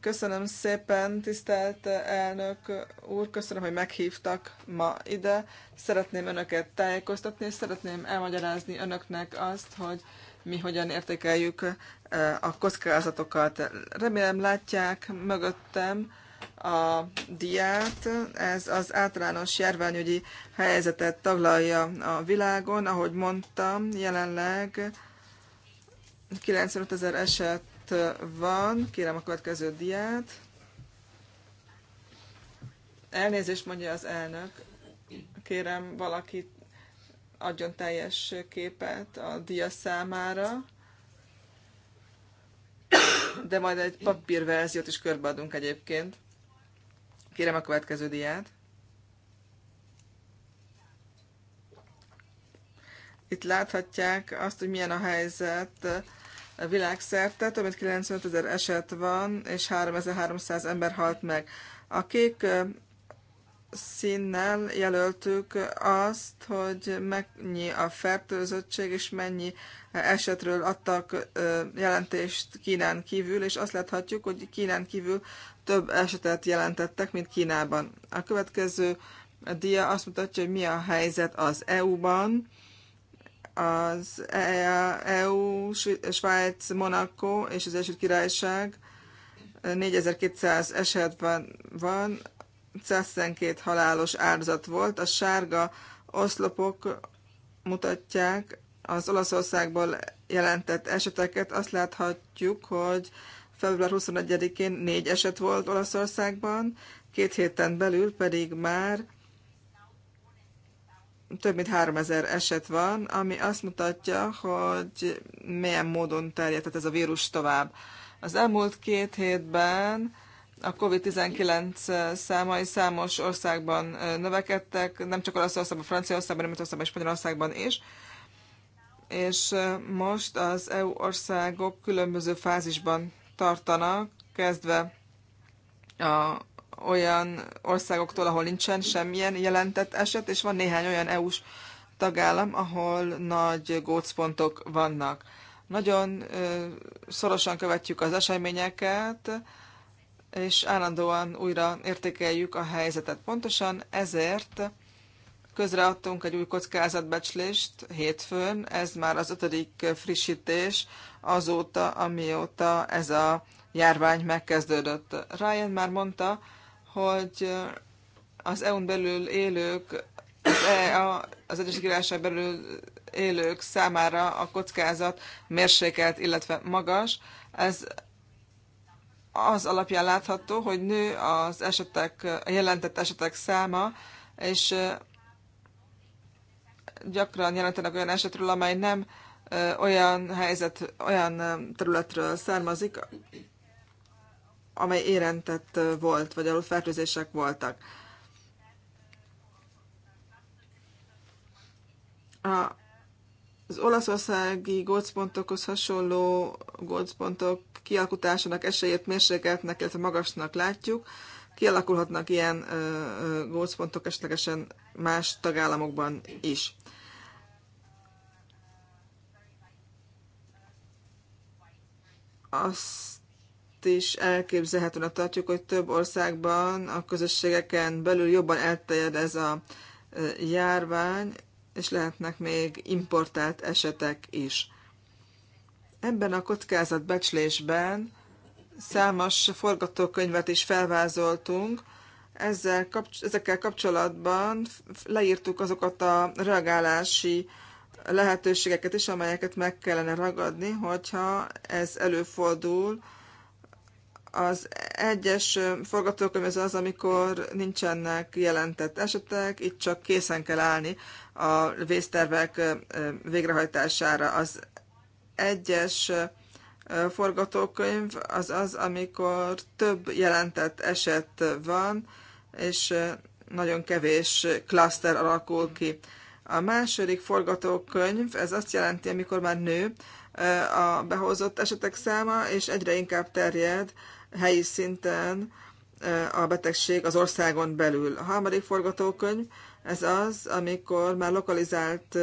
Köszönöm szépen, tisztelt elnök úr, köszönöm, hogy meghívtak ma ide. Szeretném önöket tájékoztatni, és szeretném elmagyarázni önöknek azt, hogy mi hogyan értékeljük eh, a kockázatokat. Remélem látják mögöttem, a diát. Ez az általános járványügyi helyzetet taglalja a világon. Ahogy mondtam, jelenleg 95 ezer eset van. Kérem a következő diát. Elnézést mondja az elnök. Kérem valakit adjon teljes képet a dia számára, de majd egy papírverziót is körbeadunk egyébként. Kérem a következő diát. Itt láthatják azt, hogy milyen a helyzet világszerte. Több mint 95 ezer eset van, és 3300 ember halt meg. A kék színnel jelöltük azt, hogy mennyi a fertőzöttség, és mennyi esetről adtak jelentést Kínán kívül, és azt láthatjuk, hogy Kínán kívül több esetet jelentettek, mint Kínában. A következő a dia azt mutatja, hogy mi a helyzet az EU-ban, az EU, e Svájc, Monaco és az Egyesült Királyság 4200 esetben van, 112 halálos áldozat volt. A sárga oszlopok mutatják az Olaszországból jelentett eseteket. Azt láthatjuk, hogy február 21-én négy eset volt Olaszországban, két héten belül pedig már több mint 3000 eset van, ami azt mutatja, hogy milyen módon terjedhet ez a vírus tovább. Az elmúlt két hétben a COVID-19 számai számos országban növekedtek, nem csak Olaszországban, Franciaországban, Németországban és Spanyolországban is, és most az EU országok különböző fázisban tartanak, kezdve a, olyan országoktól, ahol nincsen semmilyen jelentett eset, és van néhány olyan EU-s tagállam, ahol nagy gócpontok vannak. Nagyon ö, szorosan követjük az eseményeket, és állandóan újra értékeljük a helyzetet. Pontosan ezért Közreadtunk egy új kockázatbecslést hétfőn, ez már az ötödik frissítés azóta, amióta ez a járvány megkezdődött. Ryan már mondta, hogy az EU-n belül élők, az, EA, az Egyesült Királyság belül élők számára a kockázat mérsékelt, illetve magas. Ez az alapján látható, hogy nő az esetek, a jelentett esetek száma, és gyakran jelentenek olyan esetről, amely nem olyan helyzet, olyan területről származik, amely érintett volt, vagy ahol fertőzések voltak. A, az olaszországi gócpontokhoz hasonló gócpontok kialakításának esélyét mérsékeltnek, illetve magasnak látjuk. Kialakulhatnak ilyen gócpontok esetlegesen más tagállamokban is. azt is elképzelhetőnek tartjuk, hogy több országban a közösségeken belül jobban elterjed ez a járvány, és lehetnek még importált esetek is. Ebben a kockázatbecslésben számos forgatókönyvet is felvázoltunk, ezzel kapcs- ezekkel kapcsolatban leírtuk azokat a reagálási lehetőségeket is, amelyeket meg kellene ragadni, hogyha ez előfordul. Az egyes forgatókönyv az az, amikor nincsenek jelentett esetek, itt csak készen kell állni a vésztervek végrehajtására. Az egyes forgatókönyv az az, amikor több jelentett eset van, és nagyon kevés klaszter alakul ki. A második forgatókönyv, ez azt jelenti, amikor már nő a behozott esetek száma, és egyre inkább terjed helyi szinten a betegség az országon belül. A harmadik forgatókönyv, ez az, amikor már lokalizált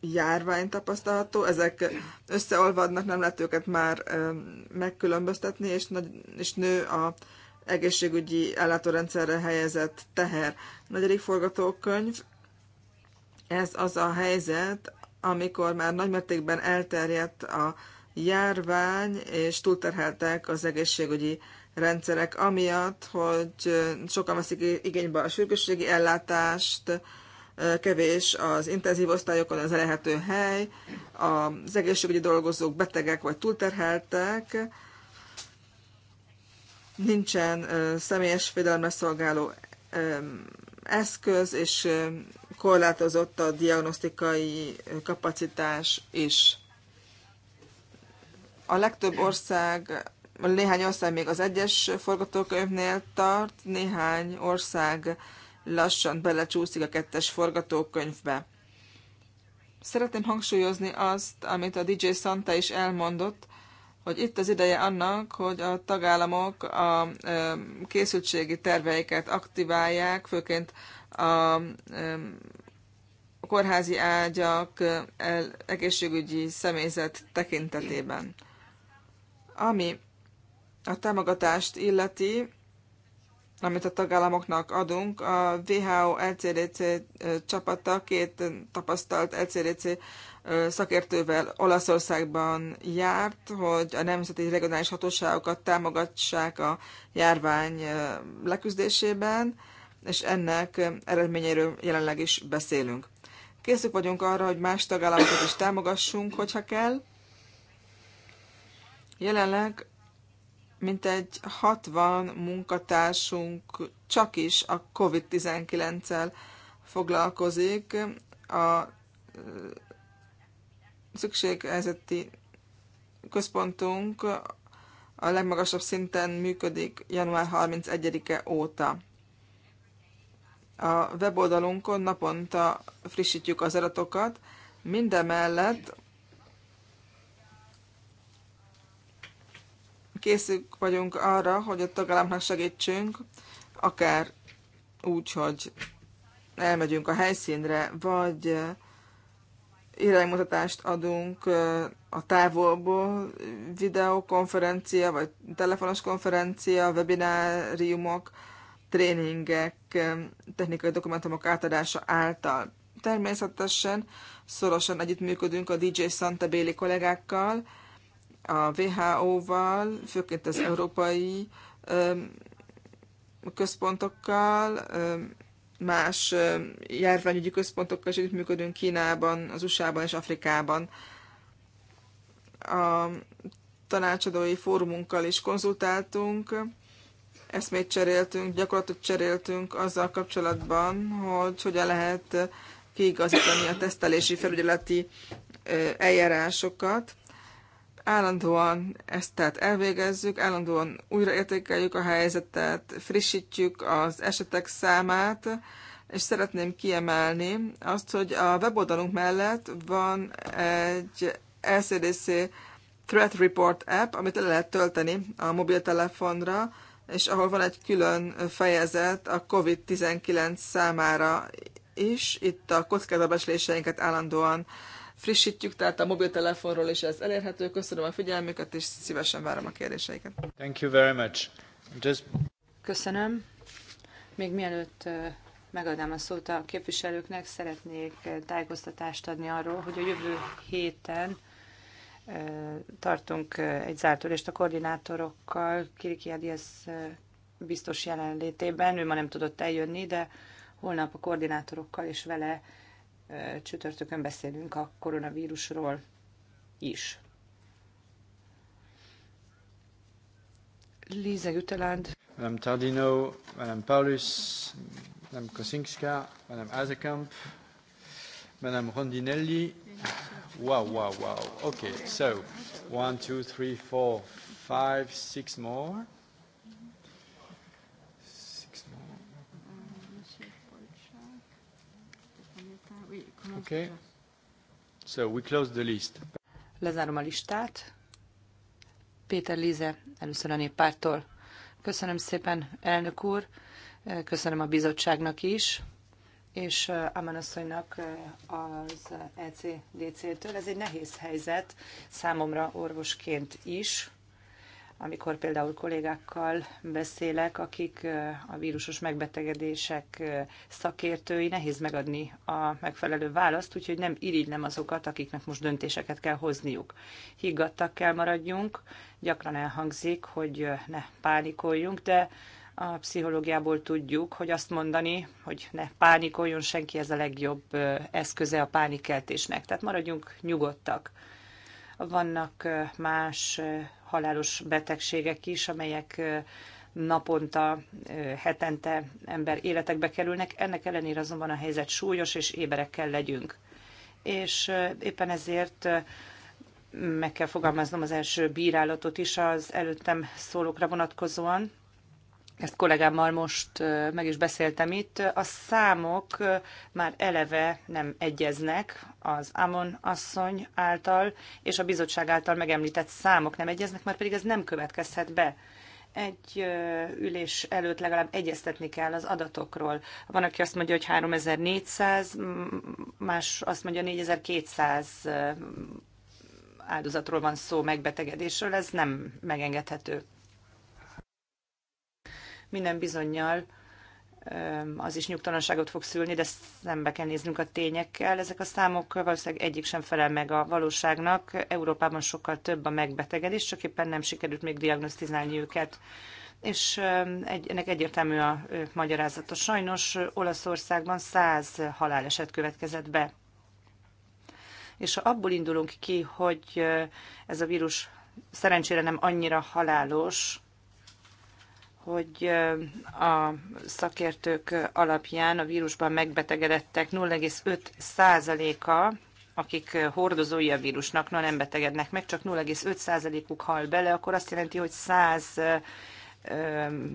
járvány tapasztalható, ezek összeolvadnak, nem lehet őket már megkülönböztetni, és, nagy, és nő a egészségügyi ellátórendszerre helyezett teher. Negyedik forgatókönyv, ez az a helyzet, amikor már nagymértékben elterjedt a járvány, és túlterheltek az egészségügyi rendszerek, amiatt, hogy sokan veszik igénybe a sürgősségi ellátást, kevés az intenzív osztályokon az elérhető hely, az egészségügyi dolgozók betegek vagy túlterheltek, nincsen személyes védelemre szolgáló eszköz, és korlátozott a diagnosztikai kapacitás is. A legtöbb ország, néhány ország még az egyes forgatókönyvnél tart, néhány ország lassan belecsúszik a kettes forgatókönyvbe. Szeretném hangsúlyozni azt, amit a DJ Santa is elmondott, hogy itt az ideje annak, hogy a tagállamok a készültségi terveiket aktiválják, főként a kórházi ágyak eh, egészségügyi személyzet tekintetében. Ami a támogatást illeti, amit a tagállamoknak adunk, a WHO LCDC eh, csapata két tapasztalt LCDC eh, szakértővel Olaszországban járt, hogy a nemzeti regionális hatóságokat támogassák a járvány leküzdésében és ennek eredményéről jelenleg is beszélünk. Készük vagyunk arra, hogy más tagállamokat is támogassunk, hogyha kell. Jelenleg mintegy 60 munkatársunk csak is a COVID-19-el foglalkozik. A szükséghelyzeti központunk a legmagasabb szinten működik január 31-e óta. A weboldalunkon naponta frissítjük az adatokat, mindemellett készük vagyunk arra, hogy a tagállamnak segítsünk, akár úgy, hogy elmegyünk a helyszínre, vagy iránymutatást adunk a távolból, videokonferencia, vagy telefonos konferencia, webináriumok, tréningek, technikai dokumentumok átadása által. Természetesen szorosan együttműködünk a DJ Santa Béli kollégákkal, a WHO-val, főként az európai központokkal, más járványügyi központokkal is együttműködünk Kínában, az USA-ban és Afrikában. A tanácsadói fórumunkkal is konzultáltunk, eszmét cseréltünk, gyakorlatot cseréltünk azzal kapcsolatban, hogy hogyan lehet kiigazítani a tesztelési felügyeleti eljárásokat. Állandóan ezt tehát elvégezzük, állandóan újraértékeljük a helyzetet, frissítjük az esetek számát, és szeretném kiemelni azt, hogy a weboldalunk mellett van egy LCDC Threat Report app, amit le lehet tölteni a mobiltelefonra, és ahol van egy külön fejezet a COVID-19 számára is. Itt a kockázatbesléseinket állandóan frissítjük, tehát a mobiltelefonról is ez elérhető. Köszönöm a figyelmüket, és szívesen várom a kérdéseiket. Thank you very much. Just... Köszönöm. Még mielőtt megadnám a szót a képviselőknek, szeretnék tájékoztatást adni arról, hogy a jövő héten tartunk egy zárt ülést a koordinátorokkal, Kiriki Adiesz biztos jelenlétében, ő ma nem tudott eljönni, de holnap a koordinátorokkal és vele csütörtökön beszélünk a koronavírusról is. Lise Jutteland. Madame Tardino, Madame Paulus, Madame Kosinska, Madame Azekamp, Madame Rondinelli. Wow, wow, wow. Okay, so one, two, three, four, five, six more. Six more. Okay. So we close the list. Lezárom a listát. Péter Lize, először a néppártól. Köszönöm szépen, elnök úr. Köszönöm a bizottságnak is és Aman az ECDC-től. Ez egy nehéz helyzet számomra orvosként is, amikor például kollégákkal beszélek, akik a vírusos megbetegedések szakértői, nehéz megadni a megfelelő választ, úgyhogy nem irigylem azokat, akiknek most döntéseket kell hozniuk. Higgadtak kell maradjunk, gyakran elhangzik, hogy ne pánikoljunk, de a pszichológiából tudjuk, hogy azt mondani, hogy ne pánikoljon senki, ez a legjobb eszköze a pánikeltésnek. Tehát maradjunk nyugodtak. Vannak más halálos betegségek is, amelyek naponta, hetente ember életekbe kerülnek. Ennek ellenére azonban a helyzet súlyos, és éberekkel legyünk. És éppen ezért meg kell fogalmaznom az első bírálatot is az előttem szólókra vonatkozóan ezt kollégámmal most meg is beszéltem itt, a számok már eleve nem egyeznek az Amon asszony által és a bizottság által megemlített számok nem egyeznek, mert pedig ez nem következhet be egy ülés előtt legalább egyeztetni kell az adatokról. Van, aki azt mondja, hogy 3400, más azt mondja 4200 áldozatról van szó megbetegedésről, ez nem megengedhető minden bizonyal az is nyugtalanságot fog szülni, de szembe kell néznünk a tényekkel. Ezek a számok valószínűleg egyik sem felel meg a valóságnak. Európában sokkal több a megbetegedés, csak éppen nem sikerült még diagnosztizálni őket. És egy, ennek egyértelmű a magyarázata. Sajnos Olaszországban 100 haláleset következett be. És ha abból indulunk ki, hogy ez a vírus szerencsére nem annyira halálos, hogy a szakértők alapján a vírusban megbetegedettek 0,5%-a, akik hordozói a vírusnak, na nem betegednek meg, csak 0,5%-uk hal bele, akkor azt jelenti, hogy 100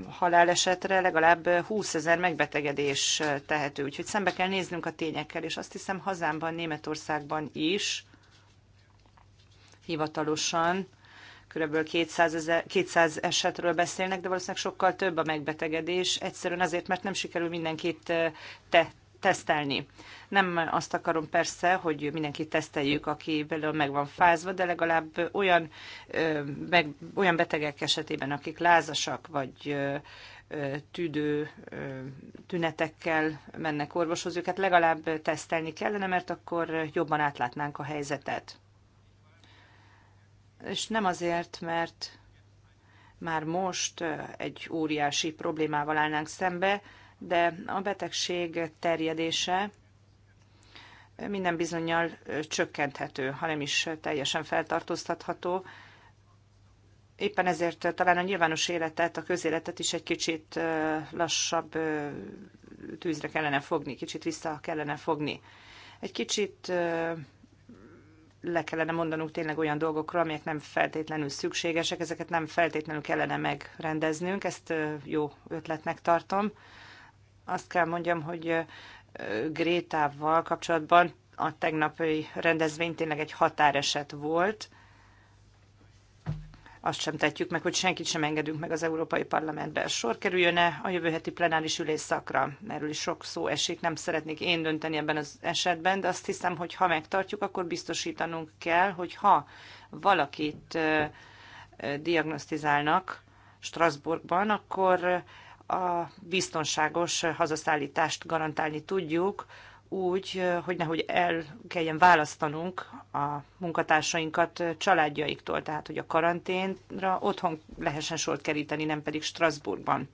halálesetre legalább 20 ezer megbetegedés tehető. Úgyhogy szembe kell néznünk a tényekkel, és azt hiszem hazámban, Németországban is hivatalosan kb. 200, ezer, 200 esetről beszélnek, de valószínűleg sokkal több a megbetegedés, egyszerűen azért, mert nem sikerül mindenkit te tesztelni. Nem azt akarom persze, hogy mindenkit teszteljük, aki belőle meg van fázva, de legalább olyan, meg, olyan betegek esetében, akik lázasak, vagy tüdő tünetekkel mennek orvoshoz, őket legalább tesztelni kellene, mert akkor jobban átlátnánk a helyzetet és nem azért, mert már most egy óriási problémával állnánk szembe, de a betegség terjedése minden bizonyal csökkenthető, ha nem is teljesen feltartóztatható. Éppen ezért talán a nyilvános életet, a közéletet is egy kicsit lassabb tűzre kellene fogni, kicsit vissza kellene fogni. Egy kicsit le kellene mondanunk tényleg olyan dolgokról, amelyek nem feltétlenül szükségesek, ezeket nem feltétlenül kellene megrendeznünk, ezt jó ötletnek tartom. Azt kell mondjam, hogy Grétával kapcsolatban a tegnapi rendezvény tényleg egy határeset volt, azt sem tetjük meg, hogy senkit sem engedünk meg az Európai Parlamentbe. Sor kerüljön-e a jövő heti plenáris ülésszakra? Erről is sok szó esik, nem szeretnék én dönteni ebben az esetben, de azt hiszem, hogy ha megtartjuk, akkor biztosítanunk kell, hogy ha valakit diagnosztizálnak Strasbourgban, akkor a biztonságos hazaszállítást garantálni tudjuk, úgy, hogy nehogy el kelljen választanunk a munkatársainkat családjaiktól, tehát hogy a karanténra otthon lehessen sort keríteni, nem pedig Strasbourgban.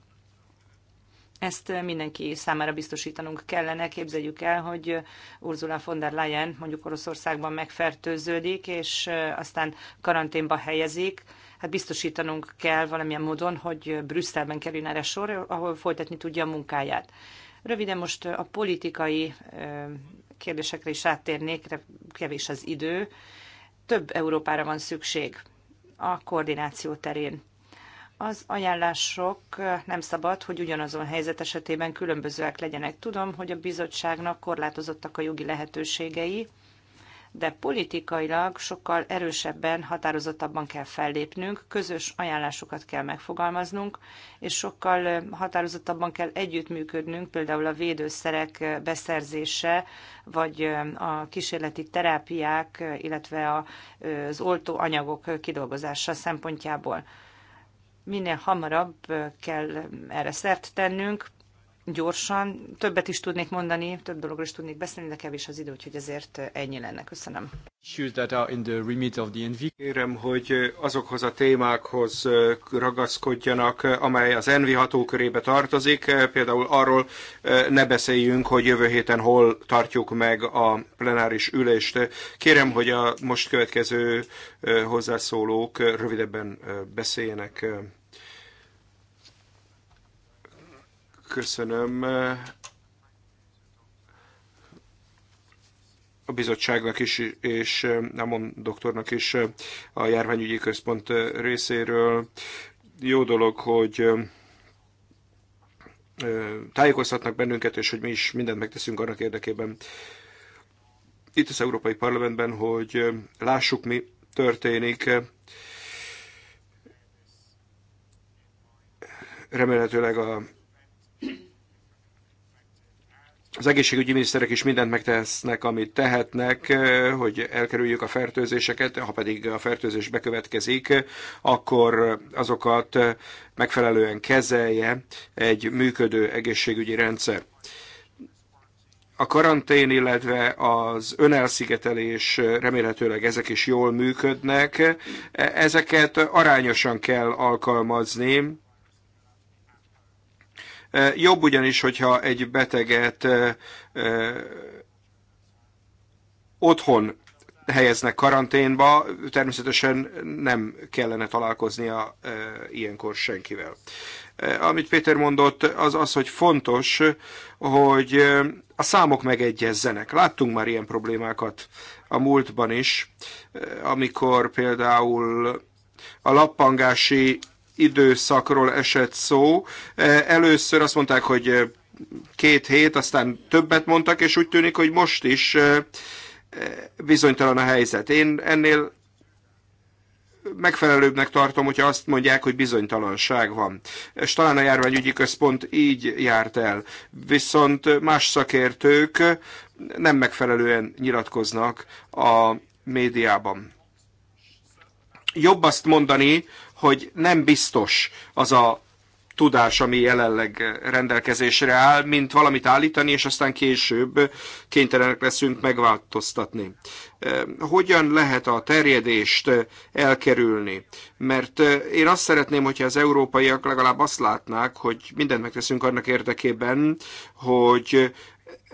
Ezt mindenki számára biztosítanunk kellene. Képzeljük el, hogy Ursula von der Leyen mondjuk Oroszországban megfertőződik, és aztán karanténba helyezik. Hát biztosítanunk kell valamilyen módon, hogy Brüsszelben kerüljön erre sor, ahol folytatni tudja a munkáját. Röviden most a politikai kérdésekre is áttérnék, kevés az idő. Több Európára van szükség a koordináció terén. Az ajánlások nem szabad, hogy ugyanazon helyzet esetében különbözőek legyenek. Tudom, hogy a bizottságnak korlátozottak a jogi lehetőségei, de politikailag sokkal erősebben, határozottabban kell fellépnünk, közös ajánlásokat kell megfogalmaznunk, és sokkal határozottabban kell együttműködnünk, például a védőszerek beszerzése, vagy a kísérleti terápiák, illetve az oltóanyagok kidolgozása szempontjából minél hamarabb kell erre szert tennünk, gyorsan. Többet is tudnék mondani, több dologról is tudnék beszélni, de kevés az idő, úgyhogy ezért ennyi lenne. Köszönöm. Kérem, hogy azokhoz a témákhoz ragaszkodjanak, amely az Envi hatókörébe tartozik. Például arról ne beszéljünk, hogy jövő héten hol tartjuk meg a plenáris ülést. Kérem, hogy a most következő hozzászólók rövidebben beszéljenek. Köszönöm a bizottságnak is, és mond doktornak is a járványügyi központ részéről. Jó dolog, hogy tájékoztatnak bennünket, és hogy mi is mindent megteszünk annak érdekében itt az Európai Parlamentben, hogy lássuk, mi történik. Remélhetőleg a az egészségügyi miniszterek is mindent megtesznek, amit tehetnek, eh, hogy elkerüljük a fertőzéseket, ha pedig a fertőzés bekövetkezik, akkor azokat eh, megfelelően kezelje egy működő egészségügyi rendszer. A karantén, illetve az önelszigetelés eh, remélhetőleg ezek is jól működnek. Ezeket arányosan kell alkalmazni, Jobb ugyanis, hogyha egy beteget otthon helyeznek karanténba, természetesen nem kellene találkoznia ilyenkor senkivel. Amit Péter mondott, az az, hogy fontos, hogy a számok megegyezzenek. Láttunk már ilyen problémákat a múltban is, amikor például a lappangási időszakról esett szó. E, először azt mondták, hogy e, két hét, aztán többet mondtak, és úgy tűnik, hogy most is e, bizonytalan a helyzet. Én ennél megfelelőbbnek tartom, hogyha azt mondják, hogy bizonytalanság van. És talán a járványügyi központ így járt el. Viszont más szakértők nem megfelelően nyilatkoznak a médiában. Jobb azt mondani, hogy nem biztos az a tudás, ami jelenleg rendelkezésre áll, mint valamit állítani, és aztán később kénytelenek leszünk megváltoztatni. Hogyan lehet a terjedést elkerülni? Mert én azt szeretném, hogyha az európaiak legalább azt látnák, hogy mindent megteszünk annak érdekében, hogy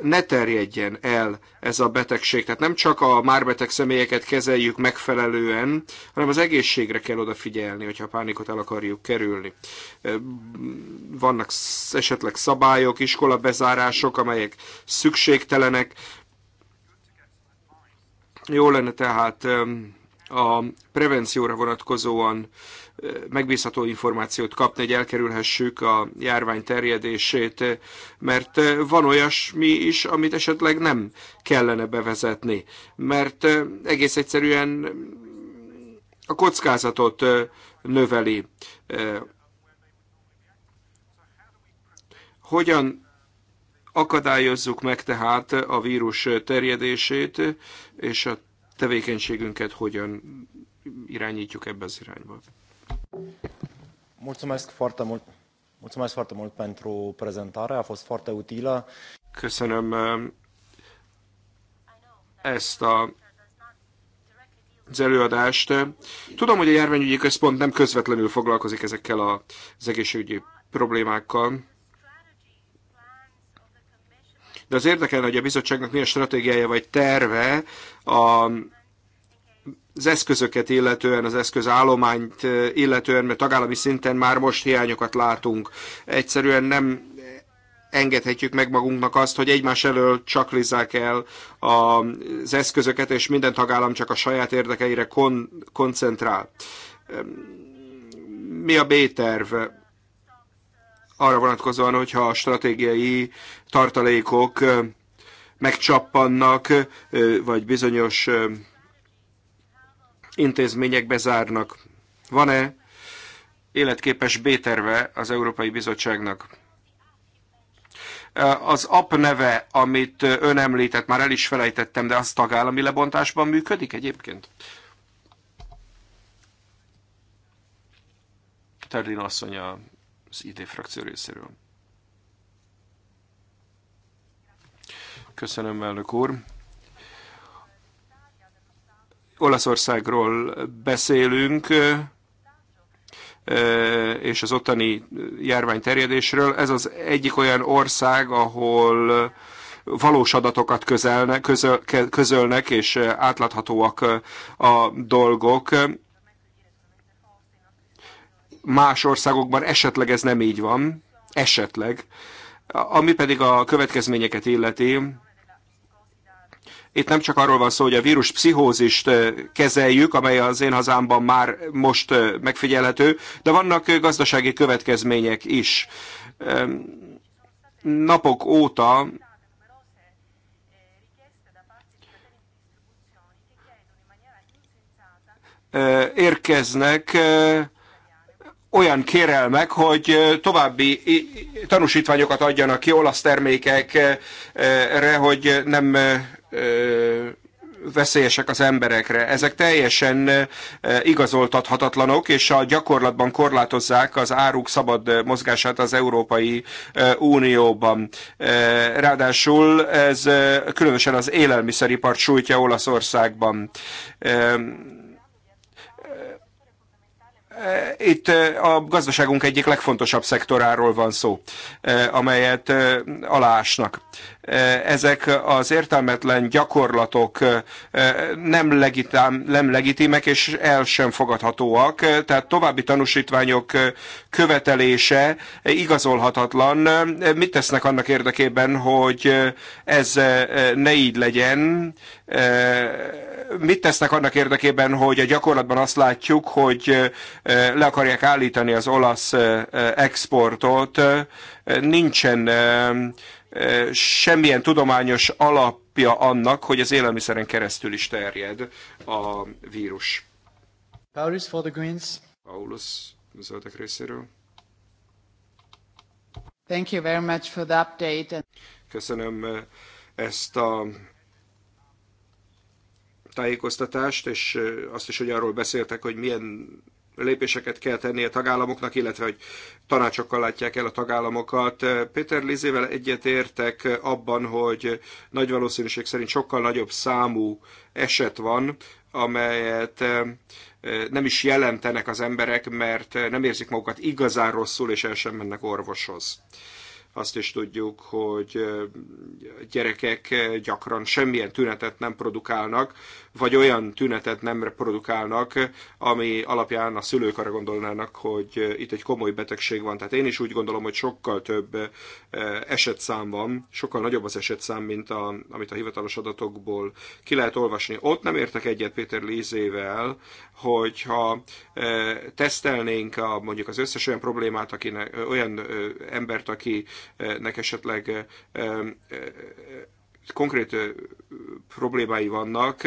ne terjedjen el ez a betegség. Tehát nem csak a már beteg személyeket kezeljük megfelelően, hanem az egészségre kell odafigyelni, hogyha a pánikot el akarjuk kerülni. Vannak esetleg szabályok, iskolabezárások, amelyek szükségtelenek. Jó lenne tehát a prevencióra vonatkozóan megbízható információt kapni, hogy elkerülhessük a járvány terjedését, mert van olyasmi is, amit esetleg nem kellene bevezetni, mert egész egyszerűen a kockázatot növeli. Hogyan akadályozzuk meg tehát a vírus terjedését, és a tevékenységünket hogyan irányítjuk ebbe az irányba? Mulțumesc foarte mult. Mulțumesc foarte mult pentru prezentare, a fost foarte utilă. Köszönöm eh, ezt a az előadást. Tudom, hogy a járványügyi központ nem közvetlenül foglalkozik ezekkel az egészségügyi problémákkal, de az érdekelne, hogy a bizottságnak milyen stratégiája vagy terve a az eszközöket illetően, az eszközállományt eh, illetően, mert tagállami szinten már most hiányokat látunk. Egyszerűen nem engedhetjük meg magunknak azt, hogy egymás elől lizzák el az eszközöket, és minden tagállam csak a saját érdekeire kon- koncentrál. Mi a B-terv? Arra vonatkozóan, hogyha a stratégiai tartalékok eh, megcsappannak, eh, vagy bizonyos intézmények bezárnak. Van-e életképes B-terve az Európai Bizottságnak? Az AP neve, amit ön említett, már el is felejtettem, de az tagállami lebontásban működik egyébként? Terlin asszony az IT frakció részéről. Köszönöm, elnök úr. Olaszországról beszélünk, és az ottani járvány terjedésről. Ez az egyik olyan ország, ahol valós adatokat közelnek, közöl, közölnek, és átláthatóak a dolgok. Más országokban esetleg ez nem így van, esetleg. Ami pedig a következményeket illeti, itt nem csak arról van szó, hogy a vírus pszichózist kezeljük, amely az én hazámban már most megfigyelhető, de vannak gazdasági következmények is. Napok óta érkeznek olyan kérelmek, hogy további tanúsítványokat adjanak ki olasz termékekre, hogy nem veszélyesek az emberekre. Ezek teljesen igazoltathatatlanok, és a gyakorlatban korlátozzák az áruk szabad mozgását az Európai Unióban. Ráadásul ez különösen az élelmiszeripart sújtja Olaszországban Eh, itt eh, a gazdaságunk egyik legfontosabb szektoráról van szó, eh, amelyet alásnak. Ezek az értelmetlen gyakorlatok nem, legitám, nem legitimek és el sem fogadhatóak, tehát további tanúsítványok követelése igazolhatatlan. Mit tesznek annak érdekében, hogy ez ne így legyen? mit tesznek annak érdekében, hogy a gyakorlatban azt látjuk, hogy le akarják állítani az olasz exportot, nincsen semmilyen tudományos alapja annak, hogy az élelmiszeren keresztül is terjed a vírus. Paulus for the Greens. Paulus, zöldek részéről. Thank you very much for the update. Köszönöm ezt a tájékoztatást, és azt is, hogy arról beszéltek, hogy milyen lépéseket kell tenni a tagállamoknak, illetve hogy tanácsokkal látják el a tagállamokat. Péter Lizével egyetértek abban, hogy nagy valószínűség szerint sokkal nagyobb számú eset van, amelyet nem is jelentenek az emberek, mert nem érzik magukat igazán rosszul, és el sem mennek orvoshoz. Azt is tudjuk, hogy gyerekek gyakran semmilyen tünetet nem produkálnak, vagy olyan tünetet nem produkálnak, ami alapján a szülők arra gondolnának, hogy itt egy komoly betegség van. Tehát én is úgy gondolom, hogy sokkal több esetszám van, sokkal nagyobb az esetszám, mint a, amit a hivatalos adatokból ki lehet olvasni. Ott nem értek egyet Péter Lízével, hogyha tesztelnénk a, mondjuk az összes olyan problémát, akinek, olyan embert, aki nek esetleg eh, eh, konkrét eh, problémái vannak.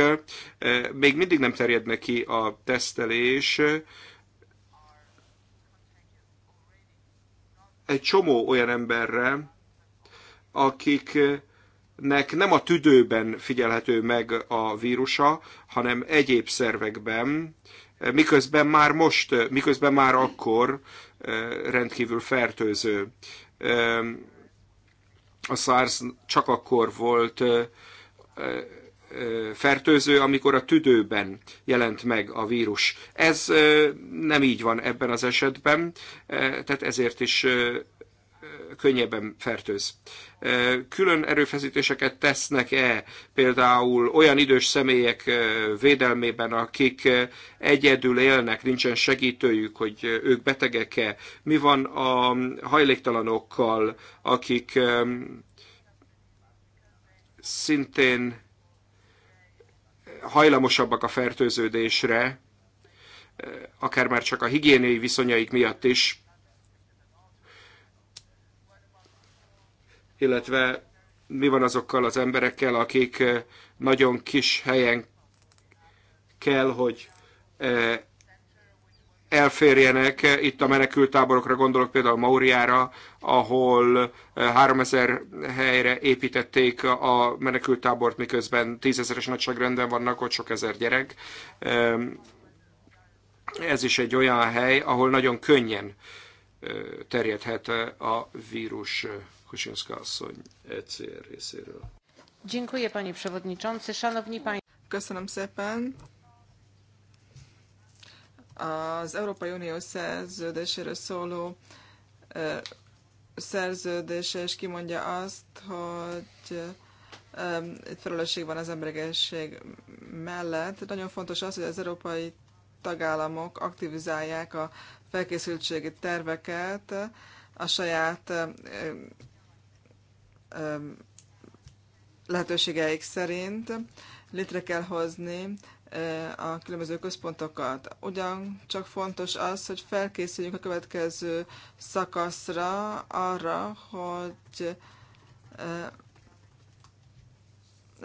Még mindig nem terjed neki a tesztelés. Egy csomó olyan emberre, akiknek nem a tüdőben figyelhető meg a vírusa, hanem egyéb szervekben, miközben már most, miközben már akkor rendkívül fertőző a SARS csak akkor volt fertőző, amikor a tüdőben jelent meg a vírus. Ez nem így van ebben az esetben, e, tehát ezért is könnyebben fertőz. Külön erőfeszítéseket tesznek-e például olyan idős személyek védelmében, akik egyedül élnek, nincsen segítőjük, hogy ők betegek-e? Mi van a hajléktalanokkal, akik szintén hajlamosabbak a fertőződésre, akár már csak a higiéniai viszonyaik miatt is, illetve mi van azokkal az emberekkel, akik eh, nagyon kis helyen kell, hogy eh, elférjenek. Itt a menekültáborokra gondolok például Mauriára, ahol 3000 eh, helyre építették a menekültábort, miközben tízezeres nagyságrenden vannak ott sok ezer gyerek. Ez is egy olyan hely, ahol nagyon könnyen terjedhet a vírus. Kucsinszka asszony ECR részéről. Dziękuję, panie przewodniczący. Szanowni panie... Köszönöm szépen. Az Európai Unió szerződéséről szóló szerződés és kimondja azt, hogy itt felelősség van az emberegesség mellett. Nagyon fontos az, hogy az európai tagállamok aktivizálják a felkészültségi terveket a saját lehetőségeik szerint létre kell hozni e, a különböző központokat. Ugyan csak fontos az, hogy felkészüljünk a következő szakaszra arra, hogy e,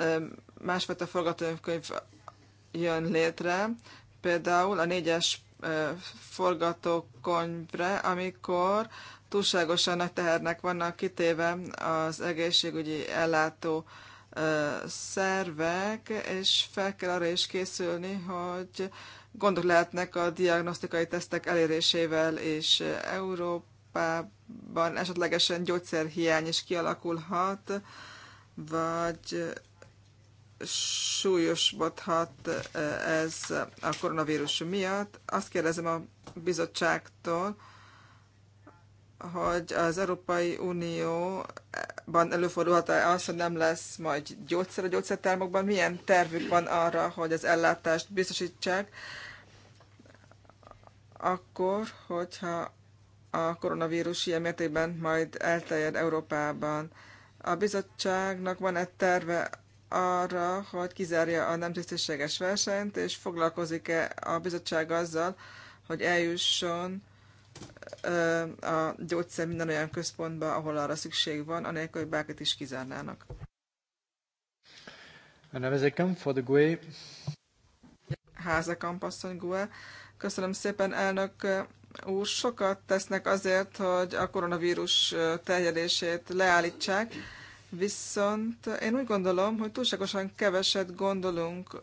e, másfajta forgatókönyv jön létre, például a négyes forgatókönyvre, amikor túlságosan nagy tehernek vannak kitéve az egészségügyi ellátó szervek, és fel kell arra is készülni, hogy gondok lehetnek a diagnosztikai tesztek elérésével, és Európában esetlegesen gyógyszerhiány is kialakulhat, vagy súlyosbodhat ez a koronavírus miatt. Azt kérdezem a bizottságtól, hogy az Európai Unióban előfordulhat-e az, hogy nem lesz majd gyógyszer a gyógyszertermokban? Milyen tervük van arra, hogy az ellátást biztosítsák? Akkor, hogyha a koronavírus ilyen mértékben majd elterjed Európában. A bizottságnak van egy terve arra, hogy kizárja a nem tisztességes versenyt, és foglalkozik-e a bizottság azzal, hogy eljusson a gyógyszer minden olyan központba, ahol arra szükség van, anélkül, hogy bárkit is kizárnának. Nevezekem for the e. e. Köszönöm szépen, elnök úr. Sokat tesznek azért, hogy a koronavírus terjedését leállítsák, viszont én úgy gondolom, hogy túlságosan keveset gondolunk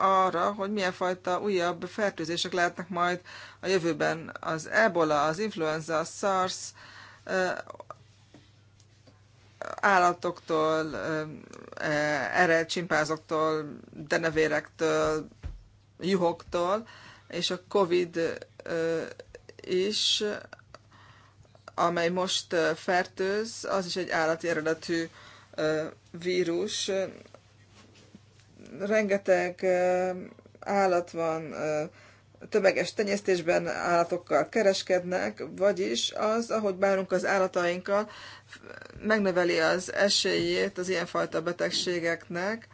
arra, hogy milyen fajta újabb fertőzések lehetnek majd a jövőben. Az ebola, az influenza, a SARS állatoktól, e, erre csimpázoktól, denevérektől, juhoktól, és a COVID is, amely most fertőz, az is egy állati eredetű vírus, rengeteg állat van, tömeges tenyésztésben állatokkal kereskednek, vagyis az, ahogy bánunk az állatainkkal, megnöveli az esélyét az ilyenfajta betegségeknek.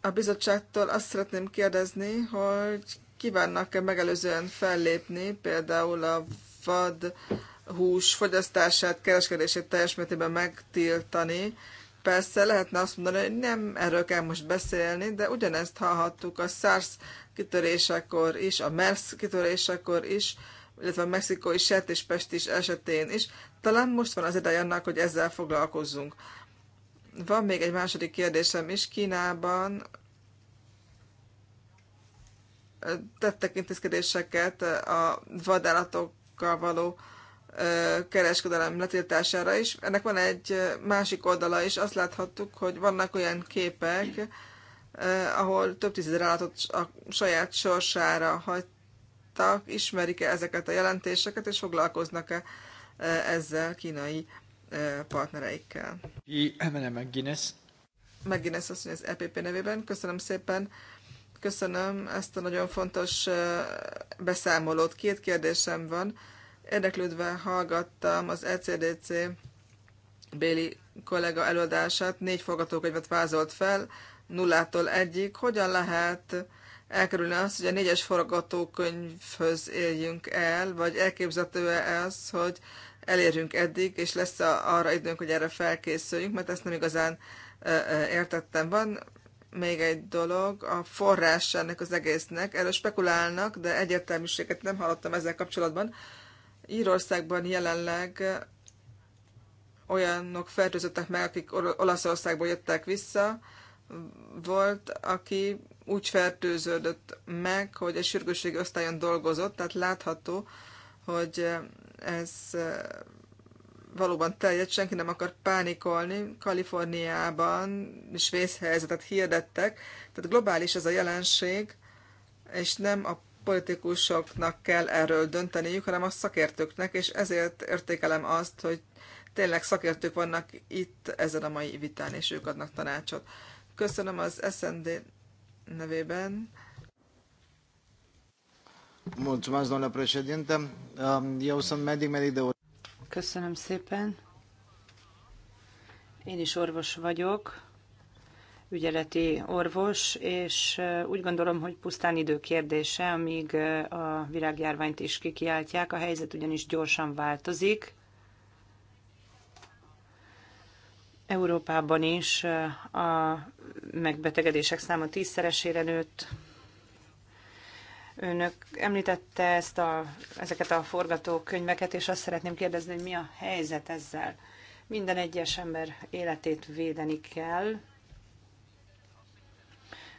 A bizottságtól azt szeretném kérdezni, hogy kívánnak-e megelőzően fellépni, például a vad hús fogyasztását, kereskedését teljes mértékben megtiltani, Persze lehetne azt mondani, hogy nem erről kell most beszélni, de ugyanezt hallhattuk a SARS kitörésekor is, a MERS kitörésekor is, illetve a mexikói sertéspest is esetén is. Talán most van az ideje annak, hogy ezzel foglalkozzunk. Van még egy második kérdésem is. Kínában tettek intézkedéseket a vadállatokkal való kereskedelem letiltására is. Ennek van egy másik oldala is, azt láthattuk, hogy vannak olyan képek, ahol több tízezer állatot a saját sorsára hagytak, ismerik-e ezeket a jelentéseket, és foglalkoznak-e ezzel kínai partnereikkel. I. Emele McGuinness. McGuinness azt mondja az EPP nevében. Köszönöm szépen. Köszönöm ezt a nagyon fontos beszámolót. Két kérdésem van Érdeklődve hallgattam az ECDC Béli kollega előadását, négy forgatókönyvet vázolt fel, nullától egyik. Hogyan lehet elkerülni azt, hogy a négyes forgatókönyvhöz éljünk el, vagy elképzelhető-e ez, hogy elérjünk eddig, és lesz arra időnk, hogy erre felkészüljünk, mert ezt nem igazán értettem. Van még egy dolog, a forrás ennek az egésznek. Erről spekulálnak, de egyértelműséget nem hallottam ezzel kapcsolatban. Írországban jelenleg olyanok fertőzöttek meg, akik Olaszországból jöttek vissza. Volt, aki úgy fertőződött meg, hogy egy sürgősségi osztályon dolgozott, tehát látható, hogy ez eh, valóban teljes, senki nem akar pánikolni. Kaliforniában is vészhelyzetet hirdettek, tehát globális ez a jelenség, és nem a politikusoknak kell erről dönteniük, hanem a szakértőknek, és ezért értékelem azt, hogy tényleg szakértők vannak itt ezen a mai vitán, és ők adnak tanácsot. Köszönöm az SND nevében. Mulțumesc, doamnă președinte. Eu sunt medic, medic de Köszönöm szépen. Én is orvos vagyok, ügyeleti orvos, és úgy gondolom, hogy pusztán idő kérdése, amíg a virágjárványt is kikiáltják. A helyzet ugyanis gyorsan változik. Európában is a megbetegedések száma tízszeresére nőtt. Önök említette ezt a, ezeket a forgatókönyveket, és azt szeretném kérdezni, hogy mi a helyzet ezzel. Minden egyes ember életét védeni kell,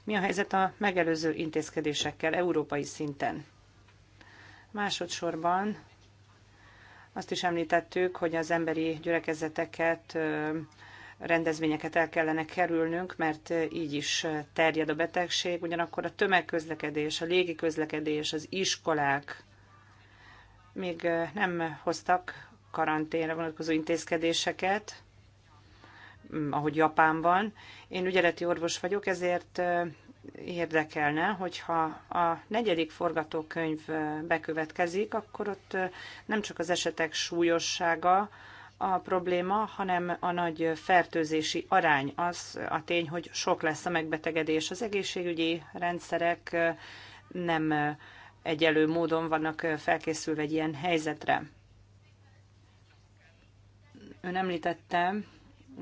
mi a helyzet a megelőző intézkedésekkel európai szinten? Másodszorban azt is említettük, hogy az emberi gyülekezeteket, rendezvényeket el kellene kerülnünk, mert így is terjed a betegség. Ugyanakkor a tömegközlekedés, a légiközlekedés, az iskolák még nem hoztak karanténra vonatkozó intézkedéseket, Mm, ahogy Japánban. Én ügyeleti orvos vagyok, ezért érdekelne, hogyha a negyedik forgatókönyv bekövetkezik, akkor ott nem csak az esetek súlyossága a probléma, hanem a nagy fertőzési arány az a tény, hogy sok lesz a megbetegedés. Az egészségügyi rendszerek nem egyelő módon vannak felkészülve egy ilyen helyzetre. Ön említette,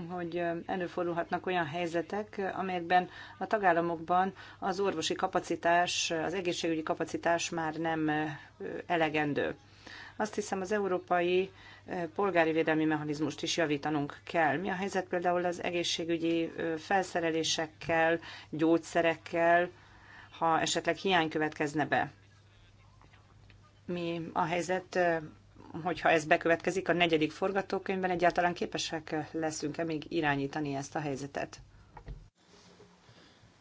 hogy előfordulhatnak olyan helyzetek, amelyekben a tagállamokban az orvosi kapacitás, az egészségügyi kapacitás már nem elegendő. Azt hiszem az európai polgári védelmi mechanizmust is javítanunk kell. Mi a helyzet például az egészségügyi felszerelésekkel, gyógyszerekkel, ha esetleg hiány következne be? Mi a helyzet hogyha ez bekövetkezik a negyedik forgatókönyvben, egyáltalán képesek leszünk-e még irányítani ezt a helyzetet?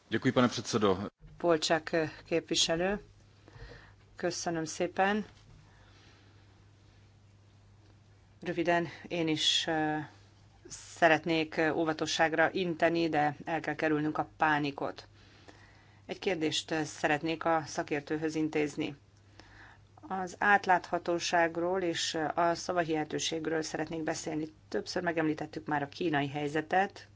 Děkuji, pane předsedo. Polcsák képviselő. Köszönöm szépen. Röviden én is szeretnék óvatosságra inteni, de el kell kerülnünk a pánikot. Egy kérdést szeretnék a szakértőhöz intézni az átláthatóságról és a szavahihetőségről szeretnék beszélni. Többször megemlítettük már a kínai helyzetet,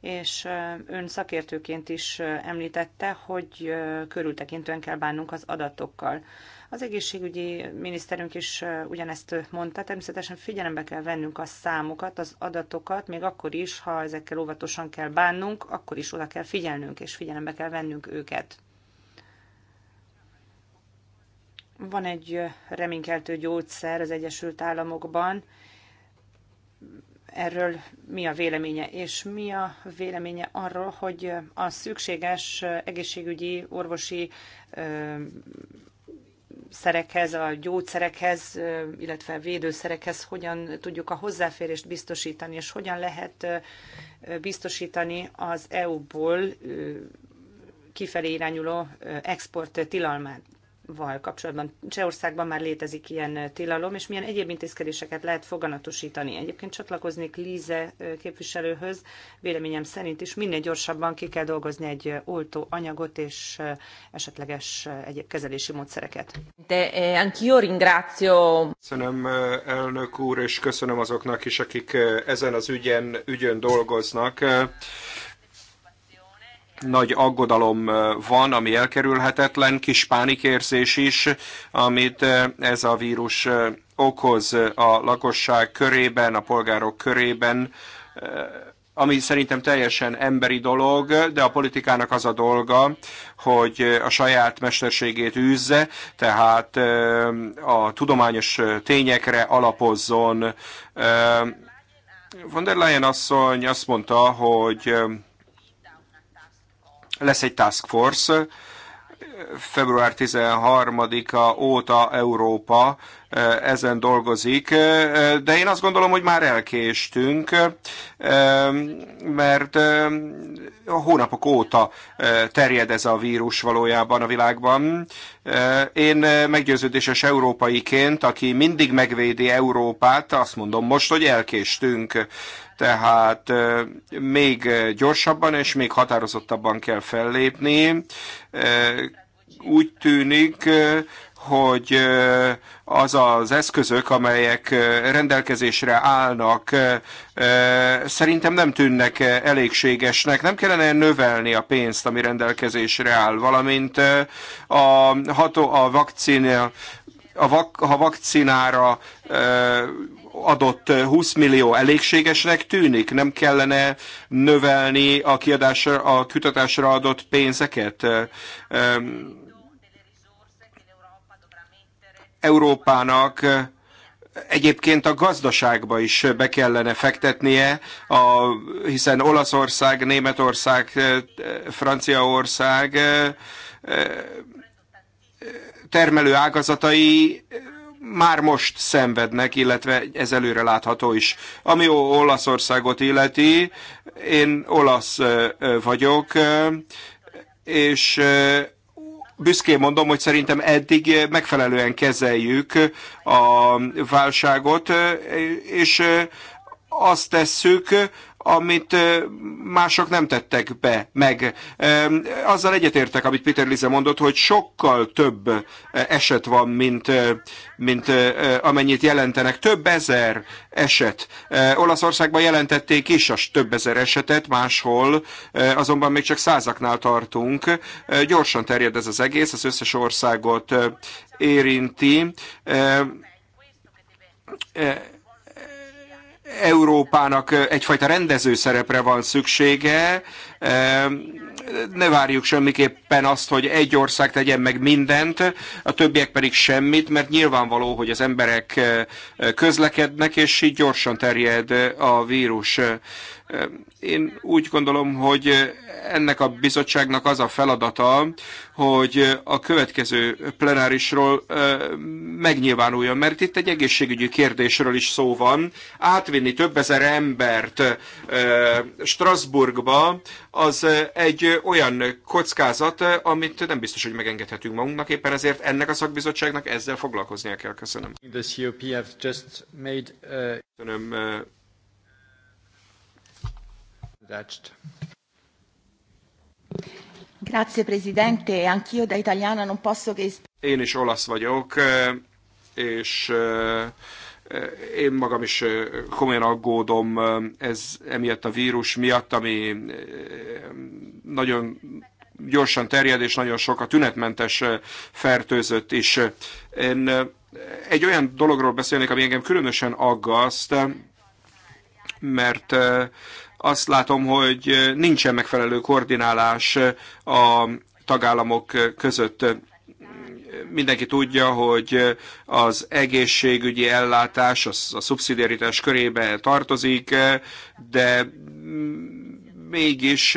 és ön szakértőként is említette, hogy körültekintően kell bánnunk az adatokkal. Az egészségügyi miniszterünk is ugyanezt mondta, természetesen figyelembe kell vennünk a számokat, az adatokat, még akkor is, ha ezekkel óvatosan kell bánnunk, akkor is oda kell figyelnünk, és figyelembe kell vennünk őket. Van egy reménykeltő gyógyszer az Egyesült Államokban. Erről mi a véleménye? És mi a véleménye arról, hogy a szükséges egészségügyi, orvosi szerekhez, a gyógyszerekhez, illetve a védőszerekhez hogyan tudjuk a hozzáférést biztosítani, és hogyan lehet biztosítani az EU-ból kifelé irányuló export tilalmát, val kapcsolatban. Csehországban már létezik ilyen tilalom, és milyen egyéb intézkedéseket lehet foganatosítani. Egyébként csatlakoznék Líze képviselőhöz, véleményem szerint is minél gyorsabban ki kell dolgozni egy oltó anyagot és esetleges egyéb kezelési módszereket. De eh, anch'io ringrazio. Köszönöm elnök úr, és köszönöm azoknak is, akik ezen az ügyen, ügyön dolgoznak nagy aggodalom van, ami elkerülhetetlen, kis pánikérzés is, amit ez a vírus okoz a lakosság körében, a polgárok körében, ami szerintem teljesen emberi dolog, de a politikának az a dolga, hogy a saját mesterségét űzze, tehát a tudományos tényekre alapozzon. Von der Leyen asszony azt mondta, hogy lesz egy task force, február 13-a óta Európa eh, ezen dolgozik, eh, de én azt gondolom, hogy már elkéstünk, eh, mert a hónapok óta terjed ez a vírus valójában a világban. Én meggyőződéses európaiként, aki mindig megvédi Európát, azt mondom most, hogy elkéstünk tehát még gyorsabban és még határozottabban kell fellépni. Úgy tűnik, hogy az az eszközök, amelyek rendelkezésre állnak, szerintem nem tűnnek elégségesnek. Nem kellene növelni a pénzt, ami rendelkezésre áll, valamint a, ható, a vakcina a vak, ha vakcinára adott 20 eh, millió elégségesnek tűnik? Nem kellene növelni a kiadásra, a kutatásra adott pénzeket? Eh, Európának eh, egyébként a gazdaságba is be kellene fektetnie, a, hiszen Olaszország, Németország, Franciaország termelő ágazatai már most szenvednek, illetve ez előre látható is. Ami Olaszországot illeti, én olasz vagyok, és büszkén mondom, hogy szerintem eddig megfelelően kezeljük a válságot, és azt tesszük, amit mások nem tettek be, meg. Azzal egyetértek, amit Peter Lize mondott, hogy sokkal több eset van, mint, mint amennyit jelentenek. Több ezer eset. Olaszországban jelentették is a több ezer esetet, máshol azonban még csak százaknál tartunk. Gyorsan terjed ez az egész, az összes országot érinti Európának egyfajta rendező szerepre van szüksége. Ne várjuk semmiképpen azt, hogy egy ország tegyen meg mindent, a többiek pedig semmit, mert nyilvánvaló, hogy az emberek közlekednek, és így gyorsan terjed a vírus. Én úgy gondolom, hogy ennek a bizottságnak az a feladata, hogy a következő plenárisról megnyilvánuljon, mert itt egy egészségügyi kérdésről is szó van. Átvinni több ezer embert Strasbourgba az egy olyan kockázat, amit nem biztos, hogy megengedhetünk magunknak, éppen ezért ennek a szakbizottságnak ezzel foglalkoznia kell. Köszönöm. The COP have just made, uh... Köszönöm én is olasz vagyok, eh, és eh, én magam is eh, komolyan aggódom ez emiatt a vírus miatt, ami nagyon gyorsan terjed, és nagyon sok a tünetmentes fertőzött is. Én egy olyan dologról beszélnék, ami engem különösen aggaszt, mert azt látom, hogy nincsen megfelelő koordinálás a tagállamok között. Mindenki tudja, hogy az egészségügyi ellátás a szubszidiaritás körébe tartozik, de mégis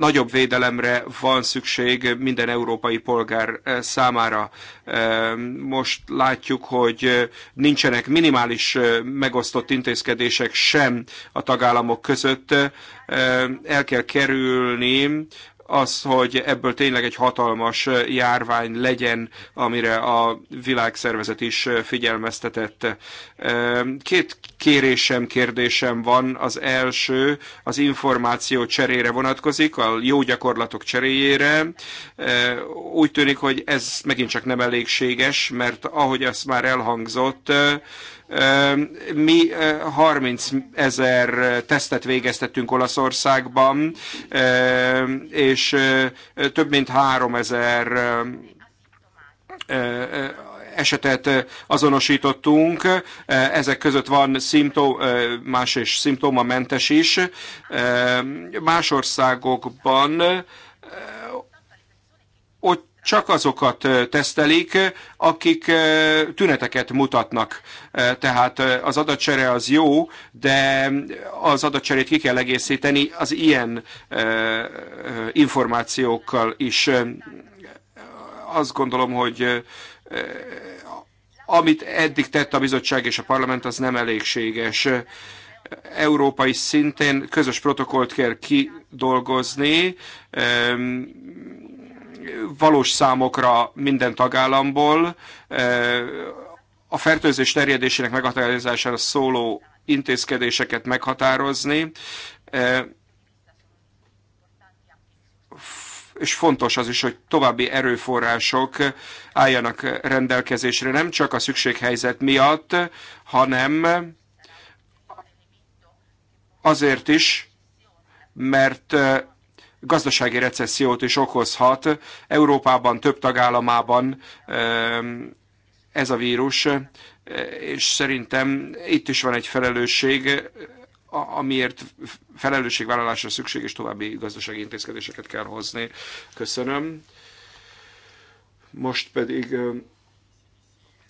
nagyobb védelemre van szükség minden európai polgár eh, számára. Eh, most látjuk, hogy eh, nincsenek minimális megosztott intézkedések sem a tagállamok között. El kell kerülni az, hogy ebből tényleg egy hatalmas járvány legyen, amire a világszervezet is figyelmeztetett. Két kérésem, kérdésem van. Az első az információ cserére vonatkozik, a jó gyakorlatok cseréjére. Úgy tűnik, hogy ez megint csak nem elégséges, mert ahogy azt már elhangzott, mi 30 ezer tesztet végeztettünk Olaszországban, és több mint 3 ezer esetet azonosítottunk, ezek között van más és szimptomamentes is. Más országokban ott csak azokat tesztelik, akik tüneteket mutatnak. Tehát az adatcsere az jó, de az adatcserét ki kell egészíteni az ilyen információkkal is. Azt gondolom, hogy amit eddig tett a bizottság és a parlament, az nem elégséges. Európai szintén közös protokollt kell kidolgozni, valós számokra minden tagállamból. A fertőzés terjedésének meghatározására szóló intézkedéseket meghatározni, és fontos az is, hogy további erőforrások álljanak rendelkezésre, nem csak a szükséghelyzet miatt, hanem azért is, mert gazdasági recessziót is okozhat. Európában, több tagállamában ez a vírus, e, és szerintem itt is van egy felelősség, amiért felelősségvállalásra szükség, és további gazdasági intézkedéseket kell hozni. Köszönöm. Most pedig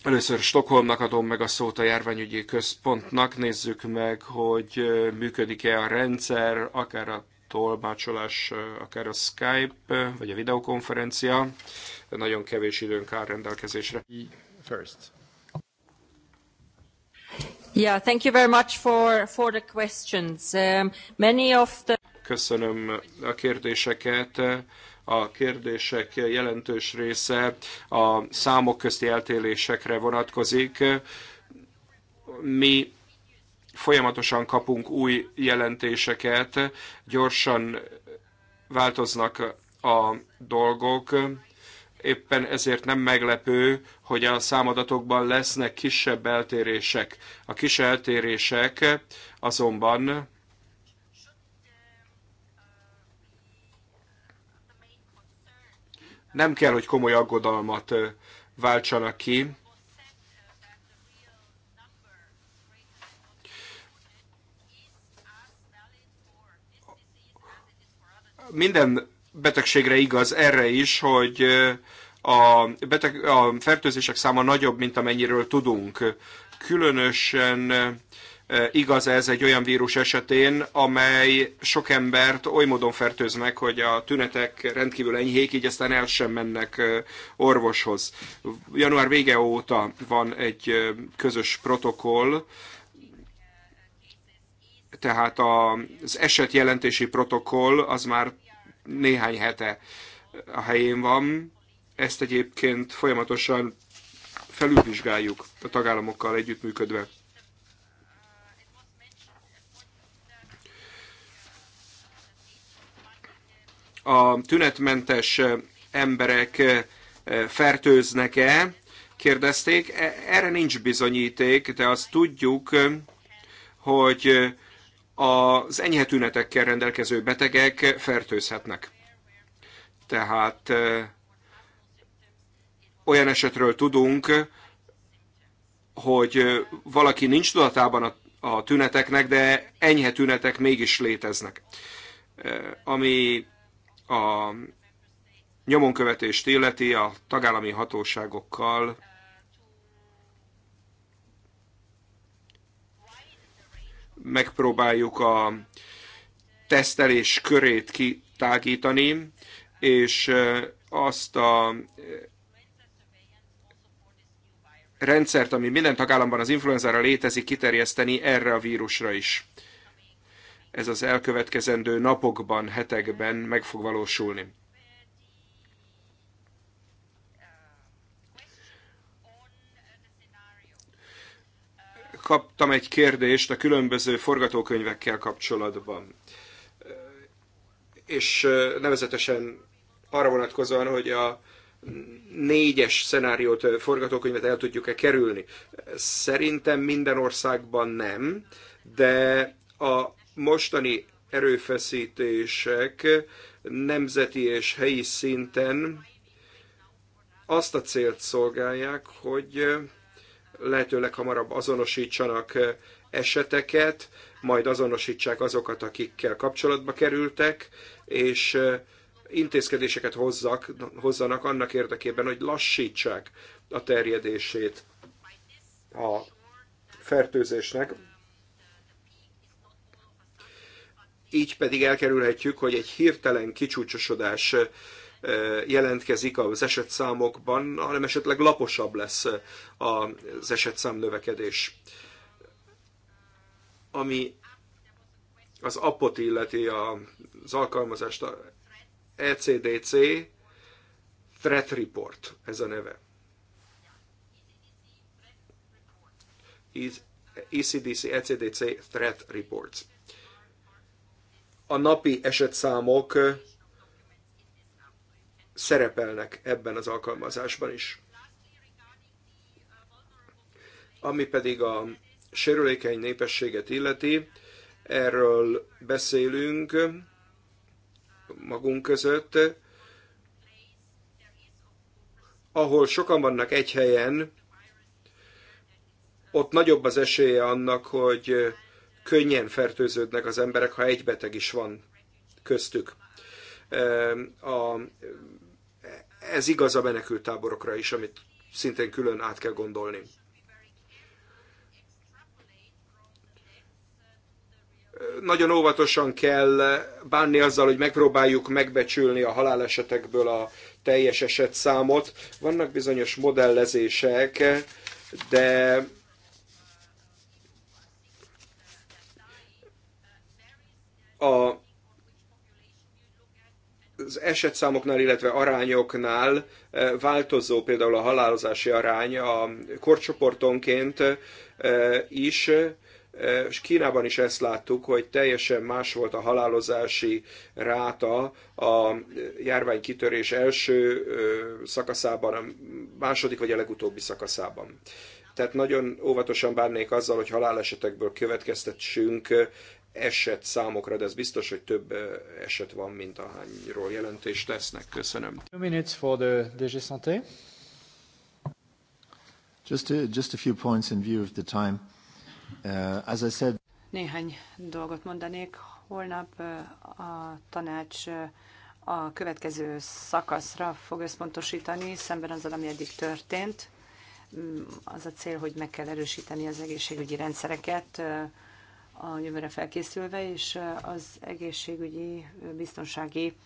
először Stockholmnak adom meg a szót a járványügyi központnak. Nézzük meg, hogy működik-e a rendszer, akár a tolmácsolás, eh, akár a Skype, eh, vagy a videokonferencia. Nagyon kevés időnk áll rendelkezésre. First. Yeah, thank you very much for, for the questions. Um, many of the... Köszönöm a kérdéseket. A kérdések jelentős része a számok közti eltélésekre vonatkozik. Mi folyamatosan kapunk új jelentéseket, gyorsan változnak a dolgok, éppen ezért nem meglepő, hogy a számadatokban lesznek kisebb eltérések. A kis eltérések azonban nem kell, hogy komoly aggodalmat váltsanak ki. minden betegségre igaz erre is, hogy a, beteg, a fertőzések száma nagyobb, mint amennyiről tudunk. Különösen igaz ez egy olyan vírus esetén, amely sok embert oly módon fertőz meg, hogy a tünetek rendkívül enyhék, így aztán el sem mennek orvoshoz. Január vége óta van egy közös protokoll, tehát az jelentési protokoll az már néhány hete a helyén van. Ezt egyébként folyamatosan felülvizsgáljuk a tagállamokkal együttműködve. A tünetmentes emberek eh, fertőznek-e, kérdezték. E, erre nincs bizonyíték, de azt tudjuk, eh, hogy eh, az enyhe tünetekkel rendelkező betegek fertőzhetnek. Tehát olyan esetről tudunk, hogy valaki nincs tudatában a tüneteknek, de enyhe tünetek mégis léteznek. Ami a nyomonkövetést illeti a tagállami hatóságokkal megpróbáljuk a tesztelés körét kitágítani, és azt a rendszert, ami minden tagállamban az influenzára létezik, kiterjeszteni erre a vírusra is. Ez az elkövetkezendő napokban, hetekben meg fog valósulni. kaptam egy kérdést a különböző forgatókönyvekkel kapcsolatban. És nevezetesen arra vonatkozóan, hogy a négyes szenáriót, forgatókönyvet el tudjuk-e kerülni. Szerintem minden országban nem, de a mostani erőfeszítések nemzeti és helyi szinten azt a célt szolgálják, hogy lehetőleg hamarabb azonosítsanak eseteket, majd azonosítsák azokat, akikkel kapcsolatba kerültek, és intézkedéseket hozzak, hozzanak annak érdekében, hogy lassítsák a terjedését a fertőzésnek. Így pedig elkerülhetjük, hogy egy hirtelen kicsúcsosodás jelentkezik az esetszámokban, hanem esetleg laposabb lesz az esetszám növekedés. Ami az appot illeti az alkalmazást, a ECDC Threat Report, ez a neve. ECDC, ECDC Threat Reports. A napi esetszámok szerepelnek ebben az alkalmazásban is. Ami pedig a sérülékeny népességet illeti, erről beszélünk magunk között, ahol sokan vannak egy helyen, ott nagyobb az esélye annak, hogy könnyen fertőződnek az emberek, ha egy beteg is van köztük. Ehm, a ez igaz a táborokra is, amit szintén külön át kell gondolni. Nagyon óvatosan kell bánni azzal, hogy megpróbáljuk megbecsülni a halálesetekből a teljes eset számot. Vannak bizonyos modellezések, de a az esetszámoknál, illetve arányoknál eh, változó például a halálozási arány a korcsoportonként eh, is, eh, és Kínában is ezt láttuk, hogy teljesen más volt a halálozási ráta a járvány kitörés első szakaszában, a második vagy a legutóbbi szakaszában. Tehát nagyon óvatosan bánnék azzal, hogy halálesetekből következtessünk eset számokra, de ez biztos, hogy több eset van, mint ahányról jelentést tesznek. Köszönöm. Two minutes for the DG Santé. Just a, just a few points in view of the time. Uh, as I said... Néhány dolgot mondanék. Holnap a tanács a következő szakaszra fog összpontosítani, szemben azzal, ami eddig történt. Mm, az a cél, hogy meg kell erősíteni az egészségügyi rendszereket, a jövőre felkészülve, és az egészségügyi biztonsági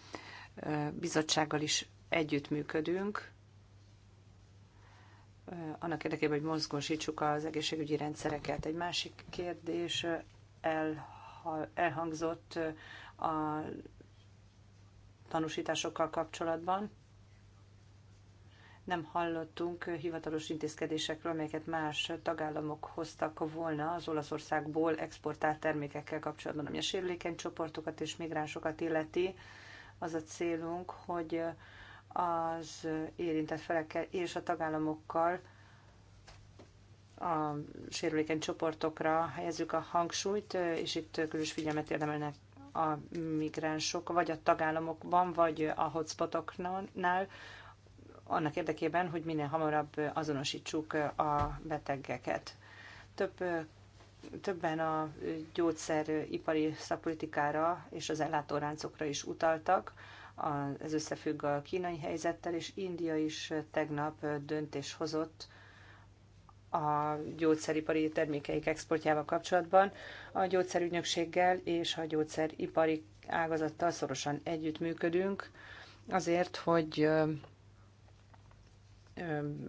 bizottsággal is együttműködünk, annak érdekében, hogy mozgósítsuk az egészségügyi rendszereket. Egy másik kérdés elhangzott a tanúsításokkal kapcsolatban nem hallottunk hivatalos intézkedésekről, amelyeket más tagállamok hoztak volna az Olaszországból exportált termékekkel kapcsolatban, ami a sérülékeny csoportokat és migránsokat illeti. Az a célunk, hogy az érintett felekkel és a tagállamokkal a sérülékeny csoportokra helyezzük a hangsúlyt, és itt különös figyelmet érdemelnek a migránsok, vagy a tagállamokban, vagy a hotspotoknál, annak érdekében, hogy minél hamarabb azonosítsuk a betegeket. Több, többen a gyógyszeripari szakpolitikára és az ellátóráncokra is utaltak, ez összefügg a kínai helyzettel, és India is tegnap döntés hozott a gyógyszeripari termékeik exportjával kapcsolatban. A gyógyszerügynökséggel és a gyógyszeripari ágazattal szorosan együttműködünk azért, hogy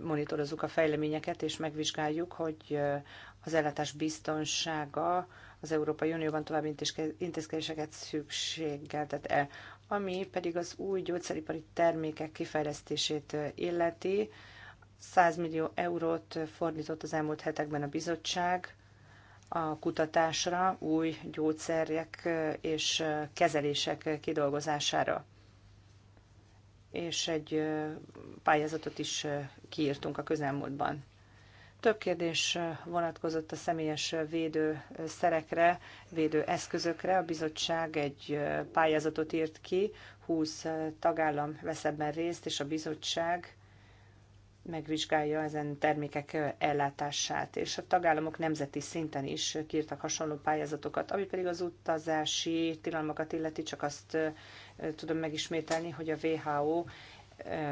monitorozzuk a fejleményeket, és megvizsgáljuk, hogy az ellátás biztonsága az Európai Unióban további intézkedéseket szükségeltet el, Ami pedig az új gyógyszeripari termékek kifejlesztését illeti, 100 millió eurót fordított az elmúlt hetekben a bizottság a kutatásra, új gyógyszerek és kezelések kidolgozására és egy pályázatot is kiírtunk a közelmúltban. Több kérdés vonatkozott a személyes védő szerekre, védő eszközökre. A bizottság egy pályázatot írt ki, 20 tagállam vesz ebben részt, és a bizottság megvizsgálja ezen termékek ellátását, és a tagállamok nemzeti szinten is kiírtak hasonló pályázatokat, ami pedig az utazási tilalmakat illeti, csak azt tudom megismételni, hogy a WHO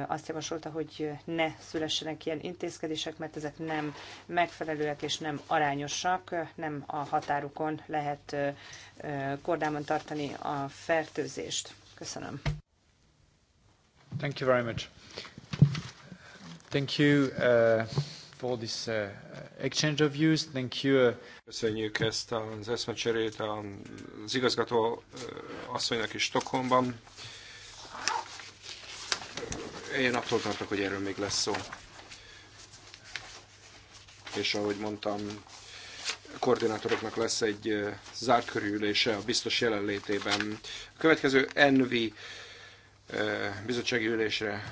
azt javasolta, hogy ne szülessenek ilyen intézkedések, mert ezek nem megfelelőek és nem arányosak, nem a határukon lehet kordában tartani a fertőzést. Köszönöm. Thank you very much. Thank you. Uh for this uh, exchange of views. Thank you. Uh, Köszönjük ezt az eszmecserét az igazgató uh, asszonynak is Stockholmban. Én attól tartok, hogy erről még lesz szó. És ahogy mondtam, a koordinátoroknak lesz egy uh, zárt körülése a biztos jelenlétében. A következő Envi bizottsági ülésre